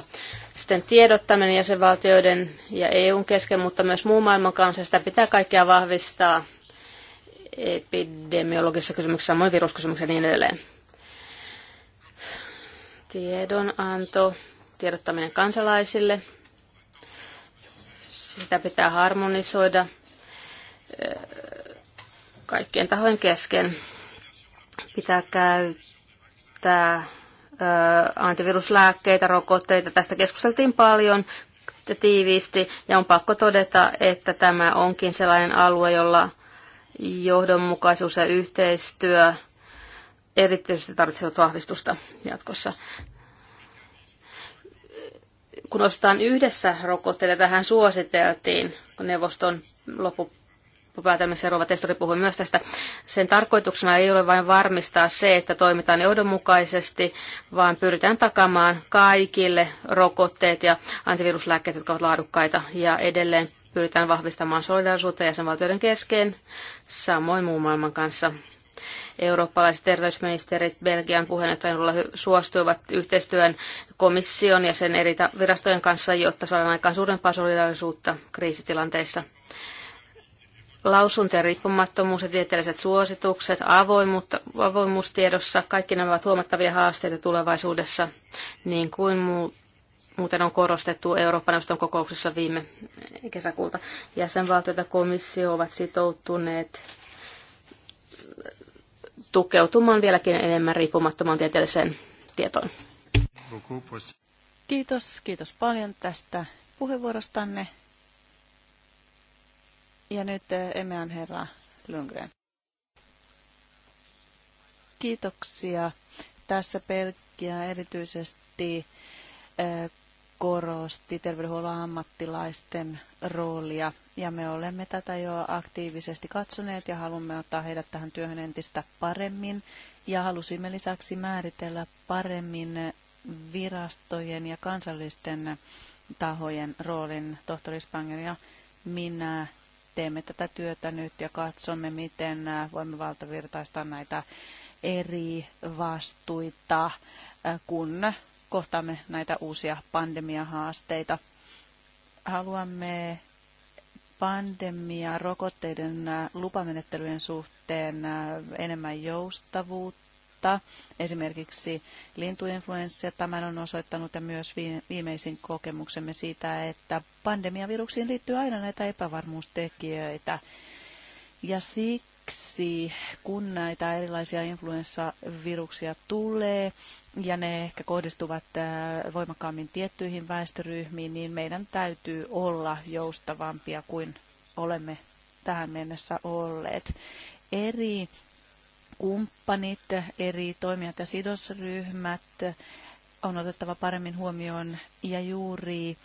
Sitten tiedottaminen jäsenvaltioiden ja EUn kesken, mutta myös muun maailman kanssa, sitä pitää kaikkea vahvistaa epidemiologisissa kysymyksissä, samoin viruskysymyksissä ja niin edelleen. Tiedonanto, tiedottaminen kansalaisille, sitä pitää harmonisoida eh, kaikkien tahojen kesken. Pitää käyttää eh, antiviruslääkkeitä, rokotteita. Tästä keskusteltiin paljon tiiviisti ja on pakko todeta, että tämä onkin sellainen alue, jolla johdonmukaisuus ja yhteistyö erityisesti tarvitsevat vahvistusta jatkossa. Kun ostetaan yhdessä rokotteita, tähän suositeltiin, kun neuvoston loppu päätelmässä Rova Testori puhui myös tästä. Sen tarkoituksena ei ole vain varmistaa se, että toimitaan johdonmukaisesti, vaan pyritään takamaan kaikille rokotteet ja antiviruslääkkeet, jotka ovat laadukkaita ja edelleen pyritään vahvistamaan solidaarisuutta jäsenvaltioiden kesken, samoin muun maailman kanssa. Eurooppalaiset terveysministerit Belgian puheenjohtajalla suostuivat yhteistyön komission ja sen eri virastojen kanssa, jotta saadaan aikaan suurempaa solidaarisuutta kriisitilanteissa. Lausuntojen riippumattomuus ja tieteelliset suositukset, avoimuustiedossa, kaikki nämä ovat huomattavia haasteita tulevaisuudessa, niin kuin muut muuten on korostettu Euroopan neuvoston kokouksessa viime kesäkuulta. Jäsenvaltiot ja komissio ovat sitoutuneet tukeutumaan vieläkin enemmän riippumattomaan tieteelliseen tietoon. Kiitos, kiitos paljon tästä puheenvuorostanne. Ja nyt eh, Emean herra Lundgren. Kiitoksia. Tässä pelkkiä erityisesti eh, korosti terveydenhuollon ammattilaisten roolia ja me olemme tätä jo aktiivisesti katsoneet ja haluamme ottaa heidät tähän työhön entistä paremmin ja halusimme lisäksi määritellä paremmin virastojen ja kansallisten tahojen roolin. Tohtori Spanger ja minä teemme tätä työtä nyt ja katsomme, miten voimme valtavirtaistaa näitä eri vastuita, kun kohtaamme näitä uusia pandemiahaasteita. Haluamme pandemia rokotteiden lupamenettelyjen suhteen enemmän joustavuutta. Esimerkiksi lintuinfluenssia tämän on osoittanut ja myös viimeisin kokemuksemme siitä, että pandemiaviruksiin liittyy aina näitä epävarmuustekijöitä. Ja siksi siksi, kun näitä erilaisia influenssaviruksia tulee ja ne ehkä kohdistuvat äh, voimakkaammin tiettyihin väestöryhmiin, niin meidän täytyy olla joustavampia kuin olemme tähän mennessä olleet. Eri kumppanit, eri toimijat ja sidosryhmät on otettava paremmin huomioon ja juuri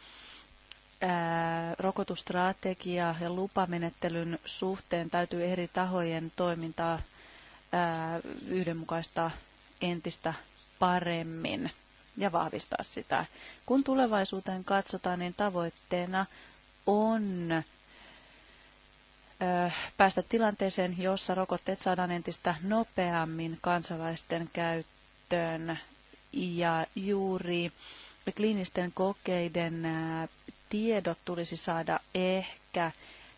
rokotustrategia ja lupamenettelyn suhteen täytyy eri tahojen toimintaa yhdenmukaistaa entistä paremmin ja vahvistaa sitä. Kun tulevaisuuteen katsotaan, niin tavoitteena on päästä tilanteeseen, jossa rokotteet saadaan entistä nopeammin kansalaisten käyttöön. Ja juuri kliinisten kokeiden tiedot tulisi saada ehkä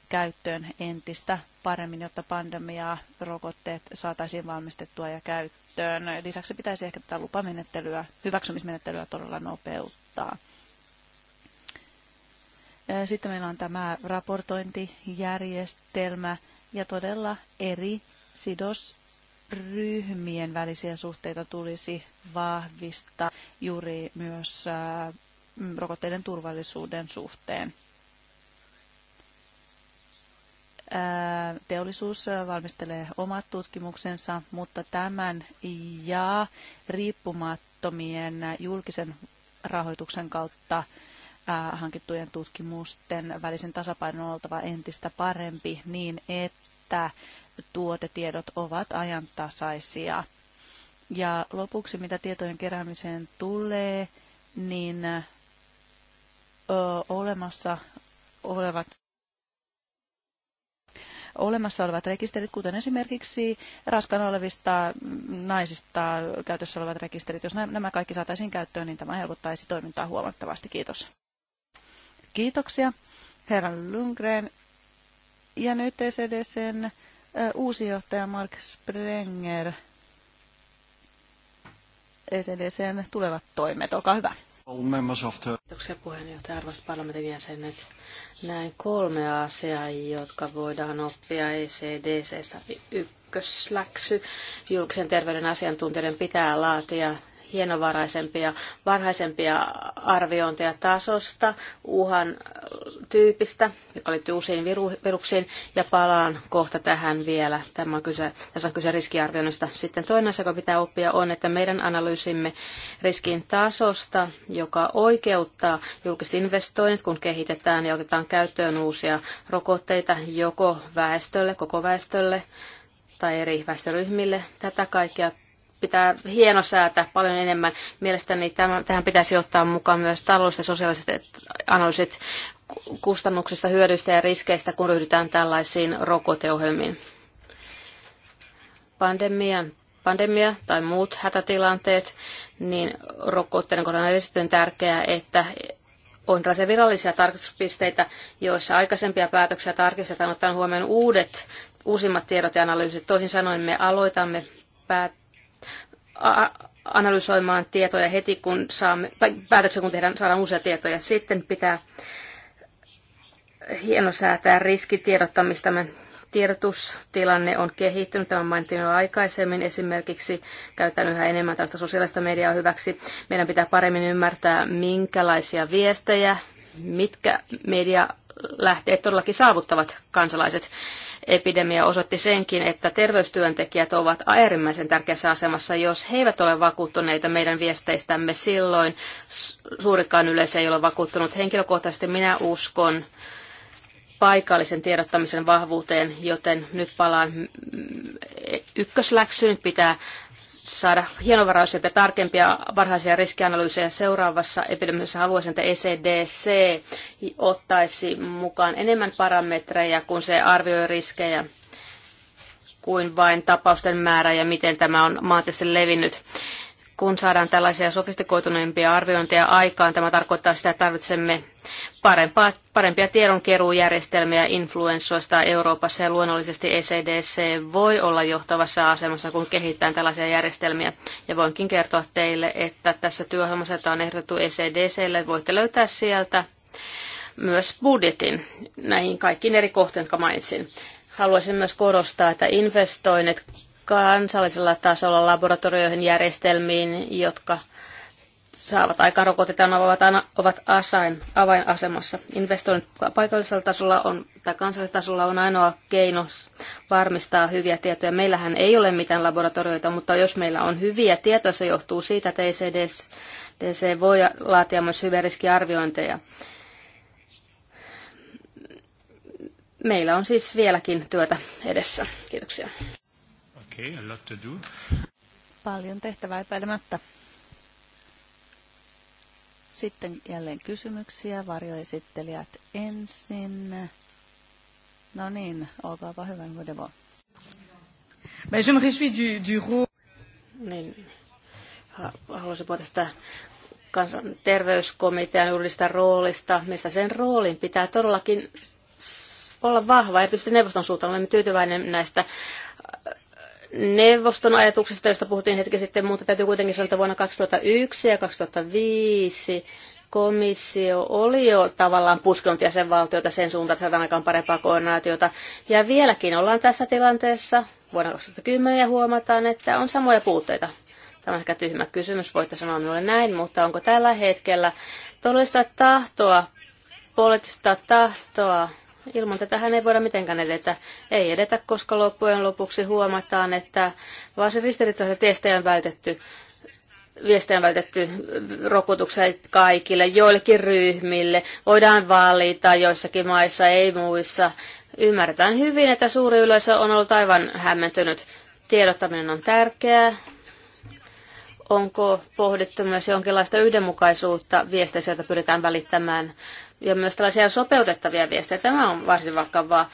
käyttöön entistä paremmin, jotta pandemiaa rokotteet saataisiin valmistettua ja käyttöön. Lisäksi pitäisi ehkä tätä lupamenettelyä, hyväksymismenettelyä todella nopeuttaa. Sitten meillä on tämä raportointijärjestelmä ja todella eri sidosryhmien välisiä suhteita tulisi vahvistaa juuri myös Mm, rokotteiden turvallisuuden suhteen. Teollisuus valmistelee omat tutkimuksensa, mutta tämän ja riippumattomien julkisen rahoituksen kautta hankittujen tutkimusten välisen tasapainon on oltava entistä parempi niin, että tuotetiedot ovat ajantasaisia. Ja lopuksi, mitä tietojen keräämiseen tulee, niin olemassa olevat olemassa olevat rekisterit, kuten esimerkiksi raskaana olevista naisista käytössä olevat rekisterit. Jos nämä kaikki saataisiin käyttöön, niin tämä helpottaisi toimintaa huomattavasti. Kiitos. Kiitoksia, herra Lundgren. Ja nyt ECDCn uusi johtaja Mark Sprenger. ECDCn tulevat toimet, olkaa hyvä. Kiitoksia puheenjohtaja, arvoisat parlamentin jäsenet. Näin kolme asiaa, jotka voidaan oppia ECDCstä. Ykkösläksy. Julkisen terveyden asiantuntijoiden pitää laatia hienovaraisempia, varhaisempia arviointeja tasosta, uhan tyypistä, joka liittyy uusiin viru, viruksiin, ja palaan kohta tähän vielä. Tämä on kyse, tässä on kyse riskiarvioinnista. Sitten toinen asia, joka pitää oppia, on, että meidän analyysimme riskin tasosta, joka oikeuttaa julkiset investoinnit, kun kehitetään ja otetaan käyttöön uusia rokotteita joko väestölle, koko väestölle, tai eri väestöryhmille. Tätä kaikkea pitää hienosäätää paljon enemmän. Mielestäni tämän, tähän pitäisi ottaa mukaan myös taloudelliset ja sosiaaliset analyysit kustannuksista, hyödyistä ja riskeistä, kun ryhdytään tällaisiin rokoteohjelmiin. Pandemian, pandemia tai muut hätätilanteet, niin rokotteiden kohdalla on tärkeää, että on tällaisia virallisia tarkastuspisteitä, joissa aikaisempia päätöksiä tarkistetaan ottaen huomioon uudet, uusimmat tiedot ja analyysit. Toisin sanoen me aloitamme päät- analysoimaan tietoja heti, kun saamme, tai päätöksen kun tehdään, saadaan uusia tietoja. Sitten pitää hienosäätää riskitiedottamista. Tämä tiedotustilanne on kehittynyt, tämä mainittiin jo aikaisemmin. Esimerkiksi käytän yhä enemmän tällaista sosiaalista mediaa hyväksi. Meidän pitää paremmin ymmärtää, minkälaisia viestejä, mitkä media lähteet todellakin saavuttavat kansalaiset. Epidemia osoitti senkin, että terveystyöntekijät ovat äärimmäisen tärkeässä asemassa. Jos he eivät ole vakuuttuneita meidän viesteistämme silloin, suurikaan yleisö ei ole vakuuttunut. Henkilökohtaisesti minä uskon paikallisen tiedottamisen vahvuuteen, joten nyt palaan ykkösläksyyn. Pitää saada ja tarkempia varhaisia riskianalyyseja seuraavassa epidemiassa. Haluaisin, että ECDC ottaisi mukaan enemmän parametreja, kun se arvioi riskejä kuin vain tapausten määrä ja miten tämä on maantieteellisesti levinnyt kun saadaan tällaisia sofistikoituneempia arviointeja aikaan, tämä tarkoittaa sitä, että tarvitsemme parempaa, parempia tiedonkeruujärjestelmiä influenssoista Euroopassa ja luonnollisesti ECDC voi olla johtavassa asemassa, kun kehittää tällaisia järjestelmiä. Ja voinkin kertoa teille, että tässä työohjelmassa, jota on ehdotettu ECDClle, voitte löytää sieltä myös budjetin näihin kaikkiin eri kohteen, jotka mainitsin. Haluaisin myös korostaa, että investoinnit kansallisella tasolla laboratorioihin järjestelmiin, jotka saavat aikaan rokotetaan ovat, ovat asain, avainasemassa. Investoinnit paikallisella tasolla on, tai kansallisella tasolla on ainoa keino varmistaa hyviä tietoja. Meillähän ei ole mitään laboratorioita, mutta jos meillä on hyviä tietoja, se johtuu siitä, että ECDC voi laatia myös hyviä riskiarviointeja. Meillä on siis vieläkin työtä edessä. Kiitoksia. Okay, a lot to do. Paljon tehtävää epäilemättä. Sitten jälleen kysymyksiä. Varjoesittelijät ensin. No niin, olkaapa hyvä, Vodevo. Ben, je me réjouis du, du Niin. Haluaisin puhua tästä kansan terveyskomitean uudesta roolista, mistä sen roolin pitää todellakin olla vahva, erityisesti neuvoston suuntaan. Olemme tyytyväinen näistä neuvoston ajatuksesta, josta puhuttiin hetki sitten, mutta täytyy kuitenkin sanoa, että vuonna 2001 ja 2005 komissio oli jo tavallaan puskenut jäsenvaltiota sen suuntaan, että saadaan aikaan parempaa koordinaatiota. Ja vieläkin ollaan tässä tilanteessa vuonna 2010 ja huomataan, että on samoja puutteita. Tämä on ehkä tyhmä kysymys, voitte sanoa minulle näin, mutta onko tällä hetkellä todellista tahtoa, poliittista tahtoa Ilman hän ei voida mitenkään edetä. Ei edetä, koska loppujen lopuksi huomataan, että se ristiriitaisen testejä on vältetty viestejä vältetty rokotukset kaikille, joillekin ryhmille, voidaan valita joissakin maissa, ei muissa. Ymmärretään hyvin, että suuri yleisö on ollut aivan hämmentynyt. Tiedottaminen on tärkeää. Onko pohdittu myös jonkinlaista yhdenmukaisuutta viesteissä, joita pyritään välittämään ja myös tällaisia sopeutettavia viestejä. Tämä on varsin vakavaa.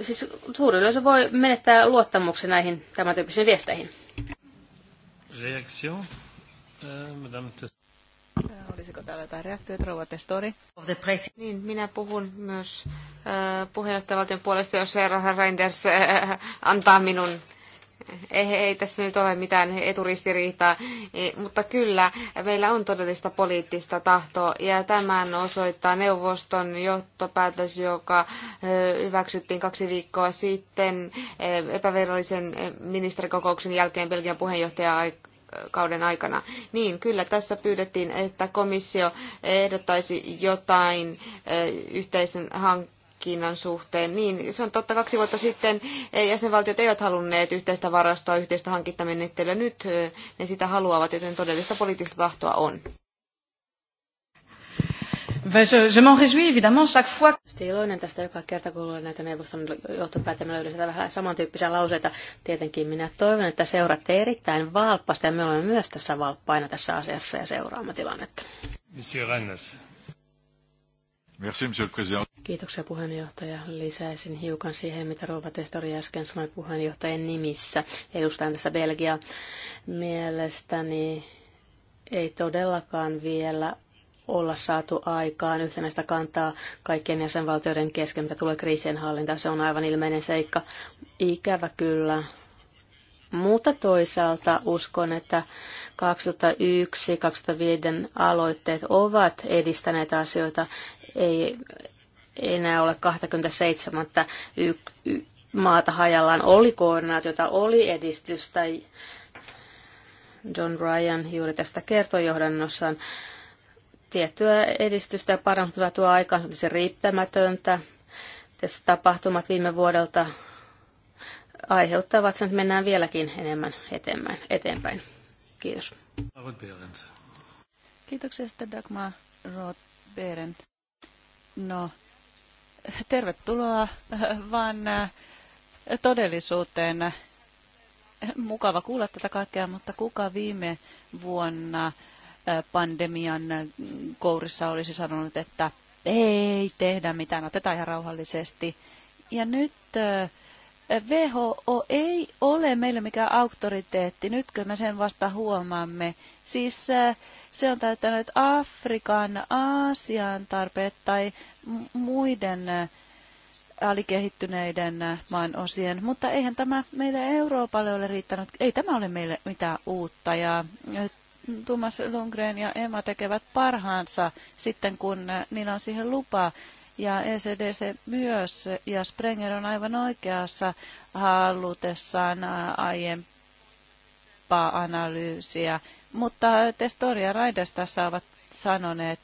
Siis suuri yleisö voi menettää luottamuksen näihin tämän tyyppisiin viesteihin. Reaktio. E, äh, olisiko täällä jotain reaktioita, Rouva Testori? Niin, minä puhun myös äh, puheenjohtajavaltion puolesta, jos herra Reinders äh, antaa minun ei, eh, ei tässä nyt ole mitään eturistiriitaa, eh, mutta kyllä meillä on todellista poliittista tahtoa ja tämän osoittaa neuvoston johtopäätös, joka eh, hyväksyttiin kaksi viikkoa sitten epävirallisen ministerikokouksen jälkeen Belgian puheenjohtaja kauden aikana. Niin, kyllä tässä pyydettiin, että komissio ehdottaisi jotain yhteisen hankkeen Kiinan suhteen. Niin, se on totta kaksi vuotta sitten eh, jäsenvaltiot eivät halunneet yhteistä varastoa, yhteistä hankintamenettelyä. Nyt eh, ne sitä haluavat, joten todellista poliittista tahtoa on. Olen iloinen tästä joka kerta, kun luen näitä neuvoston johtopäätelmiä, löydetään vähän samantyyppisiä lauseita. Tietenkin minä toivon, että seuraatte erittäin valppaasti ja me olemme myös tässä valppaina tässä asiassa ja seuraamme tilannetta. Monsieur Rennes. Merci, monsieur le président. Kiitoksia puheenjohtaja. Lisäisin hiukan siihen, mitä Rouva Testori äsken sanoi puheenjohtajan nimissä. Edustan tässä Belgia. Mielestäni ei todellakaan vielä olla saatu aikaan yhtenäistä kantaa kaikkien jäsenvaltioiden kesken, mitä tulee kriisien hallintaan. Se on aivan ilmeinen seikka. Ikävä kyllä. Mutta toisaalta uskon, että 2001-2005 aloitteet ovat edistäneet asioita ei enää ole 27 y- y- maata hajallaan. Oli koordinaatiota, oli edistystä. John Ryan juuri tästä kertoi johdannossaan. Tiettyä edistystä ja parannusta tuo aikaan, se olisi riittämätöntä. Tässä tapahtumat viime vuodelta aiheuttavat sen, että mennään vieläkin enemmän eteenpäin. eteenpäin. Kiitos. Kiitoksia sitten Dagmar Roth-Berendt. No, tervetuloa vaan äh, todellisuuteen. Mukava kuulla tätä kaikkea, mutta kuka viime vuonna äh, pandemian kourissa olisi sanonut, että ei tehdä mitään, otetaan ihan rauhallisesti. Ja nyt äh, WHO ei ole meillä mikään auktoriteetti, nytkö me sen vasta huomaamme. Siis se on täyttänyt Afrikan, Aasian tarpeet tai muiden alikehittyneiden maan osien, mutta eihän tämä meille Euroopalle ole riittänyt. Ei tämä ole meille mitään uutta ja Thomas Lundgren ja Emma tekevät parhaansa sitten, kun niillä on siihen lupa. Ja ECDC myös, ja Sprenger on aivan oikeassa halutessaan aiempaa analyysiä mutta Testori ja Raides tässä ovat sanoneet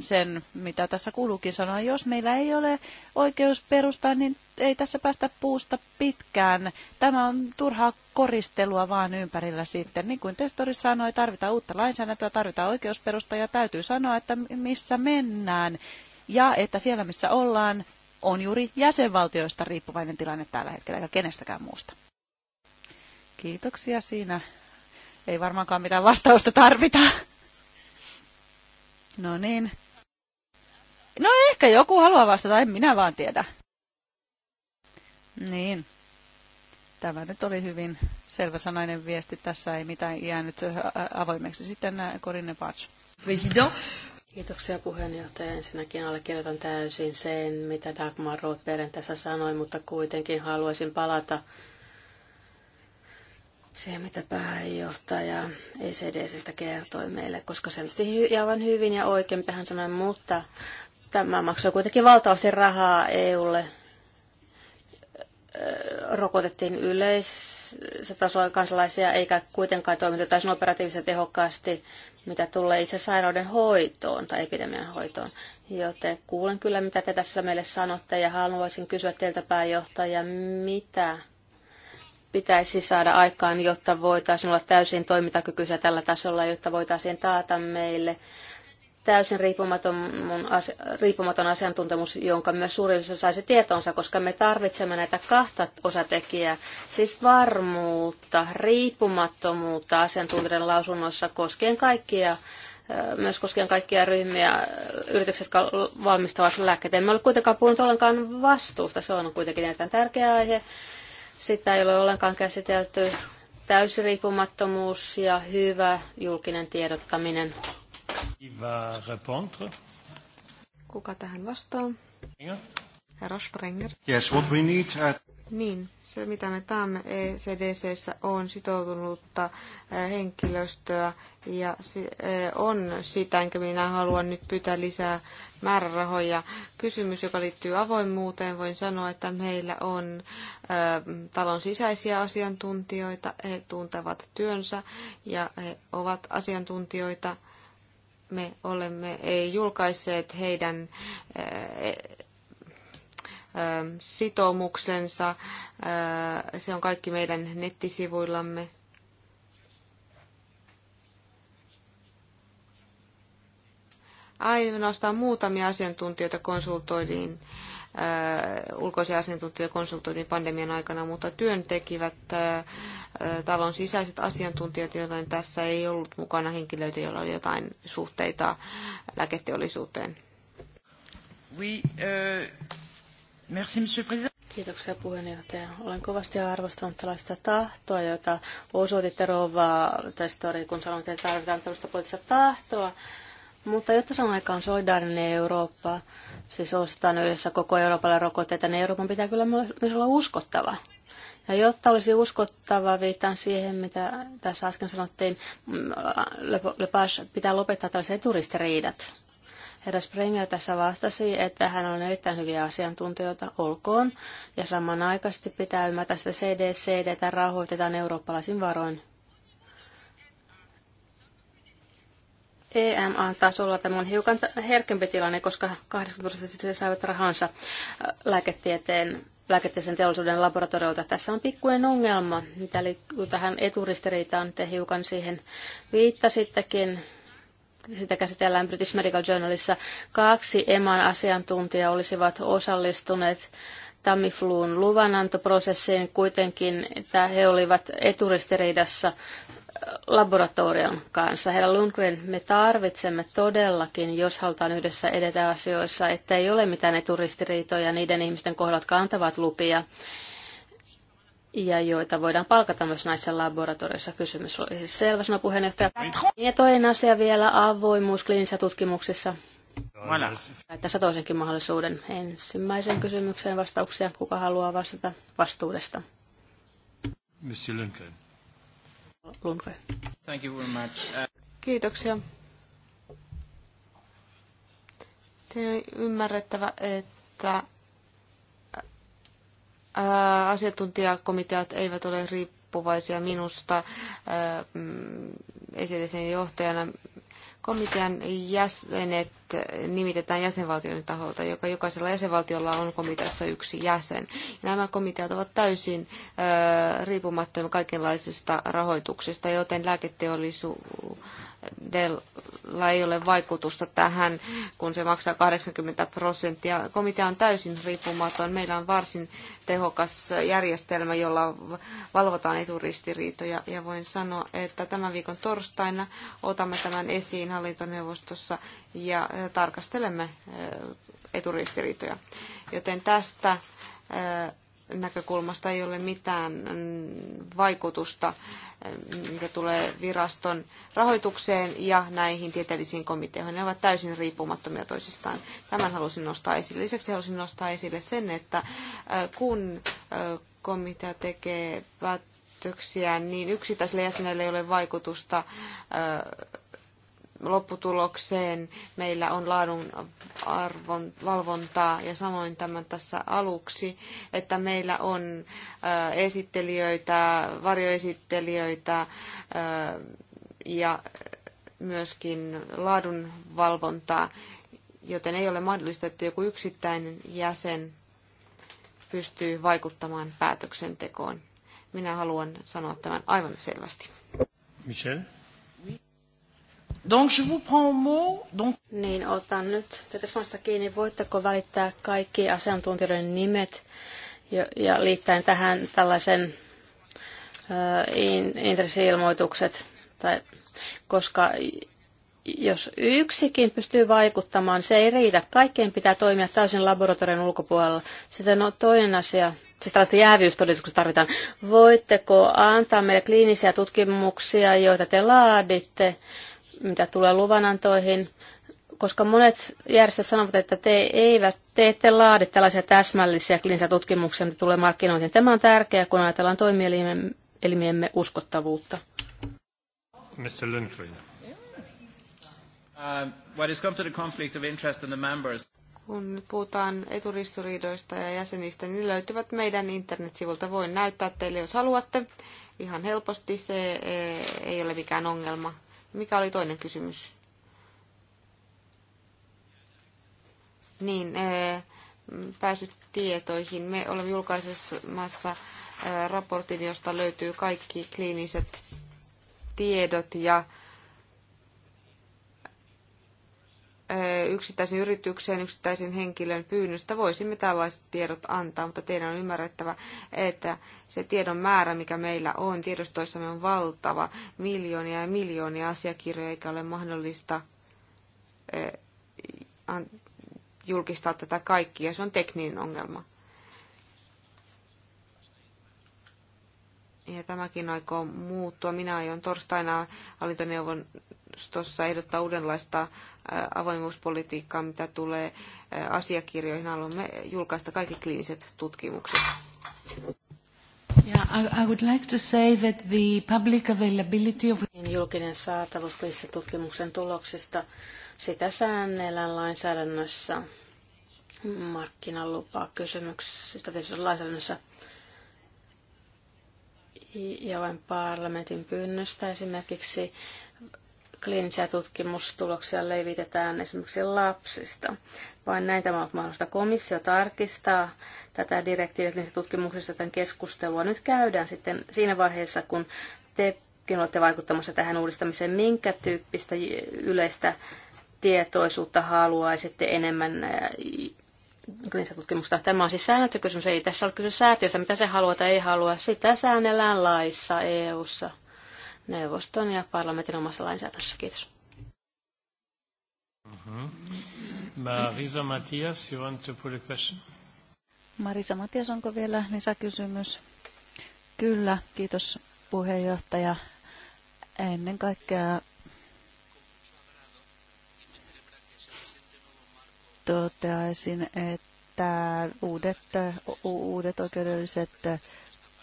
sen, mitä tässä kuuluukin sanoa. Jos meillä ei ole oikeus perustaa, niin ei tässä päästä puusta pitkään. Tämä on turhaa koristelua vaan ympärillä sitten. Niin kuin Testori sanoi, tarvitaan uutta lainsäädäntöä, tarvitaan oikeusperusta ja täytyy sanoa, että missä mennään. Ja että siellä, missä ollaan, on juuri jäsenvaltioista riippuvainen tilanne tällä hetkellä, eikä kenestäkään muusta. Kiitoksia siinä ei varmaankaan mitään vastausta tarvita. No niin. No ehkä joku haluaa vastata, en minä vaan tiedä. Niin. Tämä nyt oli hyvin selväsanainen viesti. Tässä ei mitään jäänyt avoimeksi. Sitten Corinne Pats. President. Kiitoksia puheenjohtaja. Ensinnäkin allekirjoitan täysin sen, mitä Dagmar Rothberg tässä sanoi, mutta kuitenkin haluaisin palata se, mitä pääjohtaja ECDCstä kertoi meille, koska selvästi aivan hyvin ja oikein, mitä hän sanoi, mutta tämä maksoi kuitenkin valtavasti rahaa EUlle. Rokotettiin yleisessä tasoa kansalaisia, eikä kuitenkaan toimitettaisi operatiivisesti tehokkaasti, mitä tulee itse sairauden hoitoon tai epidemian hoitoon. Joten kuulen kyllä, mitä te tässä meille sanotte, ja haluaisin kysyä teiltä pääjohtaja, mitä pitäisi saada aikaan, jotta voitaisiin olla täysin toimintakykyisiä tällä tasolla, jotta voitaisiin taata meille täysin riippumaton, riippumaton asiantuntemus, jonka myös suurin osa saisi tietoonsa, koska me tarvitsemme näitä kahta osatekijää, siis varmuutta, riippumattomuutta asiantuntijan lausunnossa koskien kaikkia myös koskien kaikkia ryhmiä, yritykset, jotka valmistavat lääkkeitä. Emme ole kuitenkaan puhunut ollenkaan vastuusta, se on kuitenkin erittäin tärkeä aihe. Sitä ei ole ollenkaan käsitelty. Täysriippumattomuus ja hyvä julkinen tiedottaminen. Kuka tähän vastaa? Herra Sprenger. Yes, what we need at... Niin, se mitä me taamme ECDCssä on sitoutunutta henkilöstöä ja on sitä, enkä minä haluan nyt pyytää lisää määrärahoja. Kysymys, joka liittyy avoimuuteen, voin sanoa, että meillä on talon sisäisiä asiantuntijoita, he tuntevat työnsä ja he ovat asiantuntijoita. Me olemme ei julkaisseet heidän Ähm, sitoumuksensa. Äh, se on kaikki meidän nettisivuillamme. Ainoastaan muutamia asiantuntijoita konsultoidiin, äh, ulkoisia asiantuntijoita konsultoitiin pandemian aikana, mutta työntekivät äh, talon sisäiset asiantuntijat, joten tässä ei ollut mukana henkilöitä, joilla oli jotain suhteita lääketeollisuuteen. We, uh Merci, monsieur président. Kiitoksia puheenjohtaja. Olen kovasti arvostanut tällaista tahtoa, jota osoititte rouva testori, kun sanoitte, että tarvitaan tällaista poliittista tahtoa. Mutta jotta samaan aikaan solidaarinen Eurooppa, siis ostetaan yhdessä koko Euroopalle rokotteita, niin Euroopan pitää kyllä myös olla uskottava. Ja jotta olisi uskottava, viittaan siihen, mitä tässä äsken sanottiin, mm, Lepage pitää lopettaa tällaiset eturistiriidat. Herra Sprenger tässä vastasi, että hän on erittäin hyviä asiantuntijoita, olkoon, ja samanaikaisesti pitää ymmärtää, että rahoitetaan eurooppalaisin varoin. EMA-tasolla tämä on hiukan herkempi tilanne, koska 80 prosenttia siis saavat rahansa äh, lääketieteen lääketieteen teollisuuden laboratoriolta. Tässä on pikkuinen ongelma, mitä tähän eturistiriitaan. Te hiukan siihen viittasittekin sitä käsitellään British Medical Journalissa. Kaksi EMAn asiantuntijaa olisivat osallistuneet Tamifluun luvanantoprosessiin kuitenkin, että he olivat eturistiriidassa äh, laboratorion kanssa. Herra Lundgren, me tarvitsemme todellakin, jos halutaan yhdessä edetä asioissa, että ei ole mitään eturistiriitoja niiden ihmisten kohdalla, jotka antavat lupia ja joita voidaan palkata myös näissä laboratorioissa. Kysymys oli siis selvä, sanoi puheenjohtaja. Ja toinen asia vielä, avoimuus kliinisissä tutkimuksissa. Tässä toisenkin mahdollisuuden ensimmäisen kysymykseen vastauksia. Kuka haluaa vastata vastuudesta? Monsieur Lundgren. Lundgren. Thank you very much. Uh, Kiitoksia. Teidän ymmärrettävä, että asiantuntijakomiteat eivät ole riippuvaisia minusta esitisen johtajana. Komitean jäsenet nimitetään jäsenvaltioiden taholta, joka jokaisella jäsenvaltiolla on komiteassa yksi jäsen. Nämä komiteat ovat täysin riippumattomia kaikenlaisista rahoituksesta, joten lääketeollisuus della ei ole vaikutusta tähän, kun se maksaa 80 prosenttia. Komitea on täysin riippumaton. Meillä on varsin tehokas järjestelmä, jolla valvotaan eturistiriitoja. Ja voin sanoa, että tämän viikon torstaina otamme tämän esiin hallintoneuvostossa ja tarkastelemme eh, eturistiriitoja. Joten tästä eh, näkökulmasta ei ole mitään mm, vaikutusta mitä tulee viraston rahoitukseen ja näihin tieteellisiin komiteoihin. Ne ovat täysin riippumattomia toisistaan. Tämän halusin nostaa esille. Lisäksi halusin nostaa esille sen, että kun komitea tekee päätöksiä, niin yksittäisillä jäsenillä ei ole vaikutusta lopputulokseen. Meillä on laadun arvon, valvontaa ja samoin tämän tässä aluksi, että meillä on äh, esittelijöitä, varjoesittelijöitä äh, ja myöskin laadun valvontaa, joten ei ole mahdollista, että joku yksittäinen jäsen pystyy vaikuttamaan päätöksentekoon. Minä haluan sanoa tämän aivan selvästi. Michel? Donc je vous prends au mot. Donc... Niin, otan nyt tätä sanasta kiinni. Voitteko välittää kaikki asiantuntijoiden nimet ja, ja liittäen tähän tällaisen uh, in, intressiilmoitukset, tai, koska jos yksikin pystyy vaikuttamaan, se ei riitä. Kaikkien pitää toimia täysin laboratorion ulkopuolella. Sitten on no, toinen asia, siis tällaista jääviystodistuksesta tarvitaan. Voitteko antaa meille kliinisiä tutkimuksia, joita te laaditte? mitä tulee luvanantoihin, koska monet järjestöt sanovat, että te, eivät, te ette laadi tällaisia täsmällisiä klinisiä tutkimuksia, mitä tulee markkinointiin. Tämä on tärkeää, kun ajatellaan toimielimiemme uskottavuutta. Mr. Lundgren. Um, kun puhutaan eturistiriidoista ja jäsenistä, niin löytyvät meidän internetsivulta. Voin näyttää teille, jos haluatte. Ihan helposti se eh, ei ole mikään ongelma. Mikä oli toinen kysymys? Niin, e, pääsyt tietoihin. Me olemme julkaisemassa e, raportin, josta löytyy kaikki kliiniset tiedot ja Eh, yksittäisen yritykseen, yksittäisen henkilön pyynnöstä voisimme tällaiset tiedot antaa, mutta teidän on ymmärrettävä, että se tiedon määrä, mikä meillä on tiedostoissamme, on valtava. Miljoonia ja miljoonia asiakirjoja, eikä ole mahdollista eh, julkistaa tätä kaikkia. Se on tekninen ongelma. Ja tämäkin aikoo muuttua. Minä aion torstaina hallintoneuvon neuvostossa ehdottaa uudenlaista avoimuuspolitiikkaa, mitä tulee asiakirjoihin. Haluamme julkaista kaikki kliiniset tutkimukset. Yeah, I would like to say that the public availability of... Niin, julkinen saatavuus tutkimuksen tuloksista, sitä säännellään lainsäädännössä markkinalupaa kysymyksistä lainsäädännössä ja vain parlamentin pyynnöstä esimerkiksi kliinisiä tutkimustuloksia levitetään esimerkiksi lapsista. Vain näin tämä on mahdollista. Komissio tarkistaa tätä direktiivistä niistä tutkimuksista, tämän keskustelua nyt käydään sitten siinä vaiheessa, kun tekin olette vaikuttamassa tähän uudistamiseen, minkä tyyppistä yleistä tietoisuutta haluaisitte enemmän äh, kliinistä tutkimusta. Tämä on siis säännöttökysymys, ei tässä ole kyse säätiöstä, mitä se haluaa tai ei halua. Sitä säännellään laissa EU-ssa neuvoston ja parlamentin omassa lainsäädännössä. Kiitos. Mm-hmm. Äh, Marisa Matias, you want to put a question? Marisa Matias, onko vielä lisäkysymys? Kyllä, kiitos puheenjohtaja. Ennen kaikkea toteaisin, että uudet, uudet oikeudelliset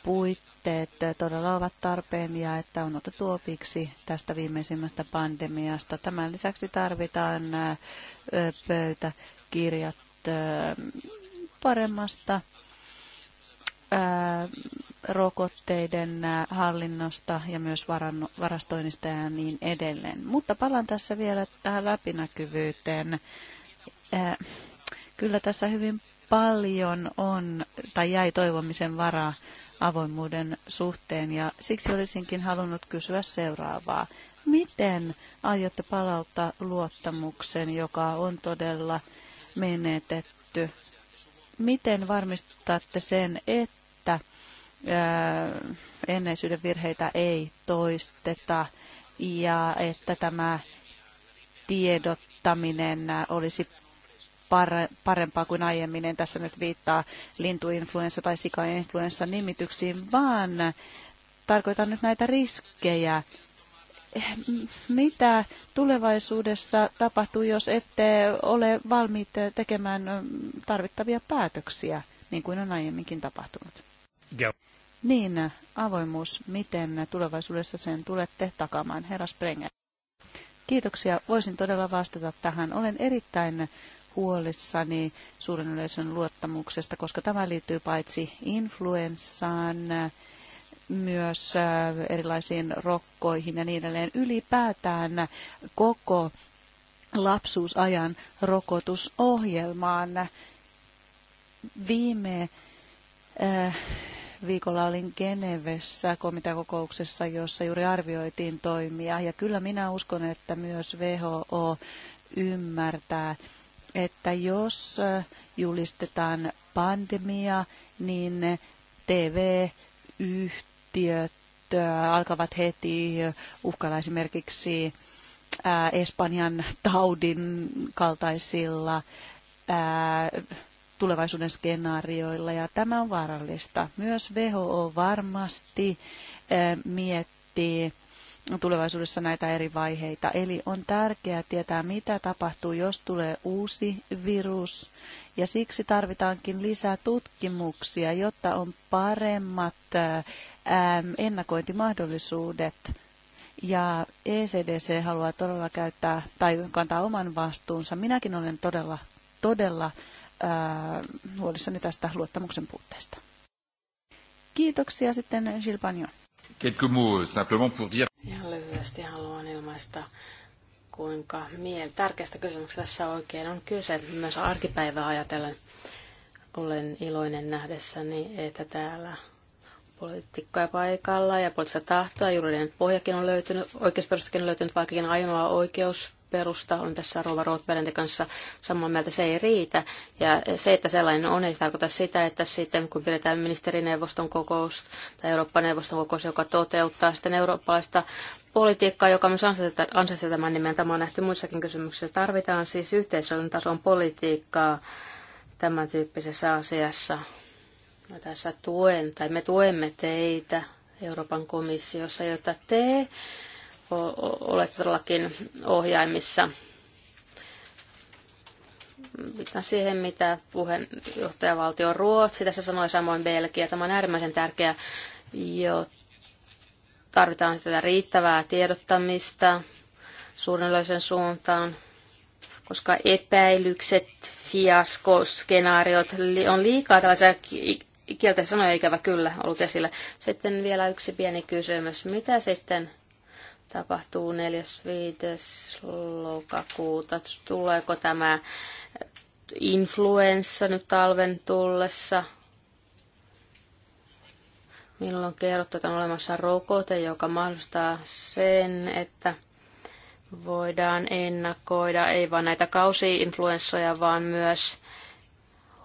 puitteet todella ovat tarpeen ja että on otettu opiksi tästä viimeisimmästä pandemiasta. Tämän lisäksi tarvitaan pöytäkirjat paremmasta rokotteiden hallinnosta ja myös varastoinnista ja niin edelleen. Mutta palaan tässä vielä tähän läpinäkyvyyteen. Kyllä tässä hyvin paljon on tai jäi toivomisen varaa avoimuuden suhteen ja siksi olisinkin halunnut kysyä seuraavaa. Miten aiotte palauttaa luottamuksen, joka on todella menetetty? Miten varmistatte sen, että enneisyyden virheitä ei toisteta ja että tämä tiedottaminen olisi parempaa kuin aiemmin. En tässä nyt viittaa lintuinfluenssa tai sikainfluenssa nimityksiin, vaan tarkoitan nyt näitä riskejä. Eh, mitä tulevaisuudessa tapahtuu, jos ette ole valmiit tekemään tarvittavia päätöksiä, niin kuin on aiemminkin tapahtunut? Joo. Niin, avoimuus, miten tulevaisuudessa sen tulette takamaan, herra Sprenger? Kiitoksia, voisin todella vastata tähän. Olen erittäin huolissani suuren yleisön luottamuksesta, koska tämä liittyy paitsi influenssaan, myös äh, erilaisiin rokkoihin ja niin edelleen. Ylipäätään koko lapsuusajan rokotusohjelmaan. Viime äh, viikolla olin Genevessä komiteakokouksessa, jossa juuri arvioitiin toimia. Ja kyllä minä uskon, että myös WHO ymmärtää, että jos äh, julistetaan pandemia, niin TV-yhtiöt äh, alkavat heti äh, uhkailla esimerkiksi Espanjan taudin kaltaisilla tulevaisuuden skenaarioilla ja tämä on vaarallista. Myös WHO varmasti miettii tulevaisuudessa näitä eri vaiheita. Eli on tärkeää tietää, mitä tapahtuu, jos tulee uusi virus. Ja siksi tarvitaankin lisää tutkimuksia, jotta on paremmat ennakointimahdollisuudet. Ja ECDC haluaa todella käyttää tai kantaa oman vastuunsa. Minäkin olen todella, todella huolissani tästä luottamuksen puutteesta. Kiitoksia sitten Gilles Pagnon. Quelques mots euh, simplement pour dire... Ihan lyhyesti haluan ilmaista, kuinka miel tärkeästä kysymyksestä tässä oikein on kyse. Myös arkipäivää ajatellen olen iloinen nähdessäni, että täällä poliitikkoja paikalla ja poliittista tahtoa. Juridinen pohjakin on löytynyt, oikeusperustakin on löytynyt, vaikkakin ainoa oikeus perusta on tässä Rova Rothbergin kanssa samaa mieltä, se ei riitä. Ja se, että sellainen on, ei tarkoita sitä, että sitten kun pidetään ministerineuvoston kokous tai Eurooppa-neuvoston kokous, joka toteuttaa sitten eurooppalaista politiikkaa, joka myös ansaitsee tämän nimen. Tämä on nähty muissakin kysymyksissä. Tarvitaan siis yhteisön tason politiikkaa tämän tyyppisessä asiassa. Mä tässä tuen, tai me tuemme teitä Euroopan komissiossa, jota te olette todellakin ohjaimissa. Viittaan siihen, mitä puheenjohtajavaltio Ruotsi tässä sanoi, samoin Belgia. Tämä on äärimmäisen tärkeää, jo tarvitaan sitä riittävää tiedottamista suunnilleen suuntaan, koska epäilykset, fiasko, skenaariot on liikaa tällaisia kieltä sanoja ikävä kyllä ollut esillä. Sitten vielä yksi pieni kysymys. Mitä sitten tapahtuu 4.5. lokakuuta. Tuleeko tämä influenssa nyt talven tullessa? Minulla on kerrottu, että on olemassa rokote, joka mahdollistaa sen, että voidaan ennakoida ei vain näitä kausi-influenssoja, vaan myös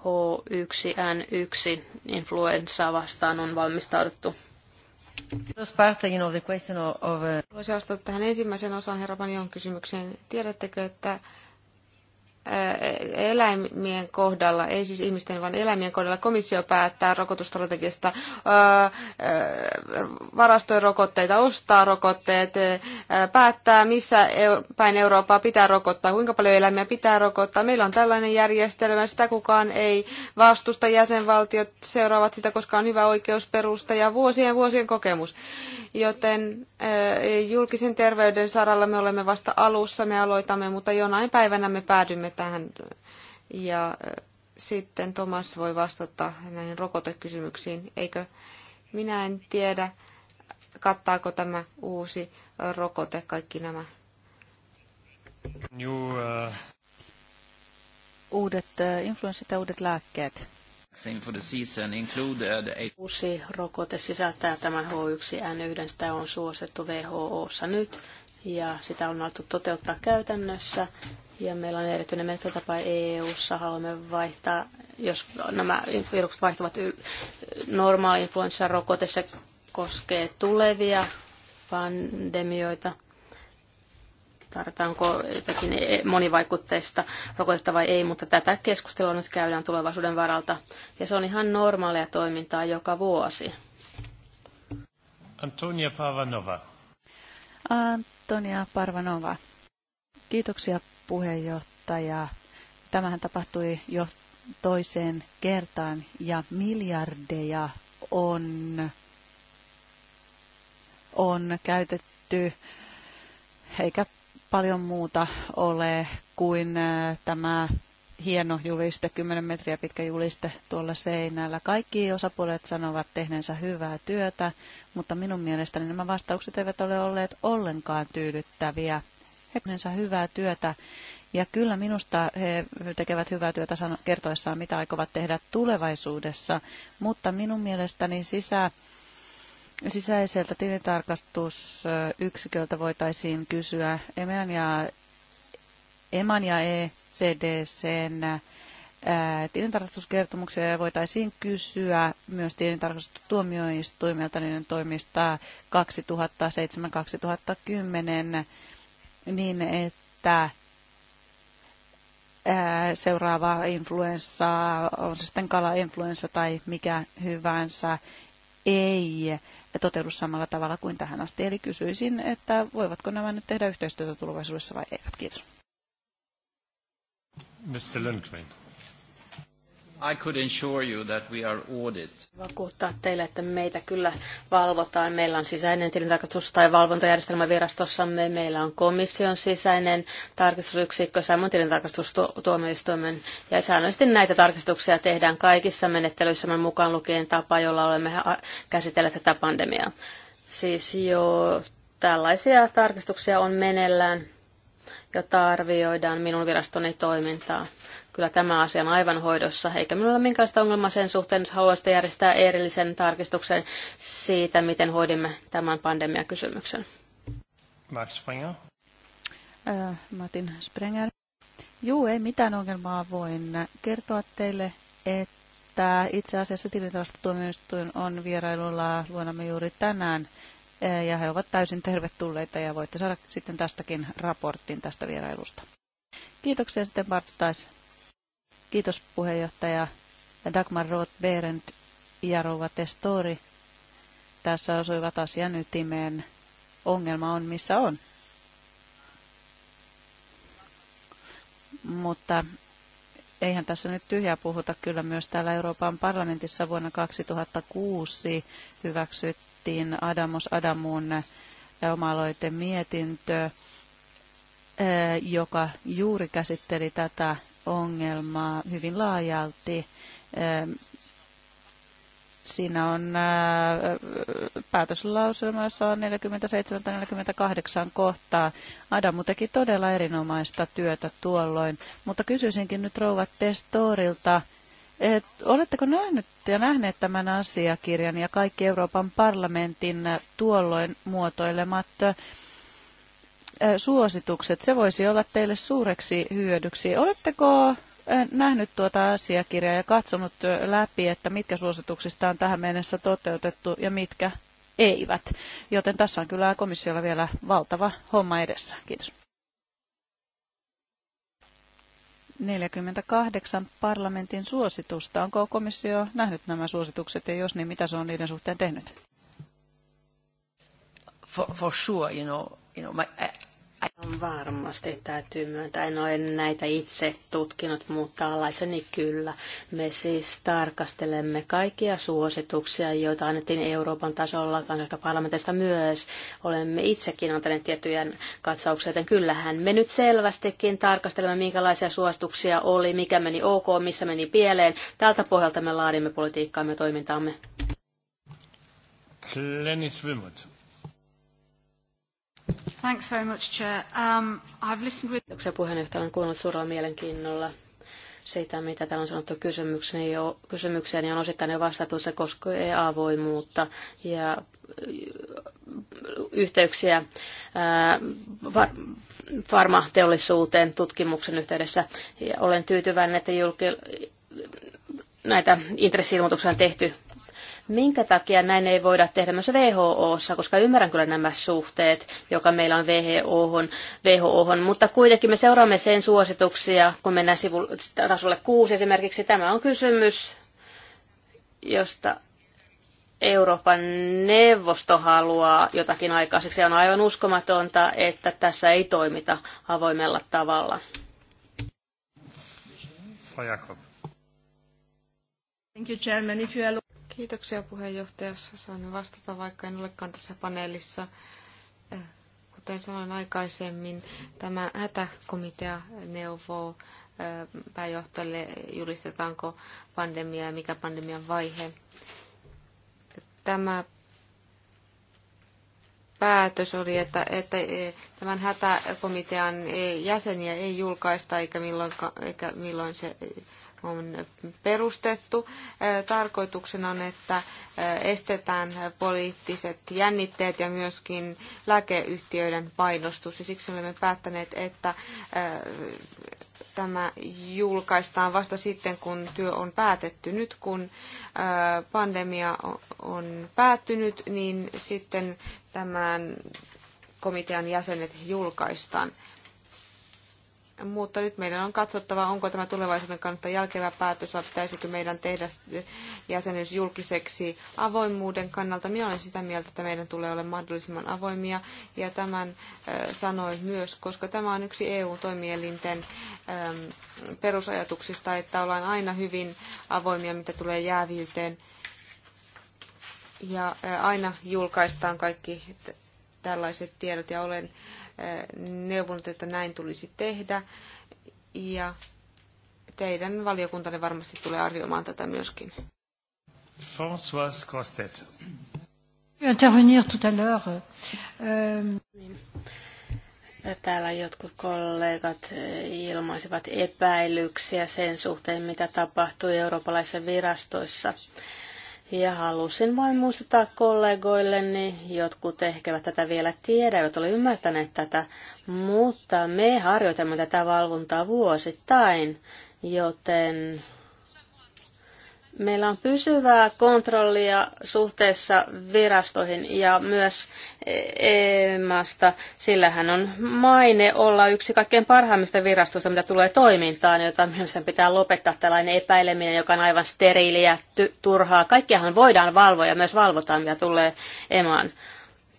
H1N1-influenssaa vastaan on valmistauduttu. Uh, Haluaisin vastata tähän ensimmäisen osan herra Panion kysymykseen. Tiedättekö, että eläimien kohdalla, ei siis ihmisten, vaan eläimien kohdalla komissio päättää rokotustrategiasta, varastoi rokotteita, ostaa rokotteet, päättää missä päin Eurooppaa pitää rokottaa, kuinka paljon eläimiä pitää rokottaa. Meillä on tällainen järjestelmä, sitä kukaan ei vastusta, jäsenvaltiot seuraavat sitä, koska on hyvä oikeusperusta ja vuosien vuosien kokemus. Joten julkisen terveyden saralla me olemme vasta alussa, me aloitamme, mutta jonain päivänä me päädymme tähän. Ja sitten Thomas voi vastata näihin rokotekysymyksiin. Eikö minä en tiedä, kattaako tämä uusi rokote kaikki nämä? New, uh... Uudet uh, influenssit ja uudet lääkkeet. For the season include uh, the... Uusi rokote sisältää tämän H1N1, sitä on suosittu WHOssa nyt ja sitä on alettu toteuttaa käytännössä ja meillä on erityinen menettelytapa EU-ssa. Haluamme vaihtaa, jos nämä virukset vaihtuvat normaali influenssarokote, se koskee tulevia pandemioita. Tarvitaanko jotakin e- monivaikutteista rokotetta vai ei, mutta tätä keskustelua nyt käydään tulevaisuuden varalta. Ja se on ihan normaalia toimintaa joka vuosi. Antonia Parvanova. Antonia Parvanova. Kiitoksia puheenjohtaja. Tämähän tapahtui jo toiseen kertaan ja miljardeja on, on käytetty eikä paljon muuta ole kuin äh, tämä hieno juliste, 10 metriä pitkä juliste tuolla seinällä. Kaikki osapuolet sanovat tehneensä hyvää työtä, mutta minun mielestäni nämä vastaukset eivät ole olleet ollenkaan tyydyttäviä hekonensa hyvää työtä. Ja kyllä minusta he tekevät hyvää työtä kertoessaan, mitä aikovat tehdä tulevaisuudessa. Mutta minun mielestäni sisä, sisäiseltä tilintarkastusyksiköltä voitaisiin kysyä EMEAN ja, EMAN ja ECDCn tilintarkastuskertomuksia ja voitaisiin kysyä myös tilintarkastustuomioistuimelta niiden toimista 2007-2010 niin että seuraava influenssa, on se sitten kalainfluenssa tai mikä hyvänsä, ei toteudu samalla tavalla kuin tähän asti. Eli kysyisin, että voivatko nämä nyt tehdä yhteistyötä tulevaisuudessa vai eivät. Kiitos. Mr. Lundgren. I could ensure you that we are audit. Vakuuttaa teille, että meitä kyllä valvotaan. Meillä on sisäinen tilintarkastus- tai valvontajärjestelmä virastossamme. Meillä on komission sisäinen tarkistusyksikkö, samoin tilintarkastustuomioistuimen. Ja säännöllisesti näitä tarkistuksia tehdään kaikissa menettelyissämme mukaan lukien tapa, jolla olemme käsitelleet tätä pandemiaa. Siis jo tällaisia tarkistuksia on meneillään jota arvioidaan minun virastoni toimintaa. Kyllä tämä asia on aivan hoidossa, eikä minulla ole minkäänlaista ongelmaa sen suhteen, jos haluaisitte järjestää erillisen tarkistuksen siitä, miten hoidimme tämän pandemiakysymyksen. Max Springer. Äh, Martin Sprenger. Juu, ei mitään ongelmaa. Voin kertoa teille, että itse asiassa tilintarastotuomioistuin on vierailulla luonamme juuri tänään ja he ovat täysin tervetulleita ja voitte saada sitten tästäkin raportin tästä vierailusta. Kiitoksia sitten Bart Stais Kiitos puheenjohtaja Dagmar Roth-Berend ja Rouva Testori. Tässä osuivat asian ytimeen. Ongelma on missä on. Mutta eihän tässä nyt tyhjää puhuta. Kyllä myös täällä Euroopan parlamentissa vuonna 2006 hyväksyttiin Adamos Adamun oma mietintö, joka juuri käsitteli tätä ongelmaa hyvin laajalti. Siinä on päätöslauselma, jossa on 47-48 kohtaa. Adamu teki todella erinomaista työtä tuolloin, mutta kysyisinkin nyt rouva Testorilta, et, oletteko nähnyt ja nähneet tämän asiakirjan ja kaikki Euroopan parlamentin tuolloin muotoilemat suositukset. Se voisi olla teille suureksi hyödyksi. Oletteko nähnyt tuota asiakirjaa ja katsonut läpi, että mitkä suosituksista on tähän mennessä toteutettu ja mitkä eivät. Joten tässä on kyllä komissiolla vielä valtava homma edessä. Kiitos. 48 parlamentin suositusta. Onko komissio nähnyt nämä suositukset ja jos niin, mitä se on niiden suhteen tehnyt? For, for sure, you know, you know, my, Varmasti täytyy myöntää. En ole näitä itse tutkinut, mutta alaiseni kyllä. Me siis tarkastelemme kaikkia suosituksia, joita annettiin Euroopan tasolla kansallista parlamentista myös. Olemme itsekin antaneet tiettyjä katsauksia, joten kyllähän me nyt selvästikin tarkastelemme, minkälaisia suosituksia oli, mikä meni ok, missä meni pieleen. Tältä pohjalta me laadimme politiikkaamme toimintaamme. Glenis Wilmot. Thanks very much, Chair. Um, I've listened with... Kiitoksia puheenjohtaja. Olen kuunnellut suurella mielenkiinnolla sitä, mitä täällä on sanottu kysymykseen, ja on osittain jo vastattu, se koskee avoimuutta ja yhteyksiä ää, var, farmateollisuuteen tutkimuksen yhteydessä. Ja olen tyytyväinen, että julki, näitä intressi on tehty Minkä takia näin ei voida tehdä myös WHOssa, koska ymmärrän kyllä nämä suhteet, joka meillä on WHOhon, WHOhon mutta kuitenkin me seuraamme sen suosituksia, kun mennään sivulle kuusi 6 esimerkiksi. Tämä on kysymys, josta Euroopan neuvosto haluaa jotakin aikaiseksi. siksi on aivan uskomatonta, että tässä ei toimita avoimella tavalla. Thank you, Chairman. If you allow... Kiitoksia puheenjohtaja, saan vastata, vaikka en olekaan tässä paneelissa. Eh, kuten sanoin aikaisemmin, tämä hätäkomitea neuvoo eh, pääjohtajalle, julistetaanko pandemia ja mikä pandemian vaihe. Tämä päätös oli, että, että eh, tämän hätäkomitean jäseniä ei julkaista eikä milloin, eikä milloin se on perustettu. Tarkoituksena on, että estetään poliittiset jännitteet ja myöskin lääkeyhtiöiden painostus. Ja siksi olemme päättäneet, että tämä julkaistaan vasta sitten, kun työ on päätetty. Nyt kun pandemia on päättynyt, niin sitten tämän komitean jäsenet julkaistaan mutta nyt meidän on katsottava, onko tämä tulevaisuuden kannalta jälkevä päätös vai pitäisikö meidän tehdä jäsenyys julkiseksi avoimuuden kannalta. Minä olen sitä mieltä, että meidän tulee olla mahdollisimman avoimia ja tämän sanoin myös, koska tämä on yksi EU-toimielinten perusajatuksista, että ollaan aina hyvin avoimia, mitä tulee jääviyteen ja aina julkaistaan kaikki tällaiset tiedot ja olen neuvonut, että näin tulisi tehdä. Ja teidän valiokuntanne varmasti tulee arvioimaan tätä myöskin. François Costet. Intervenir tout à l'heure. Euh, niin. Täällä jotkut kollegat ilmaisivat epäilyksiä sen suhteen, mitä tapahtui eurooppalaisissa virastoissa. Ja halusin vain muistuttaa kollegoilleni, jotkut ehkä tätä vielä tiedä, eivät ole ymmärtäneet tätä, mutta me harjoitamme tätä valvontaa vuosittain, joten Meillä on pysyvää kontrollia suhteessa virastoihin ja myös EMAsta. Sillä hän on maine olla yksi kaikkein parhaimmista virastoista, mitä tulee toimintaan, jota mielestäni pitää lopettaa tällainen epäileminen, joka on aivan steriiliä, ty- turhaa. Kaikkiahan voidaan valvoa ja myös valvotaan, mitä tulee EMAan.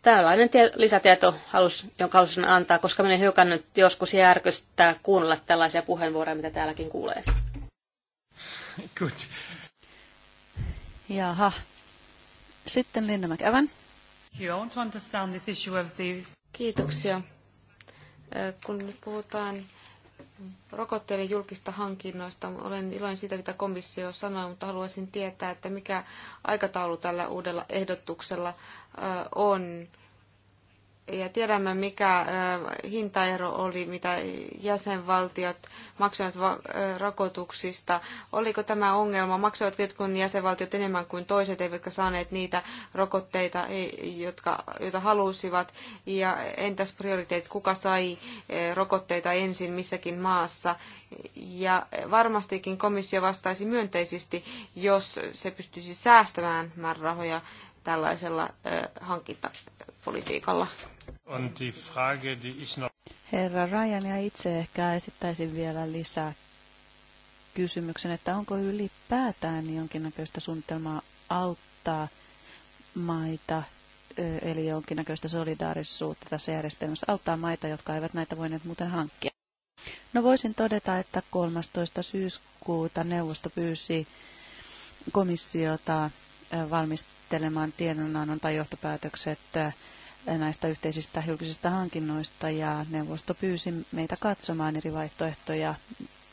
Tällainen tie- lisätieto, halus, jonka halusin antaa, koska minä hiukan nyt joskus järkyttää kuunnella tällaisia puheenvuoroja, mitä täälläkin kuulee. Good. Jaha. Sitten Linda McEwan. Kiitoksia. Kun nyt puhutaan rokotteiden julkista hankinnoista, olen iloinen siitä, mitä komissio sanoi, mutta haluaisin tietää, että mikä aikataulu tällä uudella ehdotuksella on ja tiedämme, mikä hintaero oli, mitä jäsenvaltiot maksoivat rokotuksista. Oliko tämä ongelma? Maksoivat jotkut jäsenvaltiot enemmän kuin toiset, eivätkä saaneet niitä rokotteita, jotka, joita halusivat? Ja entäs prioriteet, kuka sai rokotteita ensin missäkin maassa? Ja varmastikin komissio vastaisi myönteisesti, jos se pystyisi säästämään määrärahoja tällaisella hankintapolitiikalla. Herra Rajan ja itse ehkä esittäisin vielä lisää kysymyksen, että onko ylipäätään jonkinnäköistä suunnitelmaa auttaa maita, eli jonkinnäköistä solidaarisuutta tässä järjestelmässä, auttaa maita, jotka eivät näitä voineet muuten hankkia. No voisin todeta, että 13. syyskuuta neuvosto pyysi komissiota valmistamaan valmistelemaan tiedonannon tai johtopäätökset äh, näistä yhteisistä julkisista hankinnoista ja neuvosto pyysi meitä katsomaan eri vaihtoehtoja.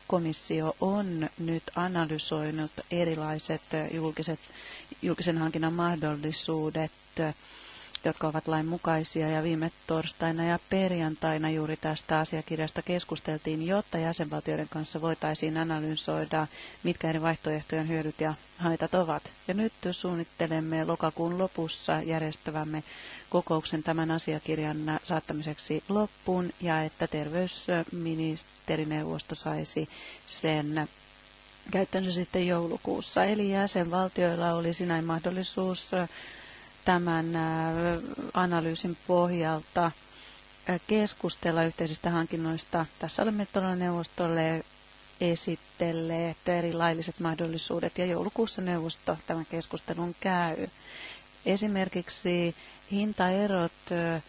Komissio on nyt analysoinut erilaiset äh, julkiset, julkisen hankinnan mahdollisuudet äh, jotka ovat lain mukaisia ja viime torstaina ja perjantaina juuri tästä asiakirjasta keskusteltiin, jotta jäsenvaltioiden kanssa voitaisiin analysoida, mitkä eri vaihtoehtojen hyödyt ja haitat ovat. Ja nyt suunnittelemme lokakuun lopussa järjestävämme kokouksen tämän asiakirjan saattamiseksi loppuun ja että terveysministerineuvosto saisi sen käyttöönsä sitten joulukuussa. Eli jäsenvaltioilla olisi näin mahdollisuus tämän äh, analyysin pohjalta äh, keskustella yhteisistä hankinnoista. Tässä olemme todella neuvostolle eri lailliset mahdollisuudet ja joulukuussa neuvosto tämän keskustelun käy. Esimerkiksi hintaerot äh,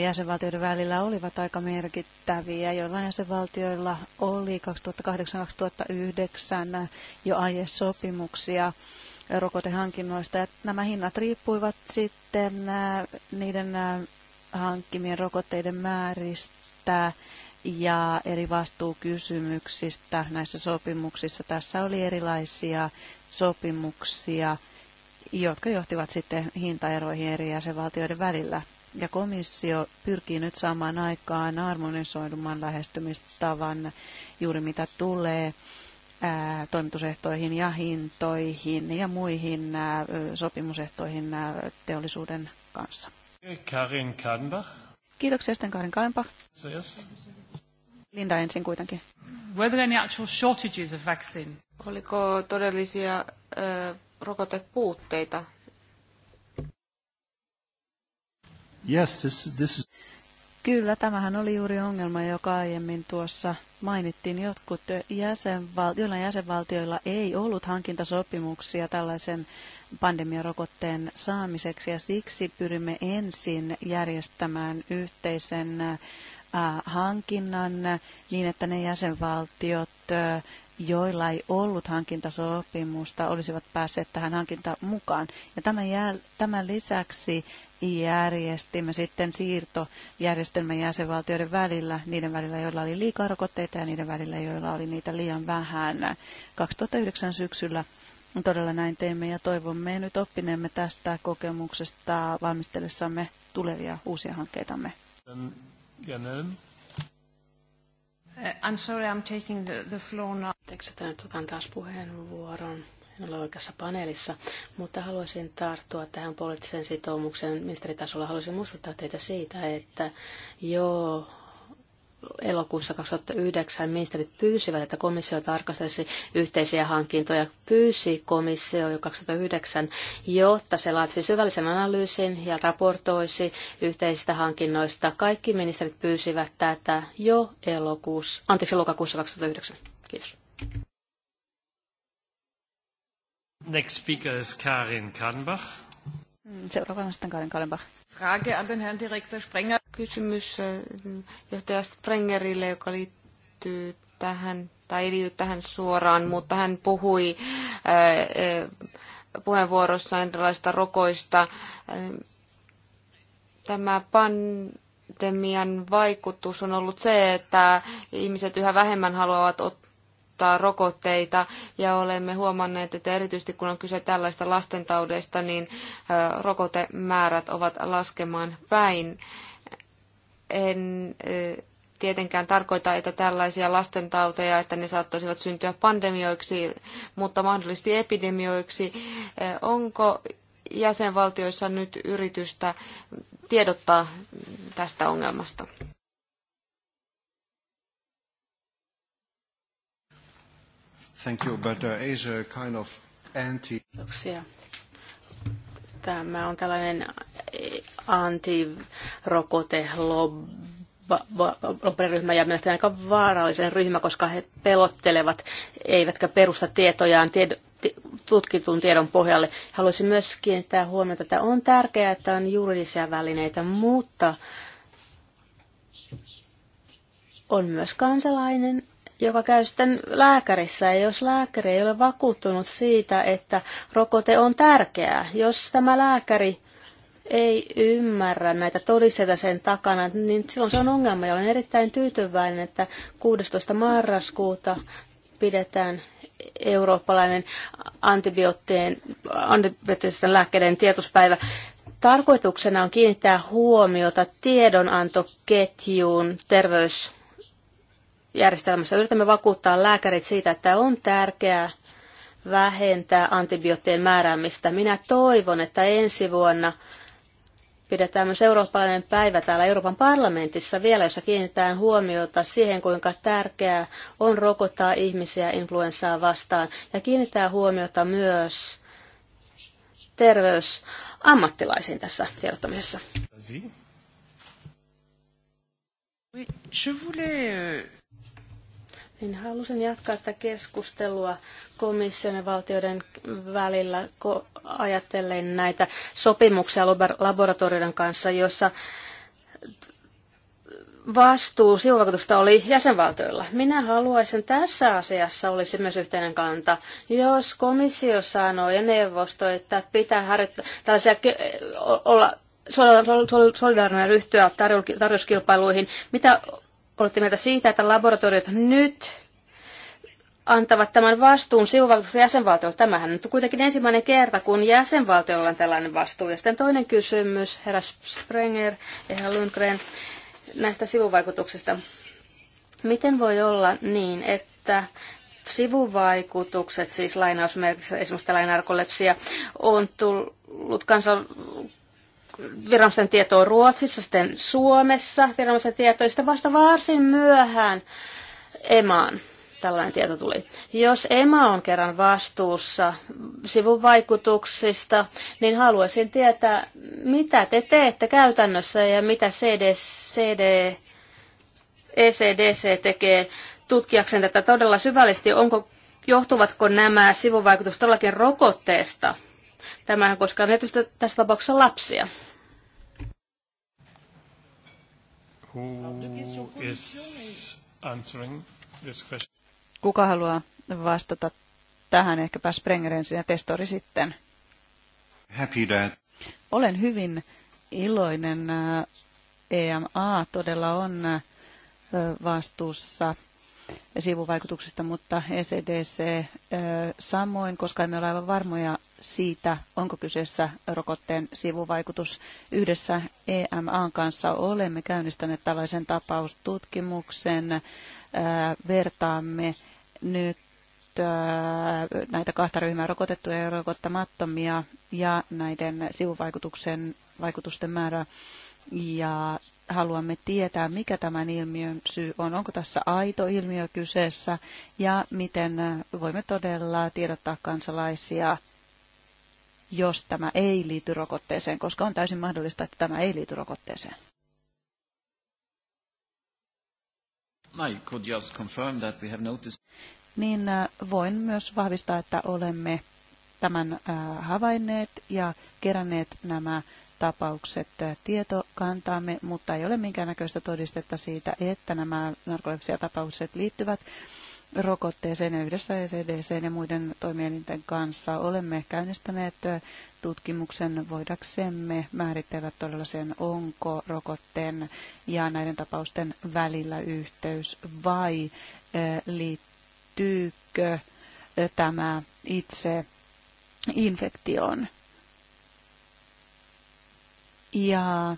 jäsenvaltioiden välillä olivat aika merkittäviä. Joillain jäsenvaltioilla oli 2008-2009 jo aiesopimuksia rokotehankinnoista. Ja nämä hinnat riippuivat sitten äh, niiden äh, hankkimien rokotteiden määristä ja eri vastuukysymyksistä näissä sopimuksissa. Tässä oli erilaisia sopimuksia, jotka johtivat sitten hintaeroihin eri jäsenvaltioiden välillä. Ja komissio pyrkii nyt saamaan aikaan harmonisoidumman lähestymistavan juuri mitä tulee toimitusehtoihin ja hintoihin ja muihin sopimusehtoihin teollisuuden kanssa. Karin Kahnbach. Kiitoksia sitten Karin Kahnbach. Yes. Linda ensin kuitenkin. Were there any actual shortages of vaccine? Oliko todellisia äh, rokotepuutteita? Yes, this, this is... Kyllä, tämähän oli juuri ongelma, joka aiemmin tuossa mainittiin. Jotkut jäsenval- joillain jäsenvaltioilla ei ollut hankintasopimuksia tällaisen pandemiarokotteen saamiseksi ja siksi pyrimme ensin järjestämään yhteisen äh, hankinnan niin, että ne jäsenvaltiot, äh, joilla ei ollut hankintasopimusta, olisivat päässeet tähän hankintaan mukaan. Ja tämän, jäl- tämän lisäksi järjestimme e sitten siirtojärjestelmän jäsenvaltioiden välillä, niiden välillä, joilla oli liikaa rokotteita ja niiden välillä, joilla oli niitä liian vähän. 2009 syksyllä todella näin teimme ja toivomme nyt oppineemme tästä kokemuksesta valmistellessamme tulevia uusia hankkeitamme. Uh, I'm sorry, I'm taking the, the floor now. Anteeksi, otan taas puheenvuoron olla oikeassa paneelissa, mutta haluaisin tarttua tähän poliittiseen sitoumukseen ministeritasolla. Haluaisin muistuttaa teitä siitä, että jo elokuussa 2009 ministerit pyysivät, että komissio tarkastaisi yhteisiä hankintoja. Pyysi komissio jo 2009, jotta se laatisi syvällisen analyysin ja raportoisi yhteisistä hankinnoista. Kaikki ministerit pyysivät tätä jo elokuussa, anteeksi, lokakuussa 2009. Kiitos. Next speaker is Karin Kallenbach. Mm, seuraavana sitten Karin Kallenbach. Frage an den Herrn Direktor Sprenger. Kysymys äh, johtaja Sprengerille, joka liittyy tähän, tai ei liity tähän suoraan, mutta hän puhui äh, äh, puheenvuorossaan erilaisista rokoista. Tämä pandemian vaikutus on ollut se, että ihmiset yhä vähemmän haluavat ottaa ottaa rokotteita ja olemme huomanneet, että erityisesti kun on kyse tällaista lastentaudeista, niin rokotemäärät ovat laskemaan päin. En tietenkään tarkoita, että tällaisia lastentauteja, että ne saattaisivat syntyä pandemioiksi, mutta mahdollisesti epidemioiksi. Onko jäsenvaltioissa nyt yritystä tiedottaa tästä ongelmasta? Thank you, but uh, is a kind of anti... Kiitoksia. Tämä on tällainen eh, antirokoteryhmä ja mielestäni aika vaarallisen ryhmä, koska he pelottelevat, eivätkä perusta tietojaan tied- tutkitun tiedon pohjalle. Haluaisin myös kiinnittää huomiota, että on tärkeää, että on juridisia välineitä, mutta on myös kansalainen, joka käy sitten lääkärissä. Ja jos lääkäri ei ole vakuuttunut siitä, että rokote on tärkeää, jos tämä lääkäri ei ymmärrä näitä todisteita sen takana, niin silloin se on ongelma. Ja olen erittäin tyytyväinen, että 16. marraskuuta pidetään eurooppalainen antibioottien, antibioottisten lääkkeiden tietospäivä. Tarkoituksena on kiinnittää huomiota tiedonantoketjuun terveys järjestelmässä. Yritämme vakuuttaa lääkärit siitä, että on tärkeää vähentää antibioottien määräämistä. Minä toivon, että ensi vuonna pidetään myös eurooppalainen päivä täällä Euroopan parlamentissa vielä, jossa kiinnitetään huomiota siihen, kuinka tärkeää on rokottaa ihmisiä influenssaa vastaan ja kiinnittää huomiota myös terveysammattilaisiin tässä tiedottamisessa. Euh, niin halusin jatkaa tätä keskustelua komission ja valtioiden välillä, kun ajattelen näitä sopimuksia laboratorioiden kanssa, joissa vastuu sivuvaikutusta oli jäsenvaltioilla. Minä haluaisin tässä asiassa olisi myös yhteinen kanta. Jos komissio sanoo ja neuvosto, että pitää harjoittaa tällaisia olla solidaarinen ryhtyä tarjouskilpailuihin, mitä olette mieltä siitä, että laboratoriot nyt antavat tämän vastuun sivuvaikutuksen jäsenvaltiolle. Tämähän nyt on kuitenkin ensimmäinen kerta, kun jäsenvaltiolla on tällainen vastuu. Ja sitten toinen kysymys, herra Sprenger ja herra Lundgren, näistä sivuvaikutuksista. Miten voi olla niin, että sivuvaikutukset, siis lainausmerkissä esimerkiksi tällainen narkolepsia, on tullut kansan viranomaisten tietoa Ruotsissa, sitten Suomessa viranomaisten tietoa, sitten vasta varsin myöhään emaan tällainen tieto tuli. Jos EMA on kerran vastuussa sivun vaikutuksista, niin haluaisin tietää, mitä te teette käytännössä ja mitä CD, CD, ECDC tekee tutkijakseen tätä todella syvällisesti. Onko, johtuvatko nämä sivuvaikutukset todellakin rokotteesta? Tämähän koskaan erityisesti tässä tapauksessa lapsia. Kuka haluaa vastata tähän? Ehkäpä Sprenger ensin ja testori sitten. Happy that. Olen hyvin iloinen. EMA todella on vastuussa sivuvaikutuksista, mutta ECDC samoin, koska emme ole aivan varmoja siitä, onko kyseessä rokotteen sivuvaikutus. Yhdessä EMAn kanssa olemme käynnistäneet tällaisen tapaustutkimuksen. Äh, vertaamme nyt äh, näitä kahta ryhmää, rokotettuja ja rokottamattomia, ja näiden sivuvaikutuksen vaikutusten määrä Ja haluamme tietää, mikä tämän ilmiön syy on, onko tässä aito ilmiö kyseessä ja miten voimme todella tiedottaa kansalaisia jos tämä ei liity rokotteeseen, koska on täysin mahdollista, että tämä ei liity rokotteeseen. I could just confirm that we have noticed. Niin äh, voin myös vahvistaa, että olemme tämän äh, havainneet ja keränneet nämä tapaukset äh, tietokantaamme, mutta ei ole minkäännäköistä todistetta siitä, että nämä narkolepsia tapaukset liittyvät rokotteeseen yhdessä ECDC ja muiden toimielinten kanssa olemme käynnistäneet tutkimuksen voidaksemme määritellä todella sen, onko rokotteen ja näiden tapausten välillä yhteys vai liittyykö tämä itse infektioon. Ja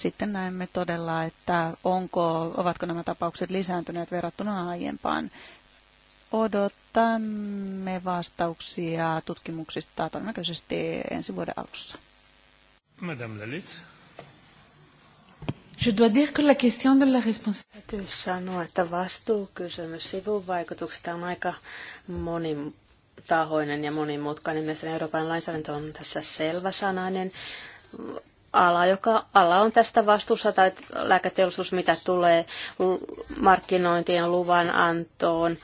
sitten näemme todella, että onko, ovatko nämä tapaukset lisääntyneet verrattuna aiempaan. Odotamme vastauksia tutkimuksista todennäköisesti ensi vuoden alussa. Madame Lalis. Je dois dire que la question de la responsabilité... sanoa, että vastuukysymys sivuvaikutuksista on aika monitahoinen ja monimutkainen. Mielestäni Euroopan lainsäädäntö on tässä selväsanainen ala, joka ala on tästä vastuussa tai lääketeollisuus, mitä tulee markkinointien luvan antoon,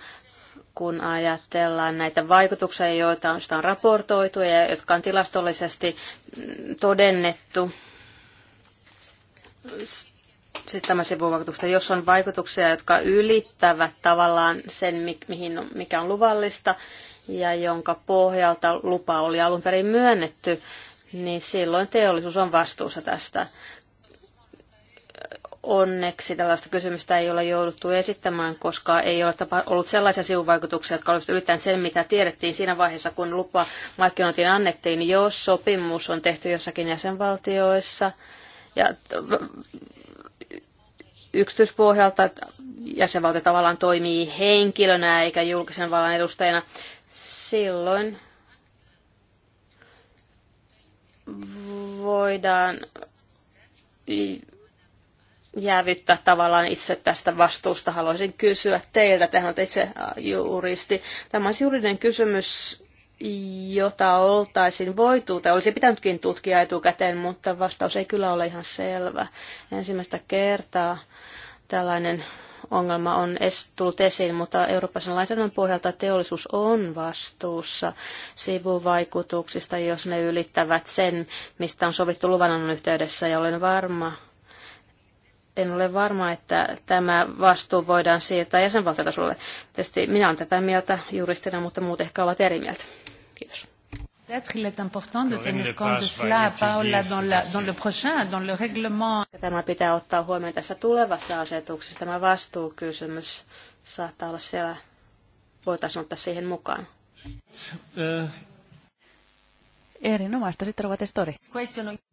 kun ajatellaan näitä vaikutuksia, joita on, sitä on raportoitu ja jotka on tilastollisesti todennettu. Siis tämä sivuvaikutusta, jos on vaikutuksia, jotka ylittävät tavallaan sen, mihin, mikä on luvallista ja jonka pohjalta lupa oli alun perin myönnetty, niin silloin teollisuus on vastuussa tästä. Onneksi tällaista kysymystä ei ole jouduttu esittämään, koska ei ole tapa- ollut sellaisia sivuvaikutuksia, jotka olisivat ylittäneet sen, mitä tiedettiin siinä vaiheessa, kun lupa markkinointiin annettiin, jos sopimus on tehty jossakin jäsenvaltioissa. Ja yksityispohjalta jäsenvaltio tavallaan toimii henkilönä eikä julkisen vallan edustajana, silloin voidaan jäävyttää tavallaan itse tästä vastuusta. Haluaisin kysyä teiltä, tehän olette itse juristi. Tämä olisi juridinen kysymys, jota oltaisiin voitu, tai olisi pitänytkin tutkia etukäteen, mutta vastaus ei kyllä ole ihan selvä. Ensimmäistä kertaa tällainen ongelma on es, tullut esiin, mutta Euroopan lainsäädännön pohjalta teollisuus on vastuussa sivuvaikutuksista, jos ne ylittävät sen, mistä on sovittu luvanannon yhteydessä. Ja olen varma, en ole varma, että tämä vastuu voidaan siirtää jäsenvaltiotasolle. Tietysti minä olen tätä mieltä juristina, mutta muut ehkä ovat eri mieltä. Kiitos. Peut-être il est important de tenir compte de cela, Paola, dans, la, dans le prochain, dans le règlement. Tämä pitää ottaa huomioon tässä tulevassa asetuksessa. Tämä vastuukysymys saattaa olla siellä, voitaisiin ottaa siihen mukaan. Eh, erinomaista. Sitten Rova Testori.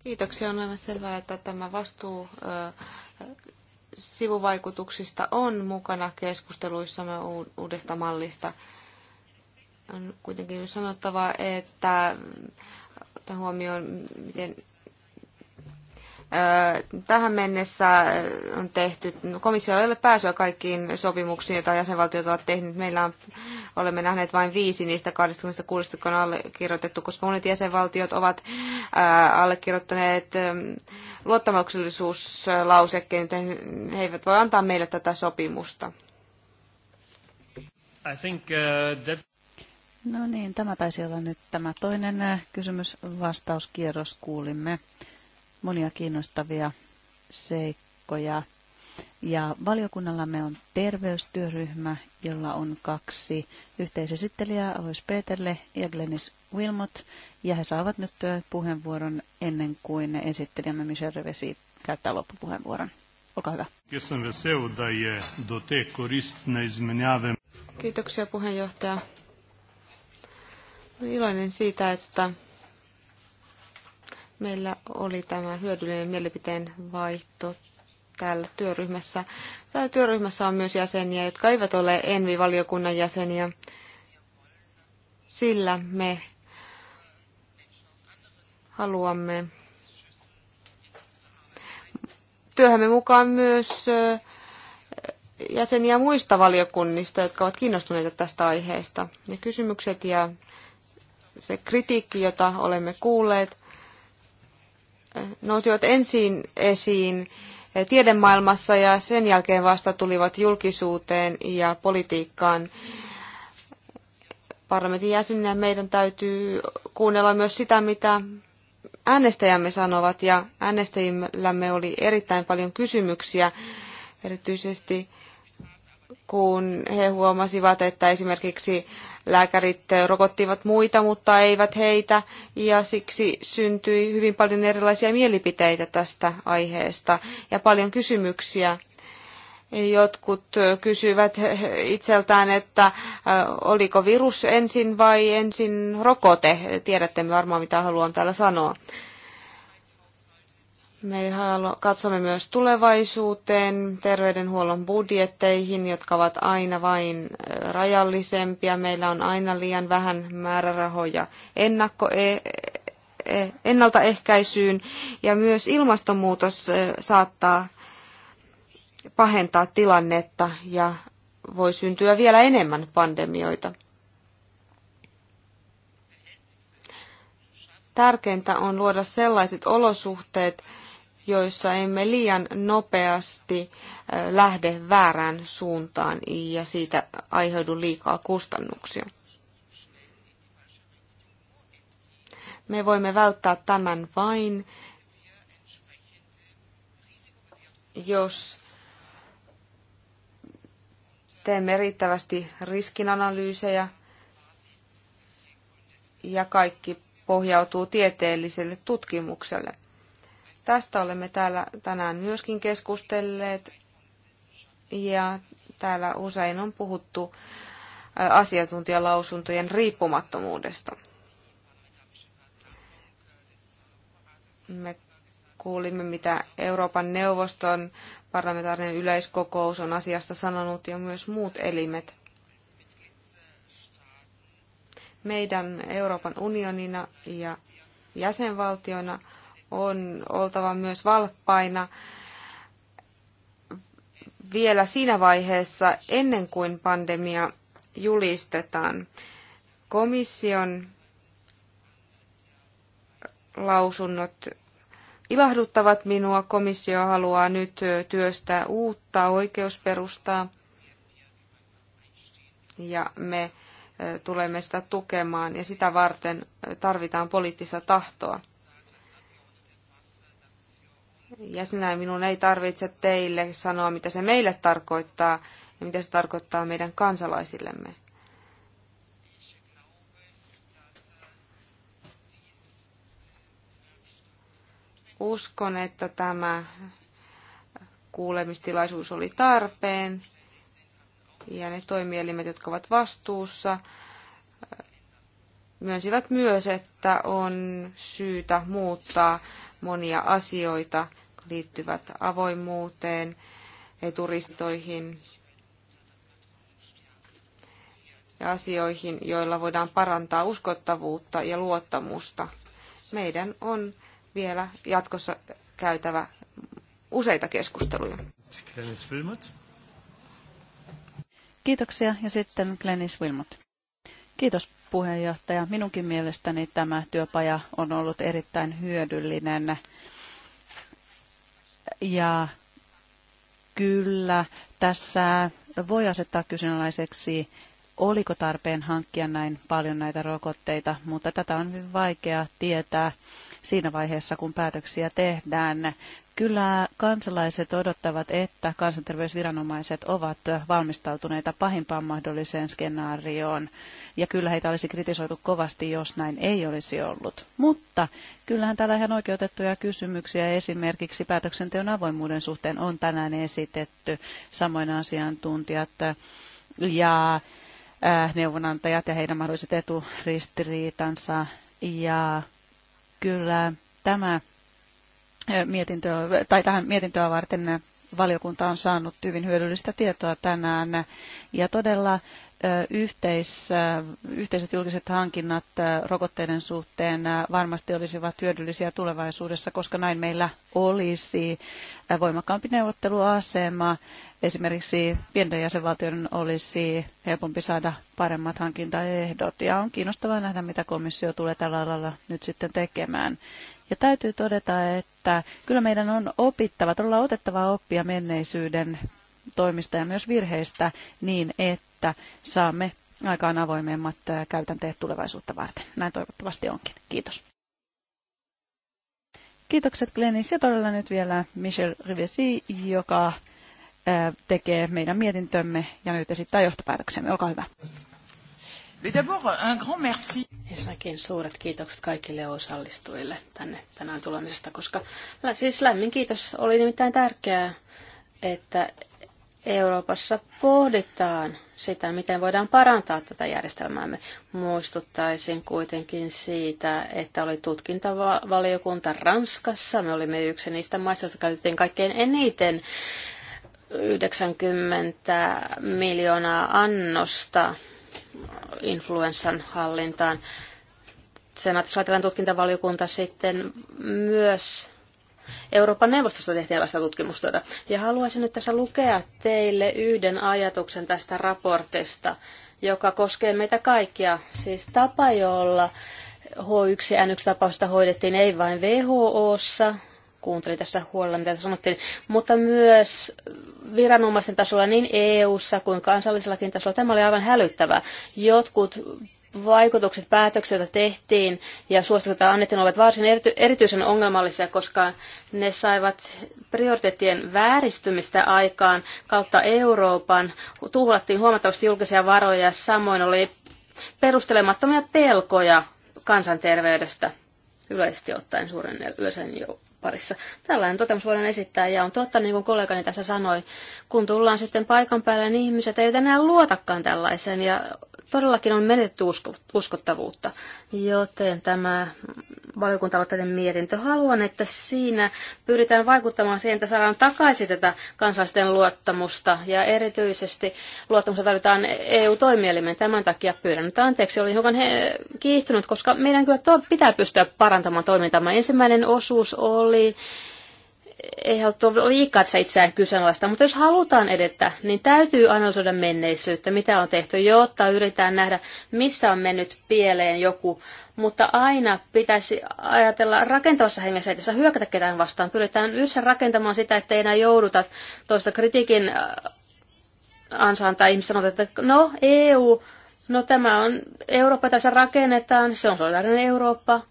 Kiitoksia. On aivan selvää, että tämä vastuu eh, sivuvaikutuksista on mukana keskusteluissamme uudesta mallista on kuitenkin sanottava, että otan huomioon, miten Tähän mennessä on tehty, no, komissiolla ei ole pääsyä kaikkiin sopimuksiin, joita jäsenvaltiot ovat tehneet. Meillä on, olemme nähneet vain viisi niistä 26, jotka on allekirjoitettu, koska monet jäsenvaltiot ovat allekirjoittaneet luottamuksellisuuslausekkeen, joten he eivät voi antaa meille tätä sopimusta. I think, uh, that... No niin, tämä taisi olla nyt tämä toinen äh, kysymysvastauskierros. Kuulimme monia kiinnostavia seikkoja. Ja valiokunnallamme on terveystyöryhmä, jolla on kaksi yhteisesittelijää, Alois Peterle ja Glenis Wilmot. Ja he saavat nyt äh, puheenvuoron ennen kuin esittelijämme Michelle Revesi käyttää loppupuheenvuoron. Olkaa hyvä. E Kiitoksia puheenjohtaja iloinen siitä, että meillä oli tämä hyödyllinen mielipiteen vaihto täällä työryhmässä. Täällä työryhmässä on myös jäseniä, jotka eivät ole Envi-valiokunnan jäseniä, sillä me haluamme työhämme mukaan myös jäseniä muista valiokunnista, jotka ovat kiinnostuneita tästä aiheesta. Ja kysymykset ja se kritiikki, jota olemme kuulleet, nousivat ensin esiin tiedemaailmassa ja sen jälkeen vasta tulivat julkisuuteen ja politiikkaan. Parlamentin jäseninä meidän täytyy kuunnella myös sitä, mitä äänestäjämme sanovat ja äänestäjillämme oli erittäin paljon kysymyksiä, erityisesti kun he huomasivat, että esimerkiksi Lääkärit eh, rokottivat muita, mutta eivät heitä, ja siksi syntyi hyvin paljon erilaisia mielipiteitä tästä aiheesta ja paljon kysymyksiä. Jotkut eh, kysyvät itseltään, että eh, oliko virus ensin vai ensin rokote. Tiedätte varmaan, mitä haluan täällä sanoa. Me katsomme myös tulevaisuuteen, terveydenhuollon budjetteihin, jotka ovat aina vain rajallisempia. Meillä on aina liian vähän määrärahoja ennakko e, e, ennaltaehkäisyyn ja myös ilmastonmuutos saattaa pahentaa tilannetta ja voi syntyä vielä enemmän pandemioita. Tärkeintä on luoda sellaiset olosuhteet, joissa emme liian nopeasti lähde väärään suuntaan ja siitä aiheudu liikaa kustannuksia. Me voimme välttää tämän vain, jos teemme riittävästi riskinanalyysejä ja kaikki pohjautuu tieteelliselle tutkimukselle. Tästä olemme täällä tänään myöskin keskustelleet ja täällä usein on puhuttu asiantuntijalausuntojen riippumattomuudesta. Me kuulimme, mitä Euroopan neuvoston parlamentaarinen yleiskokous on asiasta sanonut ja myös muut elimet. Meidän Euroopan unionina ja jäsenvaltiona – on oltava myös valppaina vielä siinä vaiheessa ennen kuin pandemia julistetaan. Komission lausunnot ilahduttavat minua. Komissio haluaa nyt työstää uutta oikeusperustaa ja me eh, tulemme sitä tukemaan ja sitä varten tarvitaan poliittista tahtoa jäsenä minun ei tarvitse teille sanoa, mitä se meille tarkoittaa ja mitä se tarkoittaa meidän kansalaisillemme. Uskon, että tämä kuulemistilaisuus oli tarpeen ja ne toimielimet, jotka ovat vastuussa, myönsivät myös, että on syytä muuttaa monia asioita liittyvät avoimuuteen, turistoihin ja asioihin, joilla voidaan parantaa uskottavuutta ja luottamusta. Meidän on vielä jatkossa käytävä useita keskusteluja. Kiitoksia ja sitten Glenis Wilmot. Kiitos puheenjohtaja. Minunkin mielestäni tämä työpaja on ollut erittäin hyödyllinen ja kyllä tässä voi asettaa kyseenalaiseksi, oliko tarpeen hankkia näin paljon näitä rokotteita, mutta tätä on hyvin vaikea tietää siinä vaiheessa, kun päätöksiä tehdään. Kyllä kansalaiset odottavat, että kansanterveysviranomaiset ovat valmistautuneita pahimpaan mahdolliseen skenaarioon. Ja kyllä heitä olisi kritisoitu kovasti, jos näin ei olisi ollut. Mutta kyllähän täällä ihan oikeutettuja kysymyksiä esimerkiksi päätöksenteon avoimuuden suhteen on tänään esitetty. Samoin asiantuntijat ja äh, neuvonantajat ja heidän mahdolliset eturistiriitansa. Ja kyllä tämä mietintöä, tai tähän mietintöä varten valiokunta on saanut hyvin hyödyllistä tietoa tänään. Ja todella yhteis, yhteiset julkiset hankinnat rokotteiden suhteen varmasti olisivat hyödyllisiä tulevaisuudessa, koska näin meillä olisi voimakkaampi neuvotteluasema. Esimerkiksi pienten jäsenvaltioiden olisi helpompi saada paremmat hankintaehdot ja on kiinnostavaa nähdä, mitä komissio tulee tällä alalla nyt sitten tekemään. Ja täytyy todeta, että kyllä meidän on opittava, todella otettava oppia menneisyyden toimista ja myös virheistä niin, että saamme aikaan avoimemmat käytänteet tulevaisuutta varten. Näin toivottavasti onkin. Kiitos. Kiitokset Glennis ja todella nyt vielä Michel Rivesi, joka tekee meidän mietintömme ja nyt esittää johtopäätöksemme. Olkaa hyvä. Ensinnäkin suuret kiitokset kaikille osallistujille tänne tänään tulemisesta, koska siis lämmin kiitos. Oli nimittäin tärkeää, että Euroopassa pohditaan sitä, miten voidaan parantaa tätä järjestelmäämme. Muistuttaisin kuitenkin siitä, että oli tutkintavaliokunta Ranskassa. Me olimme yksi niistä maista, jotka käytettiin kaikkein eniten 90 miljoonaa annosta influenssan hallintaan. ajatellaan tutkintavaliokunta sitten myös Euroopan neuvostosta tehtiin tällaista tutkimustyötä. Ja haluaisin nyt tässä lukea teille yhden ajatuksen tästä raportista, joka koskee meitä kaikkia. Siis tapa, jolla H1N1-tapausta hoidettiin ei vain WHOssa, kuuntelin tässä huolella, mitä sanottiin, mutta myös viranomaisten tasolla niin EU-ssa kuin kansallisellakin tasolla. Tämä oli aivan hälyttävää. Jotkut vaikutukset päätökset, joita tehtiin ja suositukset, joita annettiin, ovat varsin erity, erityisen ongelmallisia, koska ne saivat prioriteettien vääristymistä aikaan kautta Euroopan. Tuhlattiin huomattavasti julkisia varoja, samoin oli perustelemattomia pelkoja kansanterveydestä yleisesti ottaen suuren yleisen parissa. Tällainen totemus voidaan esittää ja on totta, niin kuin kollegani tässä sanoi, kun tullaan sitten paikan päälle, niin ihmiset eivät enää luotakaan tällaiseen ja todellakin on menetetty usko, uskottavuutta. Joten tämä valiokuntaloitteiden mietintö, haluan, että siinä pyritään vaikuttamaan siihen, että saadaan takaisin tätä kansalaisten luottamusta ja erityisesti luottamusta tarvitaan EU-toimielimen. Tämän takia pyydän että anteeksi, olin hiukan he, kiihtynyt, koska meidän kyllä to, pitää pystyä parantamaan toimintamme. Ensimmäinen osuus oli ei haluttu liikata itseään kyseenalaista, mutta jos halutaan edetä, niin täytyy analysoida menneisyyttä, mitä on tehty, jotta yritetään nähdä, missä on mennyt pieleen joku. Mutta aina pitäisi ajatella rakentavassa hengessä, että jos hyökätä ketään vastaan, pyritään yhdessä rakentamaan sitä, että ei enää jouduta toista kritiikin äh, ansaan tai ihmisten sanovat, että no EU, no tämä on Eurooppa, tässä rakennetaan, se on solidaarinen Eurooppa,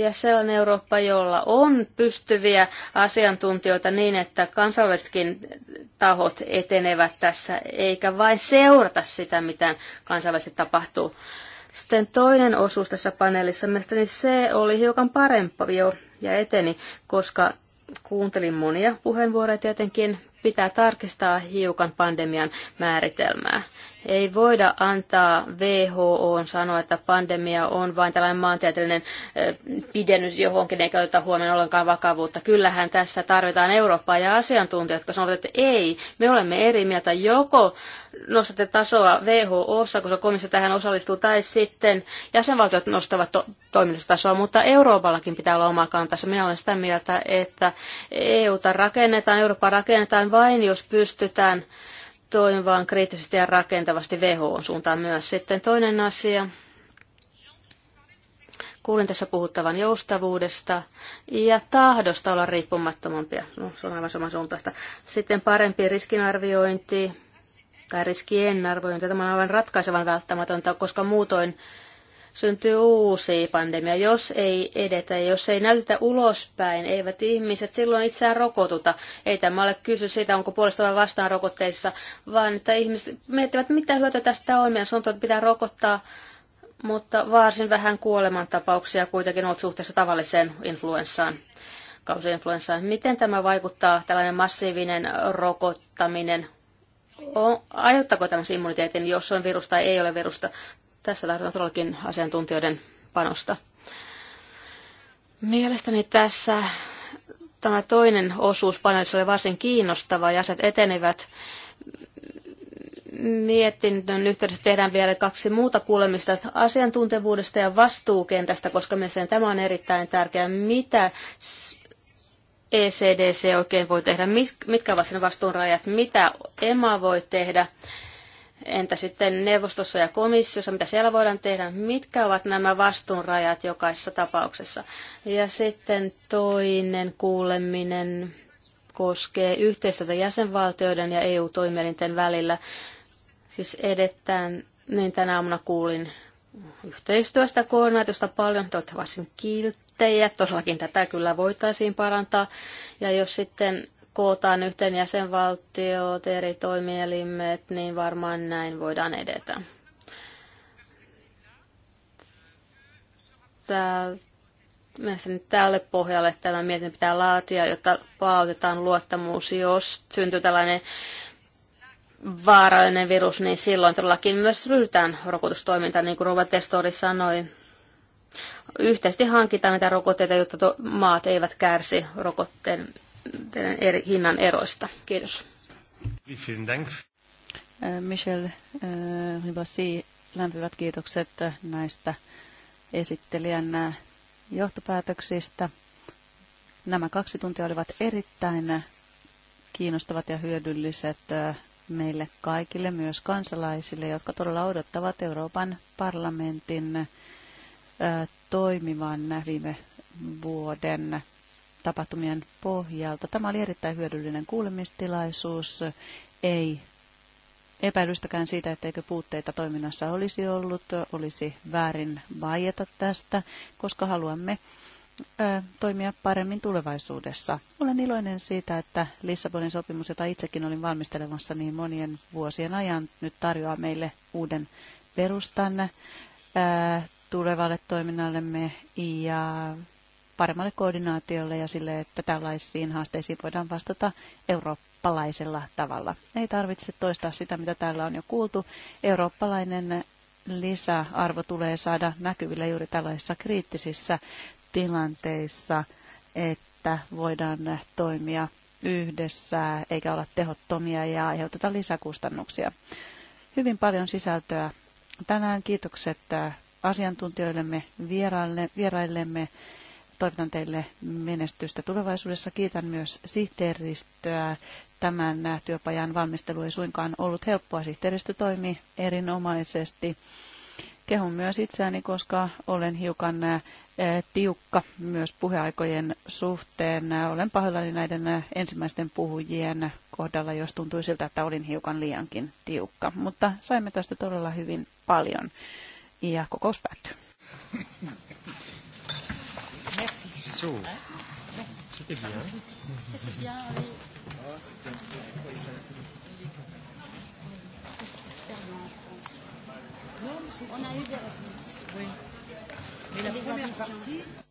ja sellainen Eurooppa, jolla on pystyviä asiantuntijoita niin, että kansainvälisetkin tahot etenevät tässä, eikä vain seurata sitä, mitä kansainvälisesti tapahtuu. Sitten toinen osuus tässä paneelissa, mielestäni niin se oli hiukan parempi jo ja eteni, koska kuuntelin monia puheenvuoroja tietenkin, pitää tarkistaa hiukan pandemian määritelmää. Ei voida antaa WHO sanoa, että pandemia on vain tällainen maantieteellinen pidennys johonkin, eikä oteta huomioon ollenkaan vakavuutta. Kyllähän tässä tarvitaan Eurooppaa ja asiantuntijat, jotka sanovat, että ei, me olemme eri mieltä. Joko nostatte tasoa WHOssa, koska komissio tähän osallistuu, tai sitten jäsenvaltiot nostavat to- toimintatasoa, mutta Euroopallakin pitää olla oma kantansa. Minä olen sitä mieltä, että EUta rakennetaan, Eurooppaa rakennetaan vain, jos pystytään vaan kriittisesti ja rakentavasti WHOn suuntaan myös. Sitten toinen asia. Kuulin tässä puhuttavan joustavuudesta ja tahdosta olla riippumattomampia. No, se on aivan samansuuntaista. Sitten parempi riskinarviointi tai riskien arviointi. Tämä on aivan ratkaisevan välttämätöntä, koska muutoin syntyy uusi pandemia. Jos ei edetä, jos ei näytetä ulospäin, eivät ihmiset silloin itseään rokotuta. Ei tämä ole kysy siitä, onko puolesta vai vastaan rokotteissa, vaan että ihmiset miettivät, mitä hyötyä tästä on. Ja sanotaan, että pitää rokottaa, mutta varsin vähän kuolemantapauksia kuitenkin on suhteessa tavalliseen influenssaan kausiinfluenssaan. Miten tämä vaikuttaa, tällainen massiivinen rokottaminen on, aiheuttaako tämmöisen immuniteetin, jos on virusta, tai ei ole virusta? Tässä tarvitaan todellakin asiantuntijoiden panosta. Mielestäni tässä tämä toinen osuus paneelissa oli varsin kiinnostava ja asiat etenivät. Mietinnön yhteydessä tehdään vielä kaksi muuta kuulemista asiantuntevuudesta ja vastuukentästä, koska mielestäni tämä on erittäin tärkeää. Mitä ECDC oikein voi tehdä, mitkä ovat sen vastuunrajat, mitä EMA voi tehdä Entä sitten neuvostossa ja komissiossa, mitä siellä voidaan tehdä? Mitkä ovat nämä vastuunrajat jokaisessa tapauksessa? Ja sitten toinen kuuleminen koskee yhteistyötä jäsenvaltioiden ja EU-toimielinten välillä. Siis edetään, niin tänä aamuna kuulin yhteistyöstä koordinaatiosta paljon, te varsin kilttejä, todellakin tätä kyllä voitaisiin parantaa. Ja jos sitten kootaan yhteen jäsenvaltiot, eri toimielimet, niin varmaan näin voidaan edetä. mielestäni tälle pohjalle tämä mietin pitää laatia, jotta palautetaan luottamus, jos syntyy tällainen vaarallinen virus, niin silloin todellakin myös ryhdytään rokotustoimintaan, niin kuin Rova Testori sanoi. Yhteisesti hankitaan näitä rokotteita, jotta maat eivät kärsi rokotteen teidän eri hinnan eroista. Kiitos. Äh, Michel äh, Rivasi, lämpivät kiitokset äh, näistä esittelijän johtopäätöksistä. Nämä kaksi tuntia olivat erittäin kiinnostavat ja hyödylliset meille kaikille, myös kansalaisille, jotka todella odottavat Euroopan parlamentin toimivan viime vuoden tapahtumien pohjalta. Tämä oli erittäin hyödyllinen kuulemistilaisuus. Ei epäilystäkään siitä, etteikö puutteita toiminnassa olisi ollut, olisi väärin vaieta tästä, koska haluamme toimia paremmin tulevaisuudessa. Olen iloinen siitä, että Lissabonin sopimus, jota itsekin olin valmistelemassa niin monien vuosien ajan, nyt tarjoaa meille uuden perustan tulevalle toiminnallemme ja paremmalle koordinaatiolle ja sille, että tällaisiin haasteisiin voidaan vastata eurooppalaisella tavalla. Ei tarvitse toistaa sitä, mitä täällä on jo kuultu. Eurooppalainen lisäarvo tulee saada näkyville juuri tällaisissa kriittisissä tilanteissa, että voidaan toimia yhdessä eikä olla tehottomia ja aiheuteta lisäkustannuksia. Hyvin paljon sisältöä tänään. Kiitokset äh, asiantuntijoillemme, vieraillemme toivotan teille menestystä tulevaisuudessa. Kiitän myös sihteeristöä. Tämän työpajan valmistelu ei suinkaan ollut helppoa. Sihteeristö toimi erinomaisesti. Kehun myös itseäni, koska olen hiukan tiukka myös puheaikojen suhteen. Olen pahoillani näiden ensimmäisten puhujien kohdalla, jos tuntui siltä, että olin hiukan liiankin tiukka. Mutta saimme tästä todella hyvin paljon ja kokous päättyy. Merci. So. C'était bien. C'était bien, oui. On a eu des réponses. Oui. Mais la première partie.